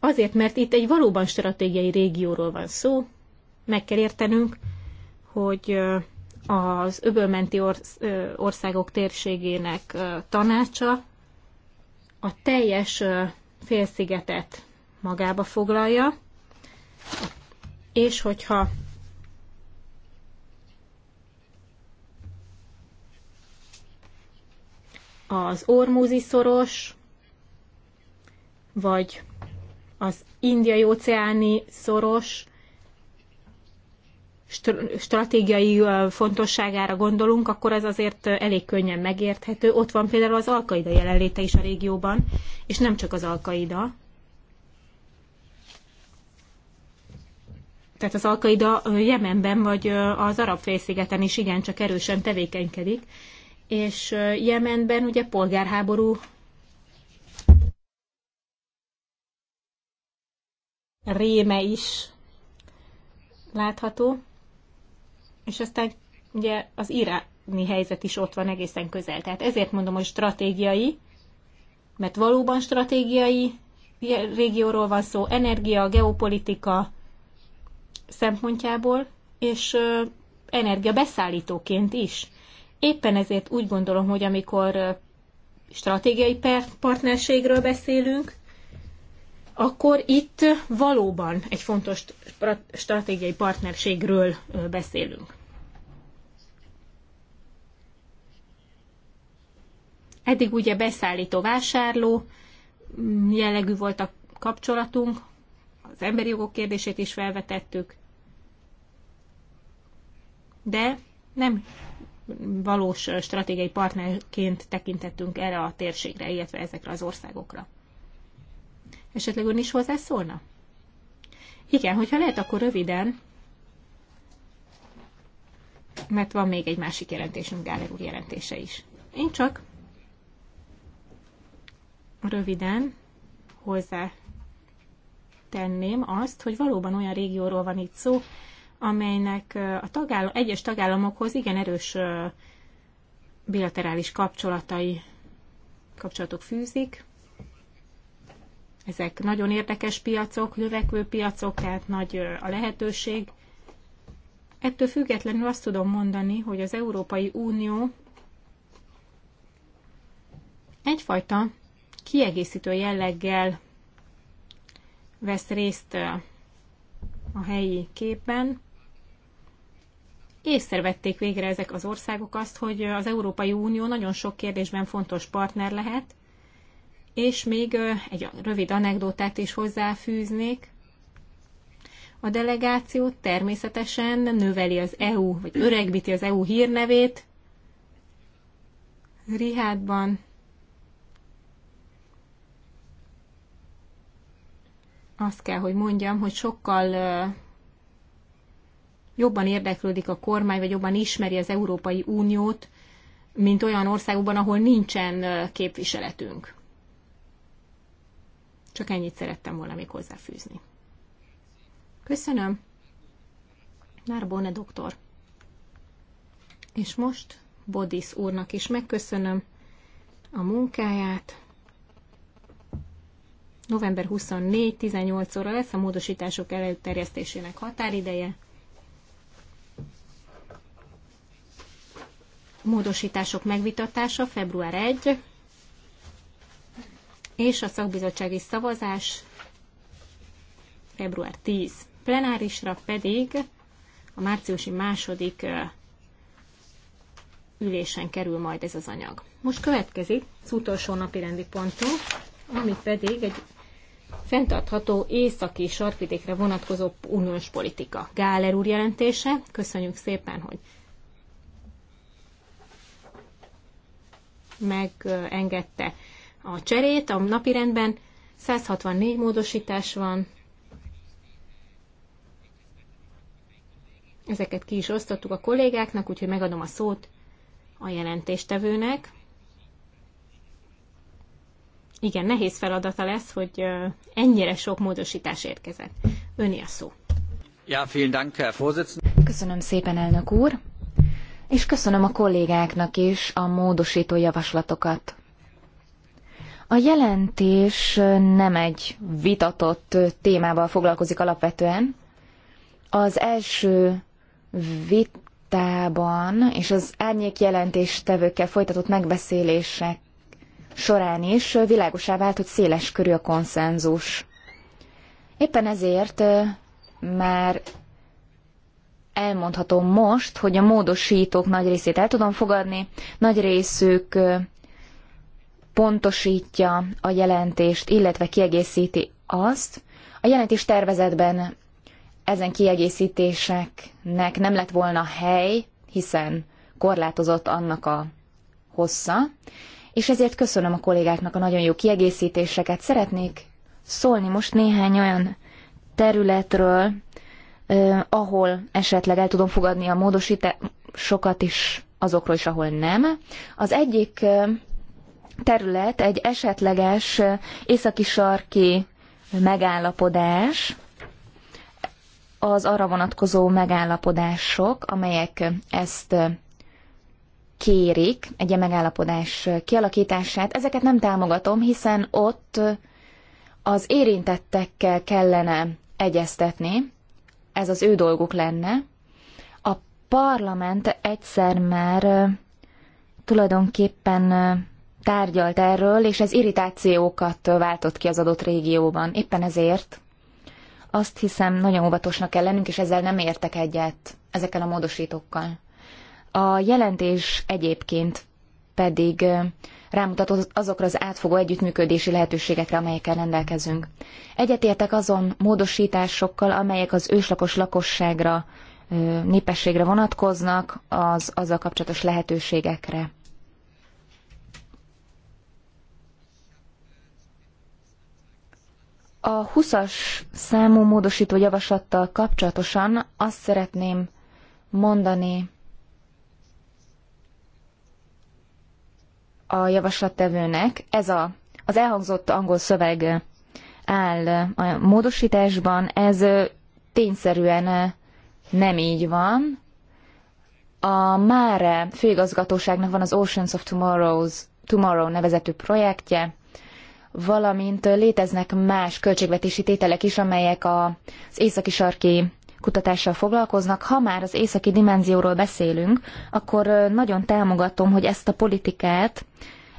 Azért, mert itt egy valóban stratégiai régióról van szó, meg kell értenünk, hogy az öbölmenti országok térségének tanácsa a teljes félszigetet magába foglalja, és hogyha az Ormúzi szoros, vagy az indiai óceáni szoros stratégiai fontosságára gondolunk, akkor ez azért elég könnyen megérthető. Ott van például az alkaida jelenléte is a régióban, és nem csak az alkaida. Tehát az alkaida Jemenben vagy az arab félszigeten is igencsak erősen tevékenykedik, és Jemenben ugye polgárháború réme is látható. És aztán ugye az iráni helyzet is ott van egészen közel. Tehát ezért mondom, hogy stratégiai, mert valóban stratégiai régióról van szó, energia, geopolitika szempontjából, és energiabeszállítóként is. Éppen ezért úgy gondolom, hogy amikor stratégiai partnerségről beszélünk, akkor itt valóban egy fontos stratégiai partnerségről beszélünk. Eddig ugye beszállító-vásárló mm, jellegű volt a kapcsolatunk, az emberi jogok kérdését is felvetettük, de nem valós stratégiai partnerként tekintettünk erre a térségre, illetve ezekre az országokra. Esetleg ön is hozzászólna? Igen, hogyha lehet, akkor röviden, mert van még egy másik jelentésünk, Gáler úr jelentése is. Én csak röviden hozzá tenném azt, hogy valóban olyan régióról van itt szó, amelynek a tagállam, egyes tagállamokhoz igen erős bilaterális kapcsolatai, kapcsolatok fűzik, ezek nagyon érdekes piacok, növekvő piacok, tehát nagy a lehetőség. Ettől függetlenül azt tudom mondani, hogy az Európai Unió egyfajta kiegészítő jelleggel vesz részt a helyi képben. Észrevették végre ezek az országok azt, hogy az Európai Unió nagyon sok kérdésben fontos partner lehet, és még egy rövid anekdotát is hozzáfűznék. A delegáció természetesen növeli az EU, vagy öregbíti az EU hírnevét. Rihádban azt kell, hogy mondjam, hogy sokkal jobban érdeklődik a kormány, vagy jobban ismeri az Európai Uniót, mint olyan országokban, ahol nincsen képviseletünk. Csak ennyit szerettem volna még hozzáfűzni. Köszönöm. Narbonne doktor. És most Bodis úrnak is megköszönöm a munkáját. November 24, 18 óra lesz a módosítások előterjesztésének határideje. Módosítások megvitatása február 1, és a szakbizottsági szavazás február 10. Plenárisra pedig a márciusi második ülésen kerül majd ez az anyag. Most következik az utolsó napi rendi pontunk, ami pedig egy fenntartható északi sarkvidékre vonatkozó uniós politika. Gáler úr jelentése. Köszönjük szépen, hogy megengedte a cserét a napirendben. 164 módosítás van. Ezeket ki is osztottuk a kollégáknak, úgyhogy megadom a szót a jelentéstevőnek. Igen, nehéz feladata lesz, hogy ennyire sok módosítás érkezett. Öni a szó. Ja, vielen Dank, Herr Vorsitzender.
Köszönöm szépen, elnök úr, és köszönöm a kollégáknak is a módosító javaslatokat. A jelentés nem egy vitatott témával foglalkozik alapvetően. Az első vitában és az árnyék jelentéstevőkkel folytatott megbeszélések során is világosá vált, hogy széles körű a konszenzus. Éppen ezért már elmondhatom most, hogy a módosítók nagy részét el tudom fogadni, nagy részük pontosítja a jelentést, illetve kiegészíti azt. A jelentés tervezetben ezen kiegészítéseknek nem lett volna hely, hiszen korlátozott annak a hossza, és ezért köszönöm a kollégáknak a nagyon jó kiegészítéseket. Szeretnék szólni most néhány olyan területről, eh, ahol esetleg el tudom fogadni a módosításokat is, azokról is, ahol nem. Az egyik eh, terület egy esetleges északi sarki megállapodás, az arra vonatkozó megállapodások, amelyek ezt kérik, egy ilyen megállapodás kialakítását, ezeket nem támogatom, hiszen ott az érintettekkel kellene egyeztetni, ez az ő dolguk lenne. A parlament egyszer már tulajdonképpen tárgyalt erről, és ez irritációkat váltott ki az adott régióban. Éppen ezért azt hiszem nagyon óvatosnak kell lennünk, és ezzel nem értek egyet ezekkel a módosítókkal. A jelentés egyébként pedig rámutatott azokra az átfogó együttműködési lehetőségekre, amelyekkel rendelkezünk. Egyetértek azon módosításokkal, amelyek az őslakos lakosságra, népességre vonatkoznak, az azzal kapcsolatos lehetőségekre A 20-as számú módosító javaslattal kapcsolatosan azt szeretném mondani a javaslattevőnek, ez a, az elhangzott angol szöveg áll a módosításban, ez tényszerűen nem így van. A Máre főigazgatóságnak van az Oceans of Tomorrow's Tomorrow nevezetű projektje, valamint léteznek más költségvetési tételek is, amelyek az északi sarki kutatással foglalkoznak. Ha már az északi dimenzióról beszélünk, akkor nagyon támogatom, hogy ezt a politikát,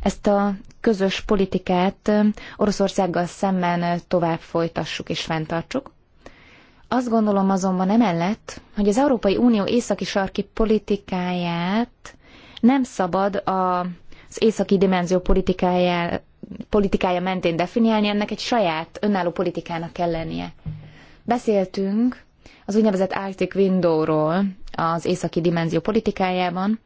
ezt a közös politikát Oroszországgal szemben tovább folytassuk és fenntartsuk. Azt gondolom azonban emellett, hogy az Európai Unió északi sarki politikáját nem szabad a az északi dimenzió politikája, politikája mentén definiálni, ennek egy saját önálló politikának kell lennie. Beszéltünk az úgynevezett Arctic Window-ról az északi dimenzió politikájában.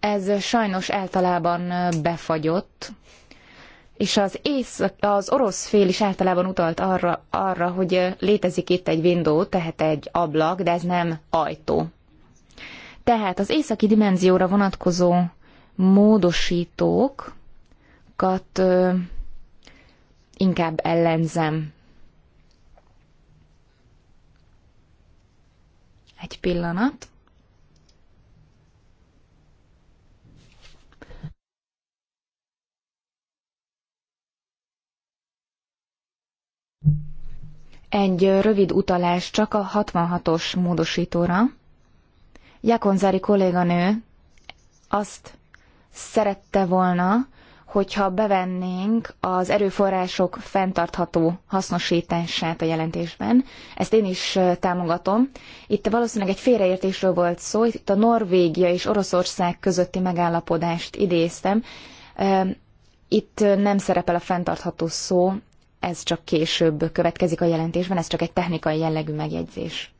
Ez sajnos általában befagyott, és az, ész, az orosz fél is általában utalt arra, arra, hogy létezik itt egy window, tehát egy ablak, de ez nem ajtó. Tehát az északi dimenzióra vonatkozó módosítókat inkább ellenzem. Egy pillanat. Egy rövid utalás csak a 66-os módosítóra. Jakonzári kolléganő azt szerette volna, hogyha bevennénk az erőforrások fenntartható hasznosítását a jelentésben. Ezt én is támogatom. Itt valószínűleg egy félreértésről volt szó, itt a Norvégia és Oroszország közötti megállapodást idéztem. Itt nem szerepel a fenntartható szó, ez csak később következik a jelentésben, ez csak egy technikai jellegű megjegyzés.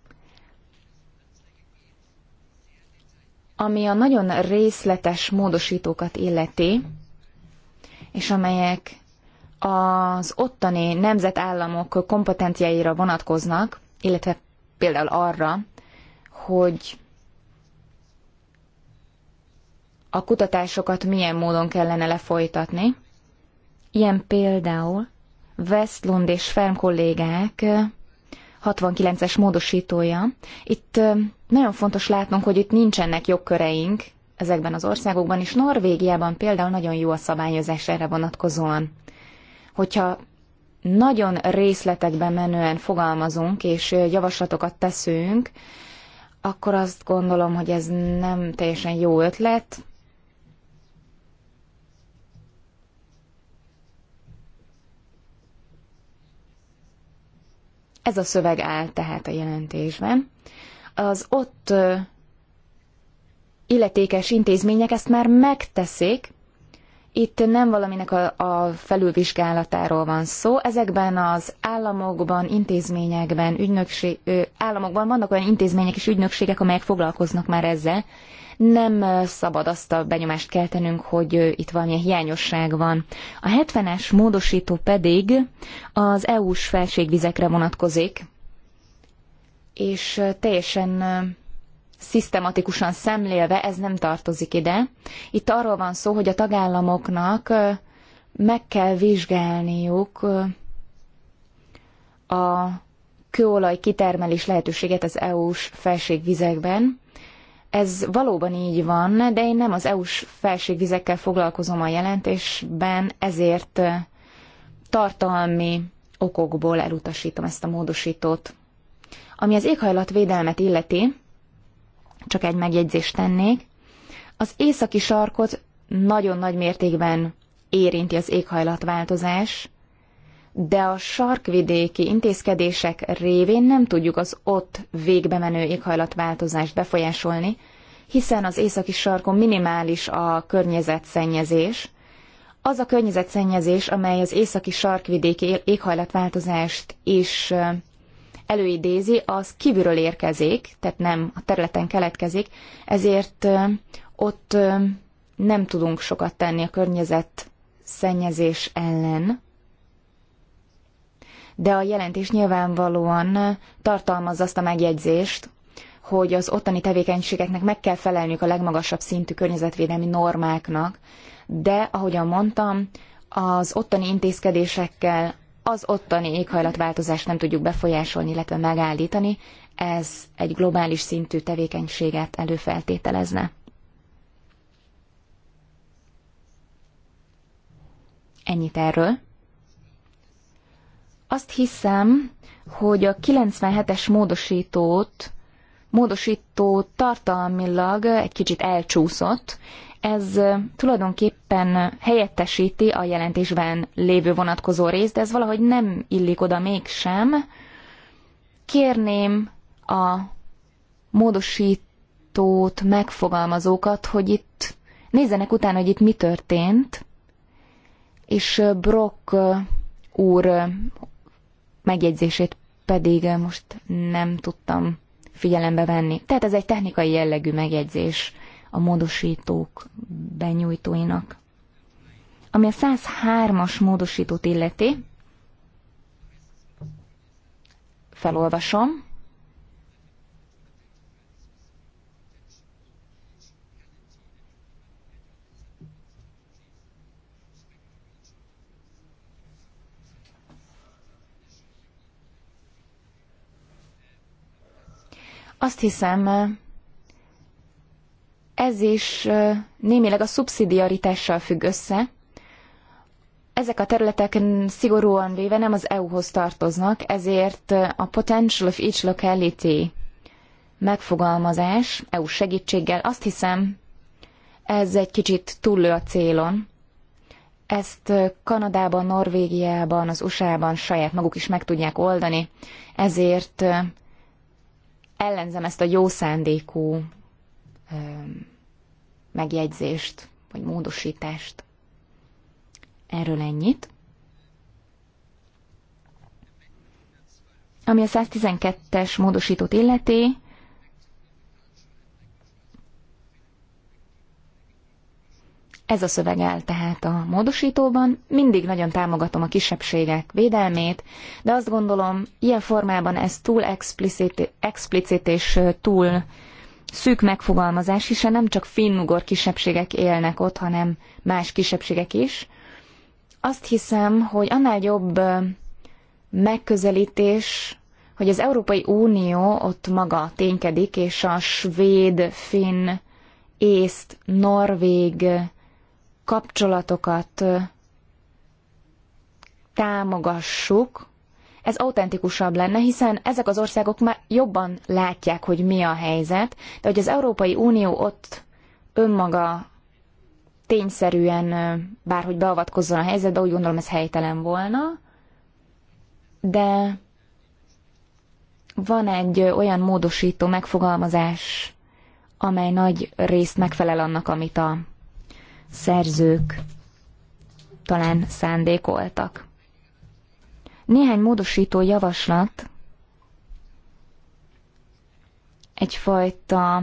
ami a nagyon részletes módosítókat illeti, és amelyek az ottani nemzetállamok kompetenciáira vonatkoznak, illetve például arra, hogy a kutatásokat milyen módon kellene lefolytatni. Ilyen például Westlund és Ferm kollégák 69-es eh, módosítója. Itt eh, nagyon fontos látnunk, hogy itt nincsenek jogköreink ezekben az országokban, és Norvégiában például nagyon jó a szabályozás erre vonatkozóan. Hogyha nagyon részletekben menően fogalmazunk és javaslatokat teszünk, akkor azt gondolom, hogy ez nem teljesen jó ötlet. Ez a szöveg áll tehát a jelentésben az ott illetékes intézmények ezt már megteszik, itt nem valaminek a, a felülvizsgálatáról van szó. Ezekben az államokban, intézményekben, ügynökség, ö, államokban vannak olyan intézmények és ügynökségek, amelyek foglalkoznak már ezzel. Nem szabad azt a benyomást keltenünk, hogy itt valamilyen hiányosság van. A 70-es módosító pedig az EU-s felségvizekre vonatkozik és teljesen szisztematikusan szemlélve ez nem tartozik ide. Itt arról van szó, hogy a tagállamoknak meg kell vizsgálniuk a kőolaj kitermelés lehetőséget az EU-s felségvizekben. Ez valóban így van, de én nem az EU-s felségvizekkel foglalkozom a jelentésben, ezért tartalmi okokból elutasítom ezt a módosítót. Ami az éghajlatvédelmet illeti, csak egy megjegyzést tennék, az északi sarkot nagyon nagy mértékben érinti az éghajlatváltozás, de a sarkvidéki intézkedések révén nem tudjuk az ott végbe menő éghajlatváltozást befolyásolni, hiszen az északi sarkon minimális a környezetszennyezés. Az a környezetszennyezés, amely az északi sarkvidéki éghajlatváltozást is előidézi, az kívülről érkezik, tehát nem a területen keletkezik, ezért ott nem tudunk sokat tenni a környezet szennyezés ellen, de a jelentés nyilvánvalóan tartalmazza azt a megjegyzést, hogy az ottani tevékenységeknek meg kell felelniük a legmagasabb szintű környezetvédelmi normáknak, de ahogyan mondtam, az ottani intézkedésekkel az ottani éghajlatváltozást nem tudjuk befolyásolni, illetve megállítani, ez egy globális szintű tevékenységet előfeltételezne. Ennyit erről. Azt hiszem, hogy a 97-es módosítót módosító tartalmilag egy kicsit elcsúszott, ez tulajdonképpen helyettesíti a jelentésben lévő vonatkozó részt, de ez valahogy nem illik oda mégsem. Kérném a módosítót megfogalmazókat, hogy itt nézzenek utána, hogy itt mi történt, és Brock úr megjegyzését pedig most nem tudtam figyelembe venni. Tehát ez egy technikai jellegű megjegyzés a módosítók benyújtóinak. Ami a 103-as módosítót illeti, felolvasom, Azt hiszem, ez is némileg a szubszidiaritással függ össze. Ezek a területek szigorúan véve nem az EU-hoz tartoznak, ezért a potential of each locality megfogalmazás EU segítséggel azt hiszem, ez egy kicsit túllő a célon. Ezt Kanadában, Norvégiában, az USA-ban saját maguk is meg tudják oldani, ezért ellenzem ezt a jó szándékú megjegyzést, vagy módosítást. Erről ennyit. Ami a 112-es módosítót illeti, Ez a szöveg áll tehát a módosítóban. Mindig nagyon támogatom a kisebbségek védelmét, de azt gondolom, ilyen formában ez túl explicit, explicit és túl szűk megfogalmazás, hiszen nem csak finnugor kisebbségek élnek ott, hanem más kisebbségek is. Azt hiszem, hogy annál jobb megközelítés, hogy az Európai Unió ott maga ténykedik, és a svéd, finn, észt, norvég kapcsolatokat támogassuk, ez autentikusabb lenne, hiszen ezek az országok már jobban látják, hogy mi a helyzet, de hogy az Európai Unió ott önmaga tényszerűen bárhogy beavatkozzon a helyzetbe, úgy gondolom ez helytelen volna, de van egy olyan módosító megfogalmazás, amely nagy részt megfelel annak, amit a szerzők talán szándékoltak. Néhány módosító javaslat egyfajta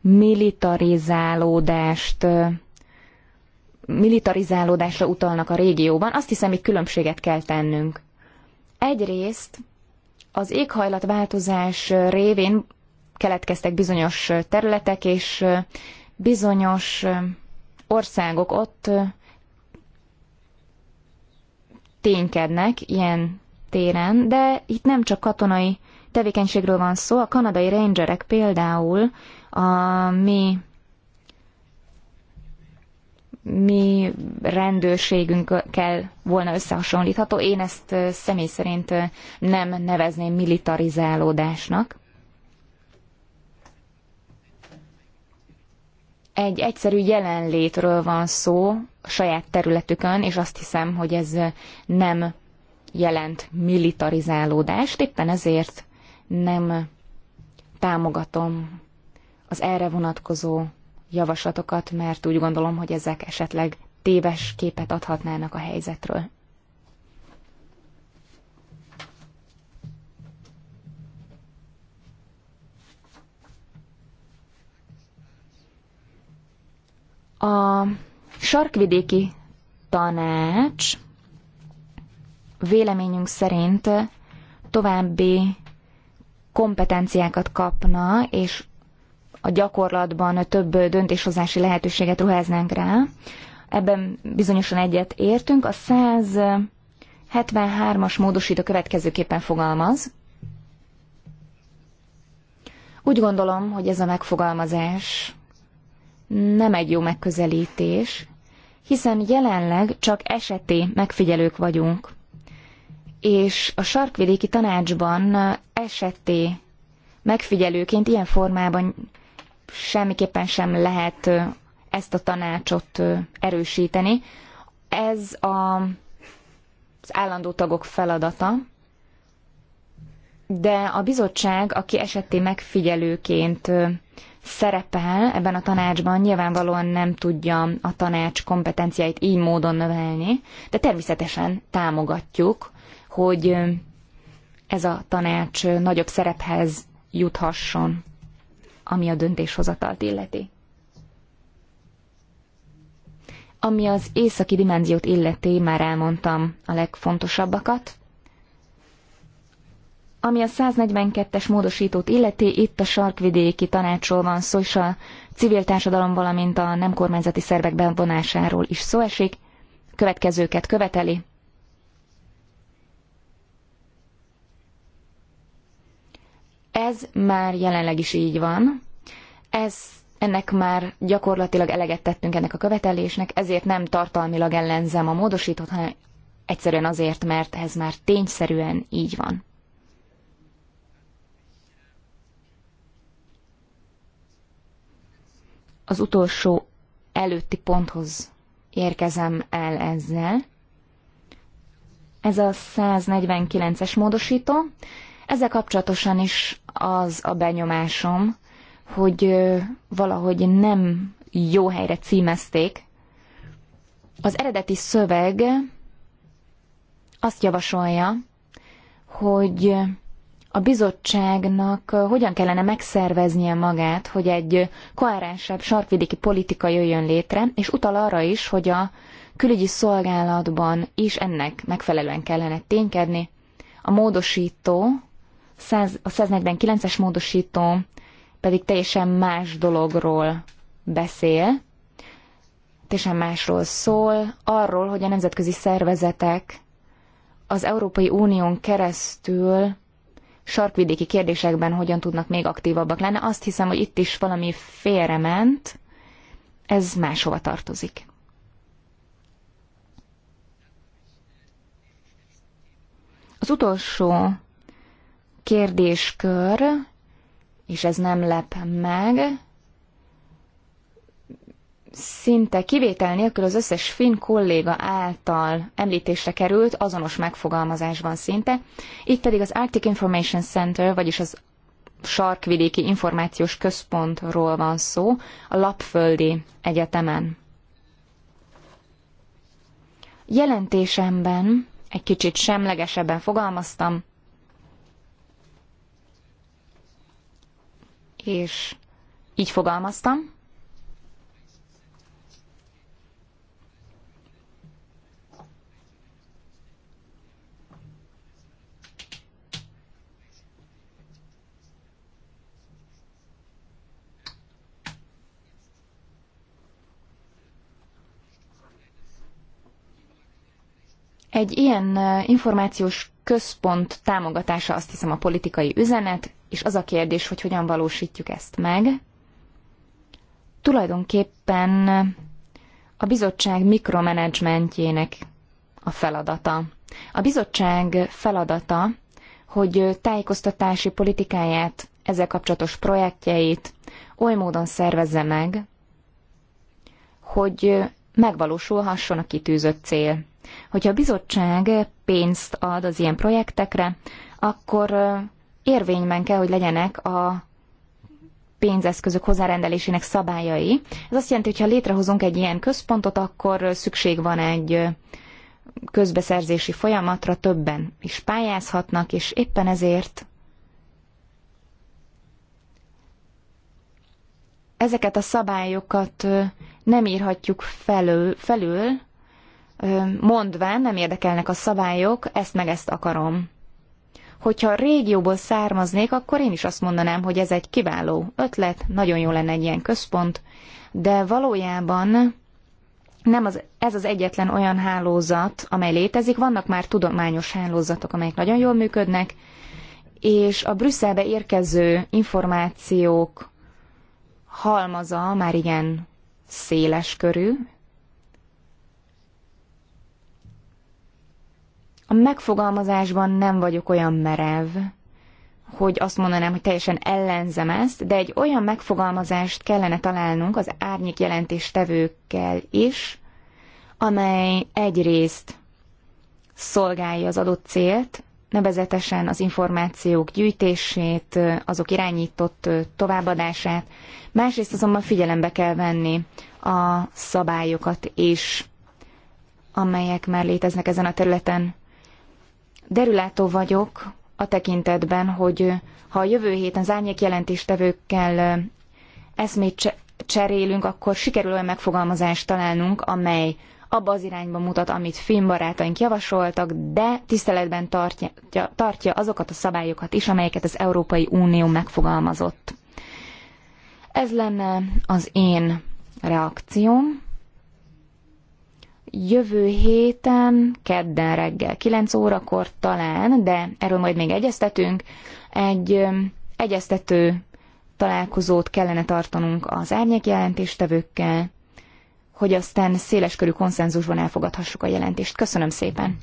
militarizálódást militarizálódásra utalnak a régióban, azt hiszem, itt különbséget kell tennünk. Egyrészt az éghajlatváltozás révén keletkeztek bizonyos területek, és bizonyos országok ott ténykednek ilyen téren, de itt nem csak katonai tevékenységről van szó, a kanadai rangerek például a mi mi rendőrségünkkel volna összehasonlítható. Én ezt személy szerint nem nevezném militarizálódásnak. egy egyszerű jelenlétről van szó a saját területükön, és azt hiszem, hogy ez nem jelent militarizálódást, éppen ezért nem támogatom az erre vonatkozó javaslatokat, mert úgy gondolom, hogy ezek esetleg téves képet adhatnának a helyzetről. A sarkvidéki tanács véleményünk szerint további kompetenciákat kapna, és a gyakorlatban több döntéshozási lehetőséget ruháznánk rá. Ebben bizonyosan egyet értünk. A 173-as a következőképpen fogalmaz. Úgy gondolom, hogy ez a megfogalmazás nem egy jó megközelítés, hiszen jelenleg csak eseti megfigyelők vagyunk. És a sarkvidéki tanácsban eseti megfigyelőként ilyen formában semmiképpen sem lehet ezt a tanácsot erősíteni. Ez a, az állandó tagok feladata, de a bizottság, aki eseti megfigyelőként szerepel ebben a tanácsban, nyilvánvalóan nem tudja a tanács kompetenciáit így módon növelni, de természetesen támogatjuk, hogy ez a tanács nagyobb szerephez juthasson, ami a döntéshozatalt illeti. Ami az északi dimenziót illeti, már elmondtam a legfontosabbakat. Ami a 142-es módosítót illeti, itt a sarkvidéki tanácsról van szó, és a civil társadalom, valamint a nem kormányzati szervek bevonásáról is szó esik. Következőket követeli. Ez már jelenleg is így van. Ez, ennek már gyakorlatilag eleget tettünk ennek a követelésnek, ezért nem tartalmilag ellenzem a módosítót, hanem egyszerűen azért, mert ez már tényszerűen így van. az utolsó előtti ponthoz érkezem el ezzel. Ez a 149-es módosító. Ezzel kapcsolatosan is az a benyomásom, hogy valahogy nem jó helyre címezték. Az eredeti szöveg azt javasolja, hogy a bizottságnak hogyan kellene megszerveznie magát, hogy egy koherensebb sarkvidéki politika jöjjön létre, és utal arra is, hogy a külügyi szolgálatban is ennek megfelelően kellene ténykedni. A módosító, a 149-es módosító pedig teljesen más dologról beszél, teljesen másról szól, arról, hogy a nemzetközi szervezetek az Európai Unión keresztül sarkvidéki kérdésekben hogyan tudnak még aktívabbak lenni. Azt hiszem, hogy itt is valami félrement, ez máshova tartozik. Az utolsó kérdéskör, és ez nem lep meg, szinte kivétel nélkül az összes finn kolléga által említésre került, azonos megfogalmazásban szinte, Itt pedig az Arctic Information Center, vagyis az Sarkvidéki Információs Központról van szó, a Lapföldi Egyetemen. Jelentésemben egy kicsit semlegesebben fogalmaztam, és így fogalmaztam, Egy ilyen információs központ támogatása azt hiszem a politikai üzenet, és az a kérdés, hogy hogyan valósítjuk ezt meg. Tulajdonképpen a bizottság mikromanagementjének a feladata. A bizottság feladata, hogy tájékoztatási politikáját, ezzel kapcsolatos projektjeit oly módon szervezze meg, hogy megvalósulhasson a kitűzött cél. Hogyha a bizottság pénzt ad az ilyen projektekre, akkor érvényben kell, hogy legyenek a pénzeszközök hozzárendelésének szabályai. Ez azt jelenti, hogy ha létrehozunk egy ilyen központot, akkor szükség van egy közbeszerzési folyamatra, többen is pályázhatnak, és éppen ezért ezeket a szabályokat nem írhatjuk felül, felül mondván nem érdekelnek a szabályok, ezt meg ezt akarom. Hogyha a régióból származnék, akkor én is azt mondanám, hogy ez egy kiváló ötlet, nagyon jó lenne egy ilyen központ, de valójában nem az, ez az egyetlen olyan hálózat, amely létezik, vannak már tudományos hálózatok, amelyek nagyon jól működnek, és a Brüsszelbe érkező információk halmaza már igen széles körű, A megfogalmazásban nem vagyok olyan merev, hogy azt mondanám, hogy teljesen ellenzem ezt, de egy olyan megfogalmazást kellene találnunk az árnyék jelentéstevőkkel is, amely egyrészt szolgálja az adott célt, nevezetesen az információk gyűjtését, azok irányított továbbadását, másrészt azonban figyelembe kell venni a szabályokat is, amelyek már léteznek ezen a területen. Derülátó vagyok a tekintetben, hogy ha a jövő héten árnyék jelentéstevőkkel eszmét cserélünk, akkor sikerül olyan megfogalmazást találnunk, amely abba az irányba mutat, amit filmbarátaink javasoltak, de tiszteletben tartja, tartja azokat a szabályokat is, amelyeket az Európai Unió megfogalmazott. Ez lenne az én reakcióm jövő héten, kedden reggel 9 órakor talán, de erről majd még egyeztetünk, egy egyeztető találkozót kellene tartanunk az árnyék jelentéstevőkkel, hogy aztán széleskörű konszenzusban
elfogadhassuk a jelentést. Köszönöm szépen!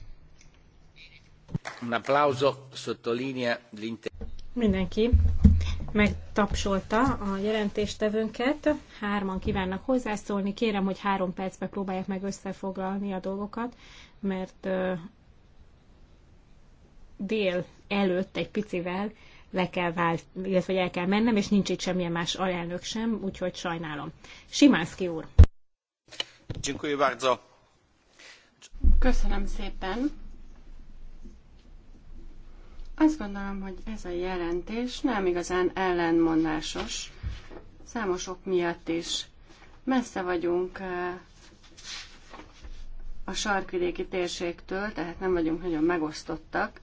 Mindenki megtapsolta a jelentéstevőnket. Hárman kívánnak hozzászólni. Kérem, hogy három percbe próbálják meg összefoglalni a dolgokat, mert dél előtt egy picivel le kell vált, illetve el kell mennem, és nincs itt semmilyen más alelnök sem, úgyhogy sajnálom. Simánszki úr. Köszönöm szépen.
Azt gondolom, hogy ez a jelentés nem igazán ellenmondásos, számos ok miatt is. Messze vagyunk eh, a sarkvidéki térségtől, tehát nem vagyunk nagyon megosztottak.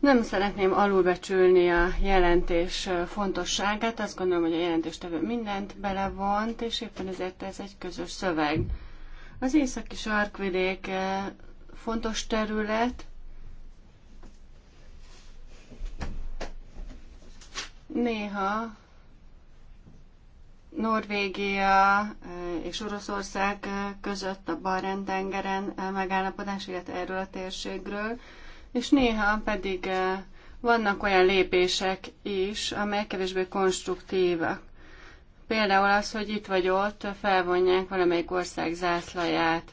Nem szeretném alulbecsülni a jelentés eh, fontosságát, azt gondolom, hogy a jelentéstevő mindent belevont, és éppen ezért ez egy közös szöveg. Az északi sarkvidék eh, fontos terület, Néha Norvégia és Oroszország között a Barrend-tengeren megállapodás, illetve erről a térségről, és néha pedig vannak olyan lépések is, amelyek kevésbé konstruktívak. Például az, hogy itt vagy ott felvonják valamelyik ország zászlaját.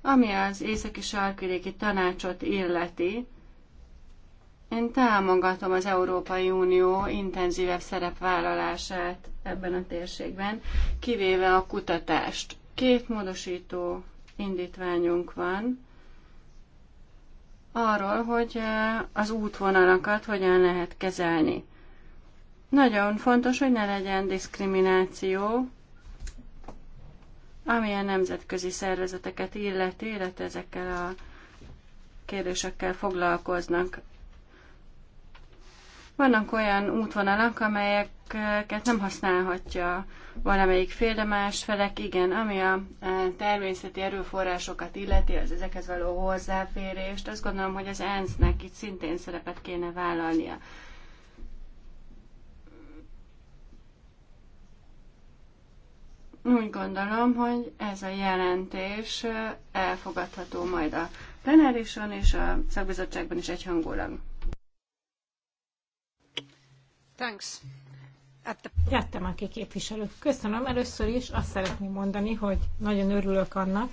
Ami az északi sarkvidéki tanácsot illeti, én támogatom az Európai Unió intenzívebb szerepvállalását ebben a térségben, kivéve a kutatást. Két módosító indítványunk van arról, hogy az útvonalakat hogyan lehet kezelni. Nagyon fontos, hogy ne legyen diszkrimináció, amilyen nemzetközi szervezeteket illeti, illetve ezekkel a kérdésekkel foglalkoznak. Vannak olyan útvonalak, amelyeket nem használhatja valamelyik fél, de más felek igen, ami a e, természeti erőforrásokat illeti, az ezekhez való hozzáférést. Azt gondolom, hogy az ENSZ-nek itt szintén szerepet kéne vállalnia. Úgy gondolom, hogy ez a jelentés e, elfogadható majd a plenárison és a szakbizottságban is egyhangulag.
Thanks. Jöttem Köszönöm. Először is azt szeretném mondani, hogy nagyon örülök annak,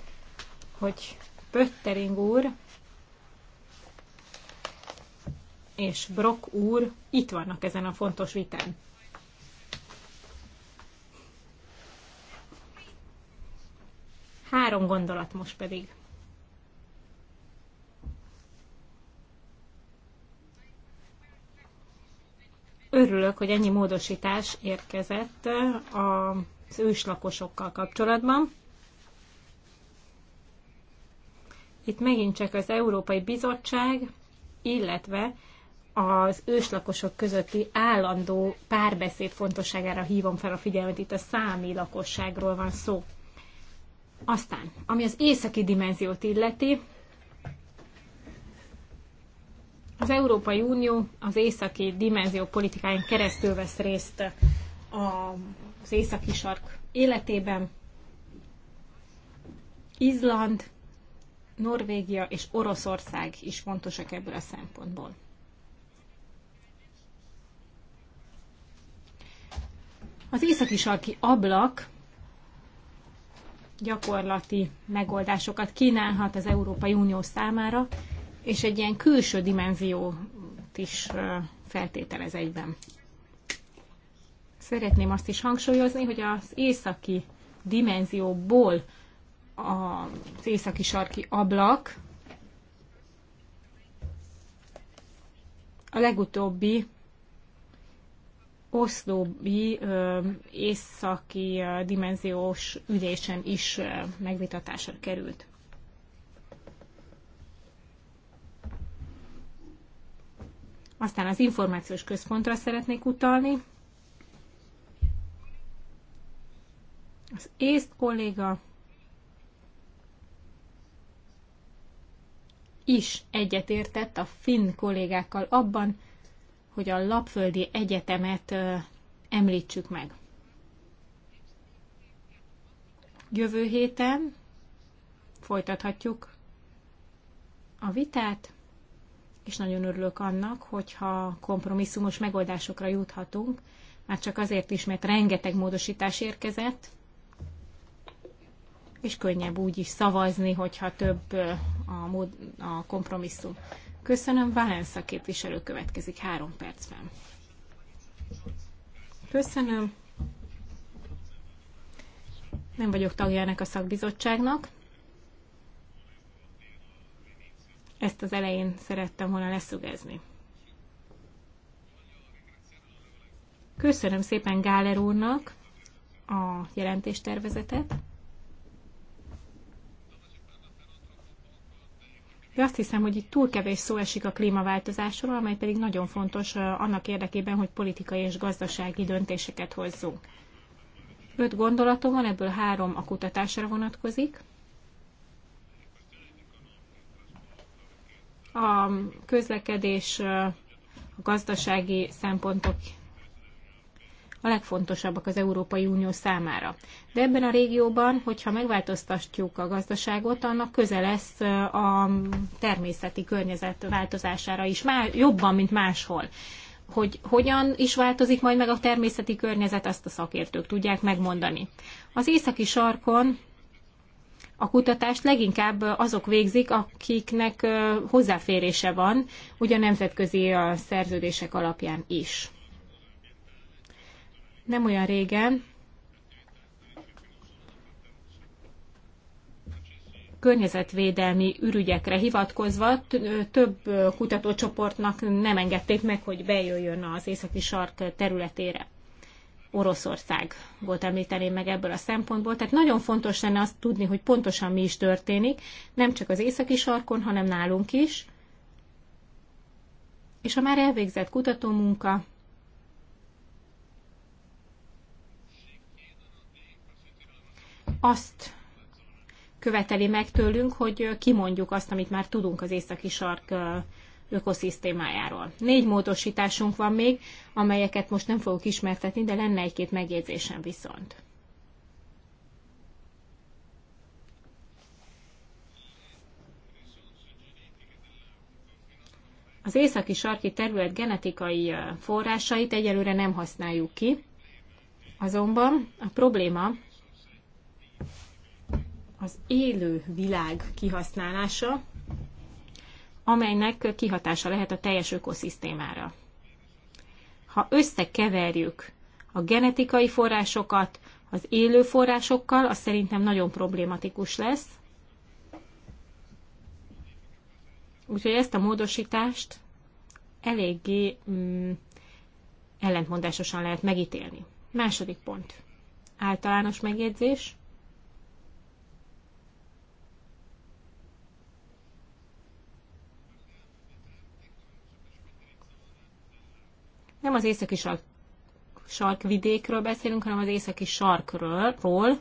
hogy Pöttering úr és Brock úr itt vannak ezen a fontos vitán. Három gondolat most pedig. Örülök, hogy ennyi módosítás érkezett az őslakosokkal kapcsolatban. Itt megint csak az Európai Bizottság, illetve az őslakosok közötti állandó párbeszéd fontosságára hívom fel a figyelmet, itt a számi lakosságról van szó. Aztán, ami az északi dimenziót illeti, az Európai Unió az északi dimenzió politikáján keresztül vesz részt az északi sark életében. Izland, Norvégia és Oroszország is fontosak ebből a szempontból. Az északi sarki ablak gyakorlati megoldásokat kínálhat az Európai Unió számára, és egy ilyen külső dimenziót is feltételez egyben. Szeretném azt is hangsúlyozni, hogy az északi dimenzióból az északi sarki ablak a legutóbbi oszlóbi ö, északi ö, dimenziós ülésen is ö, megvitatásra került. Aztán az információs központra szeretnék utalni. Az észt kolléga is egyetértett a finn kollégákkal abban, hogy a Lapföldi Egyetemet említsük meg. Jövő héten folytathatjuk a vitát és nagyon örülök annak, hogyha kompromisszumos megoldásokra juthatunk, már csak azért is, mert rengeteg módosítás érkezett, és könnyebb úgy is szavazni, hogyha több a, mód, a kompromisszum. Köszönöm, Valensza képviselő következik három percben. Köszönöm. Nem vagyok tagja ennek a szakbizottságnak, Ezt az elején szerettem volna leszögezni. Köszönöm szépen Gáler úrnak a jelentéstervezetet. De azt hiszem, hogy itt túl kevés szó esik a klímaváltozásról, amely pedig nagyon fontos annak érdekében, hogy politikai és gazdasági döntéseket hozzunk. Öt gondolatom van, ebből három a kutatásra vonatkozik. a közlekedés a gazdasági szempontok a legfontosabbak az Európai Unió számára. De ebben a régióban, hogyha megváltoztatjuk a gazdaságot, annak köze lesz a természeti környezet változására is, már jobban, mint máshol. Hogy hogyan is változik majd meg a természeti környezet, azt a szakértők tudják megmondani. Az északi sarkon a kutatást leginkább azok végzik, akiknek hozzáférése van, ugye a nemzetközi szerződések alapján is. Nem olyan régen környezetvédelmi ürügyekre hivatkozva több kutatócsoportnak nem engedték meg, hogy bejöjjön az északi sark területére. Oroszországot említeném meg ebből a szempontból. Tehát nagyon fontos lenne azt tudni, hogy pontosan mi is történik, nem csak az északi sarkon, hanem nálunk is. És a már elvégzett kutatómunka azt követeli meg tőlünk, hogy kimondjuk azt, amit már tudunk az északi sark ökoszisztémájáról. Négy módosításunk van még, amelyeket most nem fogok ismertetni, de lenne egy-két megjegyzésem viszont. Az északi sarki terület genetikai forrásait egyelőre nem használjuk ki, azonban a probléma az élő világ kihasználása, amelynek kihatása lehet a teljes ökoszisztémára. Ha összekeverjük a genetikai forrásokat az élő forrásokkal, az szerintem nagyon problématikus lesz. Úgyhogy ezt a módosítást eléggé mm, ellentmondásosan lehet megítélni. Második pont. Általános megjegyzés. nem az északi sark, sarkvidékről beszélünk, hanem az északi sarkról. Ról.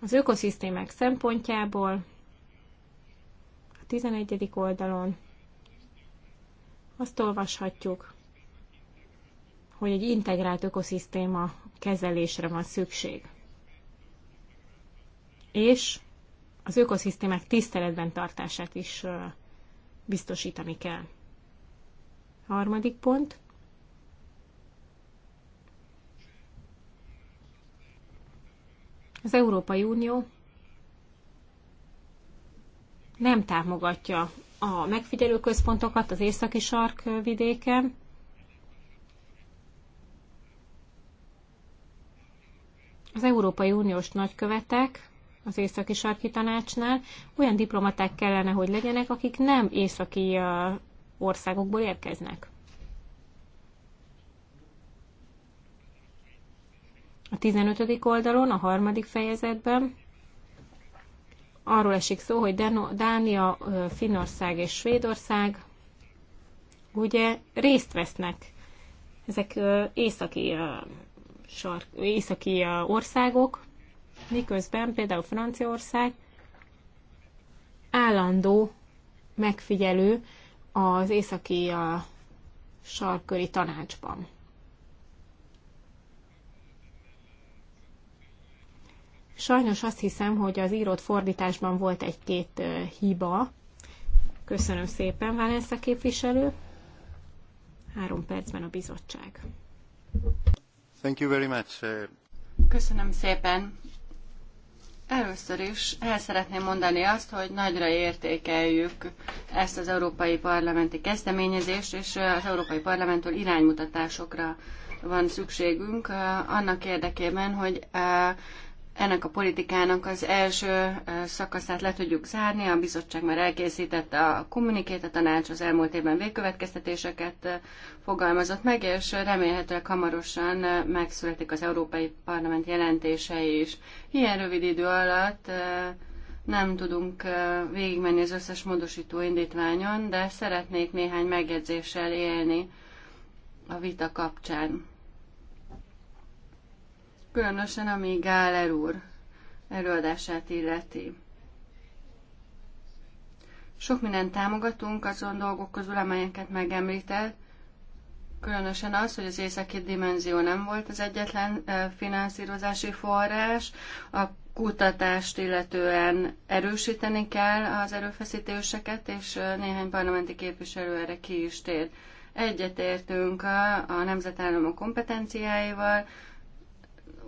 Az ökoszisztémák szempontjából a 11. oldalon azt olvashatjuk, hogy egy integrált ökoszisztéma kezelésre van szükség. És az ökoszisztémák tiszteletben tartását is biztosítani kell. Harmadik pont. Az Európai Unió nem támogatja a megfigyelő központokat az északi sark vidéken. Az Európai Uniós nagykövetek az északi sarki tanácsnál, olyan diplomaták kellene, hogy legyenek, akik nem északi uh, országokból érkeznek. A 15. oldalon, a harmadik fejezetben arról esik szó, hogy Dánia, uh, Finnország és Svédország ugye részt vesznek. Ezek uh, északi, sark, északi országok, miközben például Franciaország állandó megfigyelő az északi a sarköri tanácsban. Sajnos azt hiszem, hogy az írott fordításban volt egy-két hiba. Köszönöm szépen, Valensza képviselő. Három percben a bizottság. Thank you very much. Köszönöm szépen.
Először is el szeretném mondani azt, hogy nagyra értékeljük ezt az Európai Parlamenti kezdeményezést, és az Európai Parlamenttől iránymutatásokra van szükségünk eh, annak érdekében, hogy eh, ennek a politikának az első szakaszát le tudjuk zárni. A bizottság már elkészítette a kommunikét, a tanács az elmúlt évben végkövetkeztetéseket fogalmazott meg, és remélhetőleg hamarosan megszületik az Európai Parlament jelentése is. Ilyen rövid idő alatt nem tudunk végigmenni az összes módosító indítványon, de szeretnék néhány megjegyzéssel élni a vita kapcsán különösen ami Gáler úr előadását illeti. Sok mindent támogatunk azon dolgok közül, amelyeket megemlített, különösen az, hogy az északi dimenzió nem volt az egyetlen finanszírozási forrás, a kutatást illetően erősíteni kell az erőfeszítéseket, és néhány parlamenti képviselő erre ki is tér. Egyetértünk a, a nemzetállamok kompetenciáival,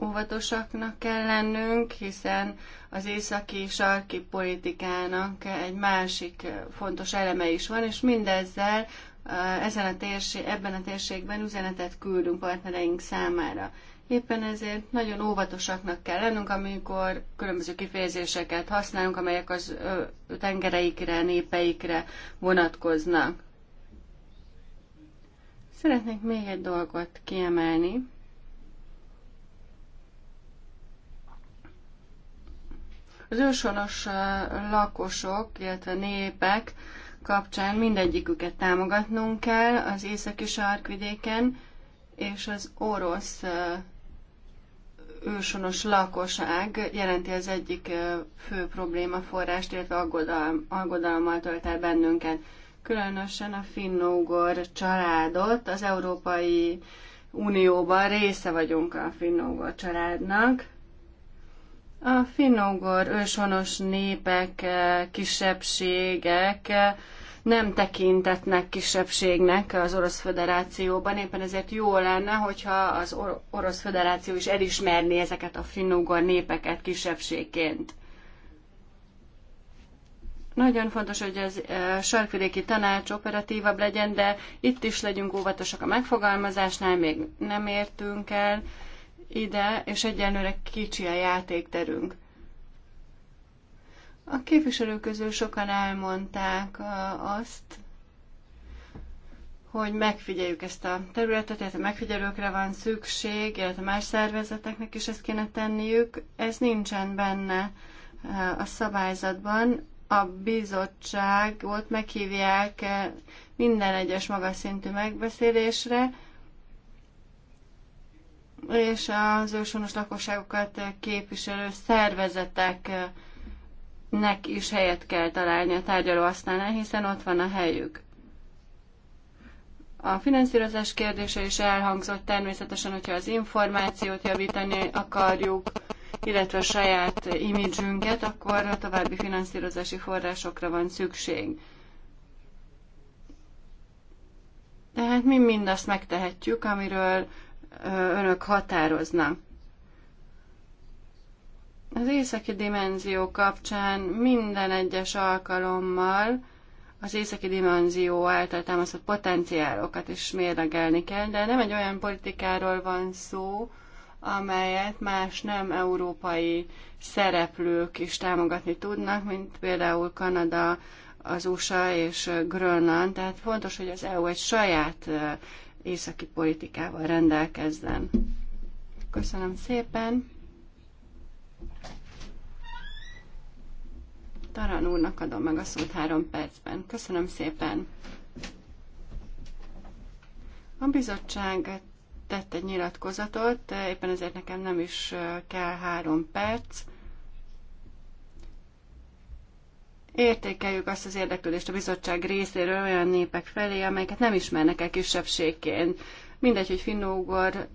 óvatosaknak kell lennünk, hiszen az északi sarki politikának egy másik fontos eleme is van, és mindezzel eh, ezen a térség, ebben a térségben üzenetet küldünk partnereink számára. Éppen ezért nagyon óvatosaknak kell lennünk, amikor különböző kifejezéseket használunk, amelyek az tengereikre, népeikre vonatkoznak. Szeretnék még egy dolgot kiemelni. Az őshonos lakosok, illetve népek kapcsán mindegyiküket támogatnunk kell az északi sarkvidéken, és az orosz őshonos lakosság jelenti az egyik fő probléma forrást, illetve aggodalommal tölt el bennünket. Különösen a finnógor családot, az Európai Unióban része vagyunk a finnógor családnak, a finnugor őshonos népek, eh, kisebbségek eh, nem tekintetnek kisebbségnek az Orosz Föderációban, éppen ezért jó lenne, hogyha az Orosz Föderáció is elismerné ezeket a finnugor népeket kisebbségként. Nagyon fontos, hogy ez eh, sarkvidéki tanács operatívabb legyen, de itt is legyünk óvatosak a megfogalmazásnál, még nem értünk el ide, és egyenlőre kicsi a játékterünk. A képviselők közül sokan elmondták azt, hogy megfigyeljük ezt a területet, tehát a megfigyelőkre van szükség, illetve más szervezeteknek is ezt kéne tenniük. Ez nincsen benne a szabályzatban. A bizottság volt meghívják minden egyes magas szintű megbeszélésre, és az őshonos lakosságokat képviselő szervezeteknek is helyet kell találni a tárgyalóasztalnál, hiszen ott van a helyük. A finanszírozás kérdése is elhangzott természetesen, hogyha az információt javítani akarjuk, illetve a saját imidzsünket, akkor a további finanszírozási forrásokra van szükség. Tehát mi mindazt megtehetjük, amiről önök határoznak. Az északi dimenzió kapcsán minden egyes alkalommal az északi dimenzió által támasztott potenciálokat is mérlegelni kell, de nem egy olyan politikáról van szó, amelyet más nem európai szereplők is támogatni tudnak, mint például Kanada, az USA és Grönland. Tehát fontos, hogy az EU egy saját északi politikával rendelkezzen. Köszönöm szépen! Taran úrnak adom meg a szót három percben. Köszönöm szépen! A bizottság tett egy nyilatkozatot, éppen ezért nekem nem is kell három perc. Értékeljük azt az érdeklődést a bizottság részéről olyan népek felé, amelyeket nem ismernek el kisebbségként. Mindegy, hogy finnógor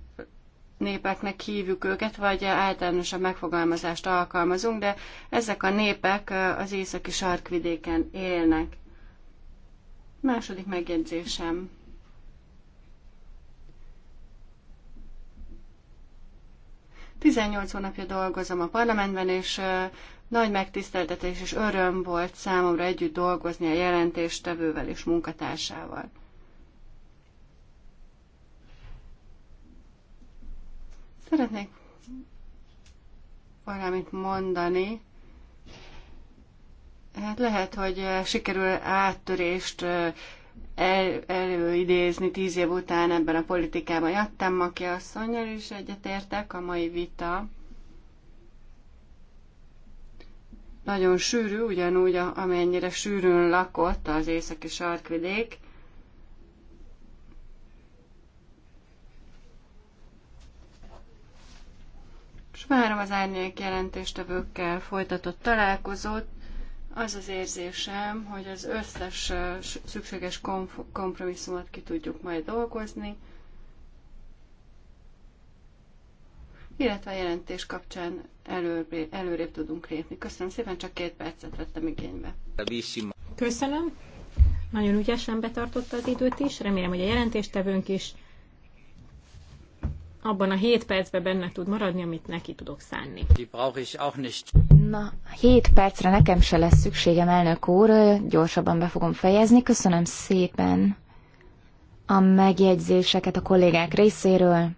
népeknek hívjuk őket, vagy általánosabb megfogalmazást alkalmazunk, de ezek a népek az északi sarkvidéken élnek. Második megjegyzésem. 18 hónapja dolgozom a parlamentben, és nagy megtiszteltetés és öröm volt számomra együtt dolgozni a jelentéstevővel és munkatársával. Szeretnék valamit mondani. Hát lehet, hogy sikerül áttörést el, előidézni tíz év után ebben a politikában. Jattam aki asszonyjal is egyetértek, a mai vita nagyon sűrű, ugyanúgy, amennyire sűrűn lakott az északi sarkvidék. És várom az árnyék jelentéstevőkkel folytatott találkozót, az az érzésem, hogy az összes szükséges kompromisszumot ki tudjuk majd dolgozni, illetve a jelentés kapcsán előbb,
előrébb tudunk lépni. Köszönöm szépen, csak két percet vettem igénybe. Köszönöm. Nagyon ügyesen betartotta az időt is. Remélem, hogy a jelentéstevőnk is abban a hét percben benne tud maradni, amit neki tudok szánni.
Na, 7 percre nekem se lesz szükségem, elnök úr, gyorsabban be fogom fejezni. Köszönöm szépen a megjegyzéseket a kollégák részéről.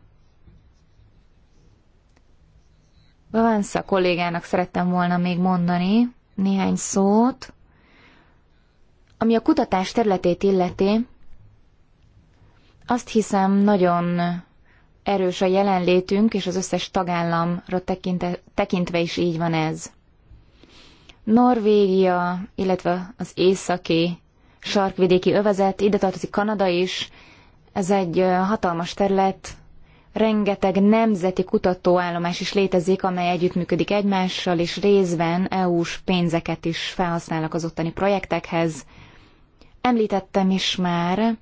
a kollégának szerettem volna még mondani néhány szót. Ami a kutatás területét illeti, azt hiszem nagyon erős a jelenlétünk, és az összes tagállamra tekintve is így van ez. Norvégia, illetve az északi sarkvidéki övezet, ide tartozik Kanada is, ez egy hatalmas terület, rengeteg nemzeti kutatóállomás is létezik, amely együttműködik egymással, és részben EU-s pénzeket is felhasználnak az ottani projektekhez. Említettem is már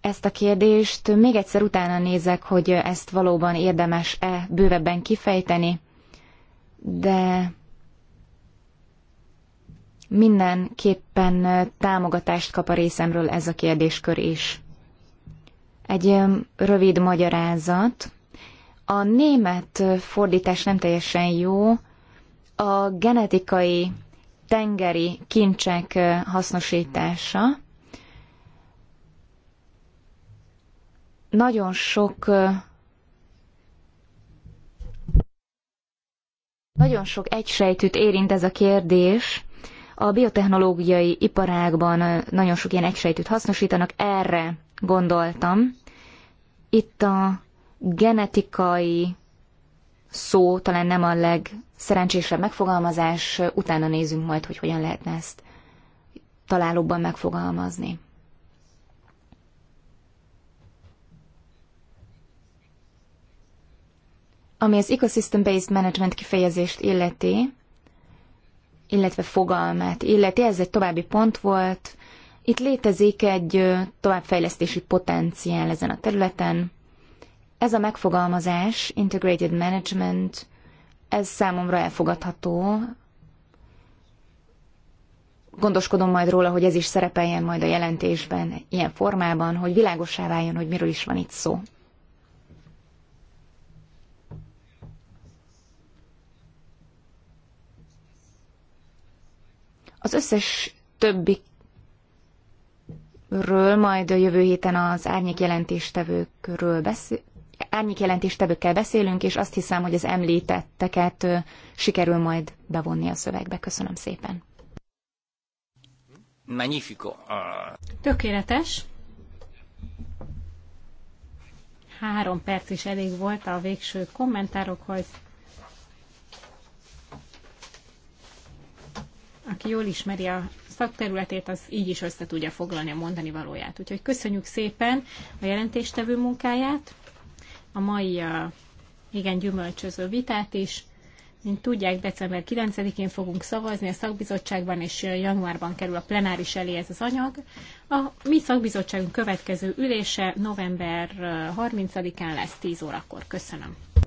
ezt a kérdést, még egyszer utána nézek, hogy ezt valóban érdemes-e bővebben kifejteni, de mindenképpen támogatást kap a részemről ez a kérdéskör is. Egy rövid magyarázat. A német fordítás nem teljesen jó. A genetikai tengeri kincsek hasznosítása. Nagyon sok nagyon sok egysejtűt érint ez a kérdés, a biotechnológiai iparágban nagyon sok ilyen egysejtűt hasznosítanak, erre gondoltam. Itt a genetikai szó talán nem a legszerencsésebb megfogalmazás, utána nézzünk majd, hogy hogyan lehetne ezt találóbban megfogalmazni. Ami az Ecosystem Based Management kifejezést illeti, illetve fogalmát illeti. Ez egy további pont volt. Itt létezik egy továbbfejlesztési potenciál ezen a területen. Ez a megfogalmazás, integrated management, ez számomra elfogadható. Gondoskodom majd róla, hogy ez is szerepeljen majd a jelentésben ilyen formában, hogy világosá váljon, hogy miről is van itt szó. Az összes többi ről majd a jövő héten az árnyék jelentéstevőkről beszél, árnyék jelentéstevőkkel beszélünk, és azt hiszem, hogy az említetteket sikerül majd bevonni a szövegbe. Köszönöm szépen.
Magnifico. Ah. Tökéletes. Három perc is elég volt a végső kommentárokhoz. aki jól ismeri a szakterületét, az így is össze tudja foglalni a mondani valóját. Úgyhogy köszönjük szépen a jelentéstevő munkáját, a mai igen gyümölcsöző vitát is. Mint tudják, december 9-én fogunk szavazni a szakbizottságban, és januárban kerül a plenáris elé ez az anyag. A mi szakbizottságunk következő ülése november 30-án lesz 10 órakor. Köszönöm.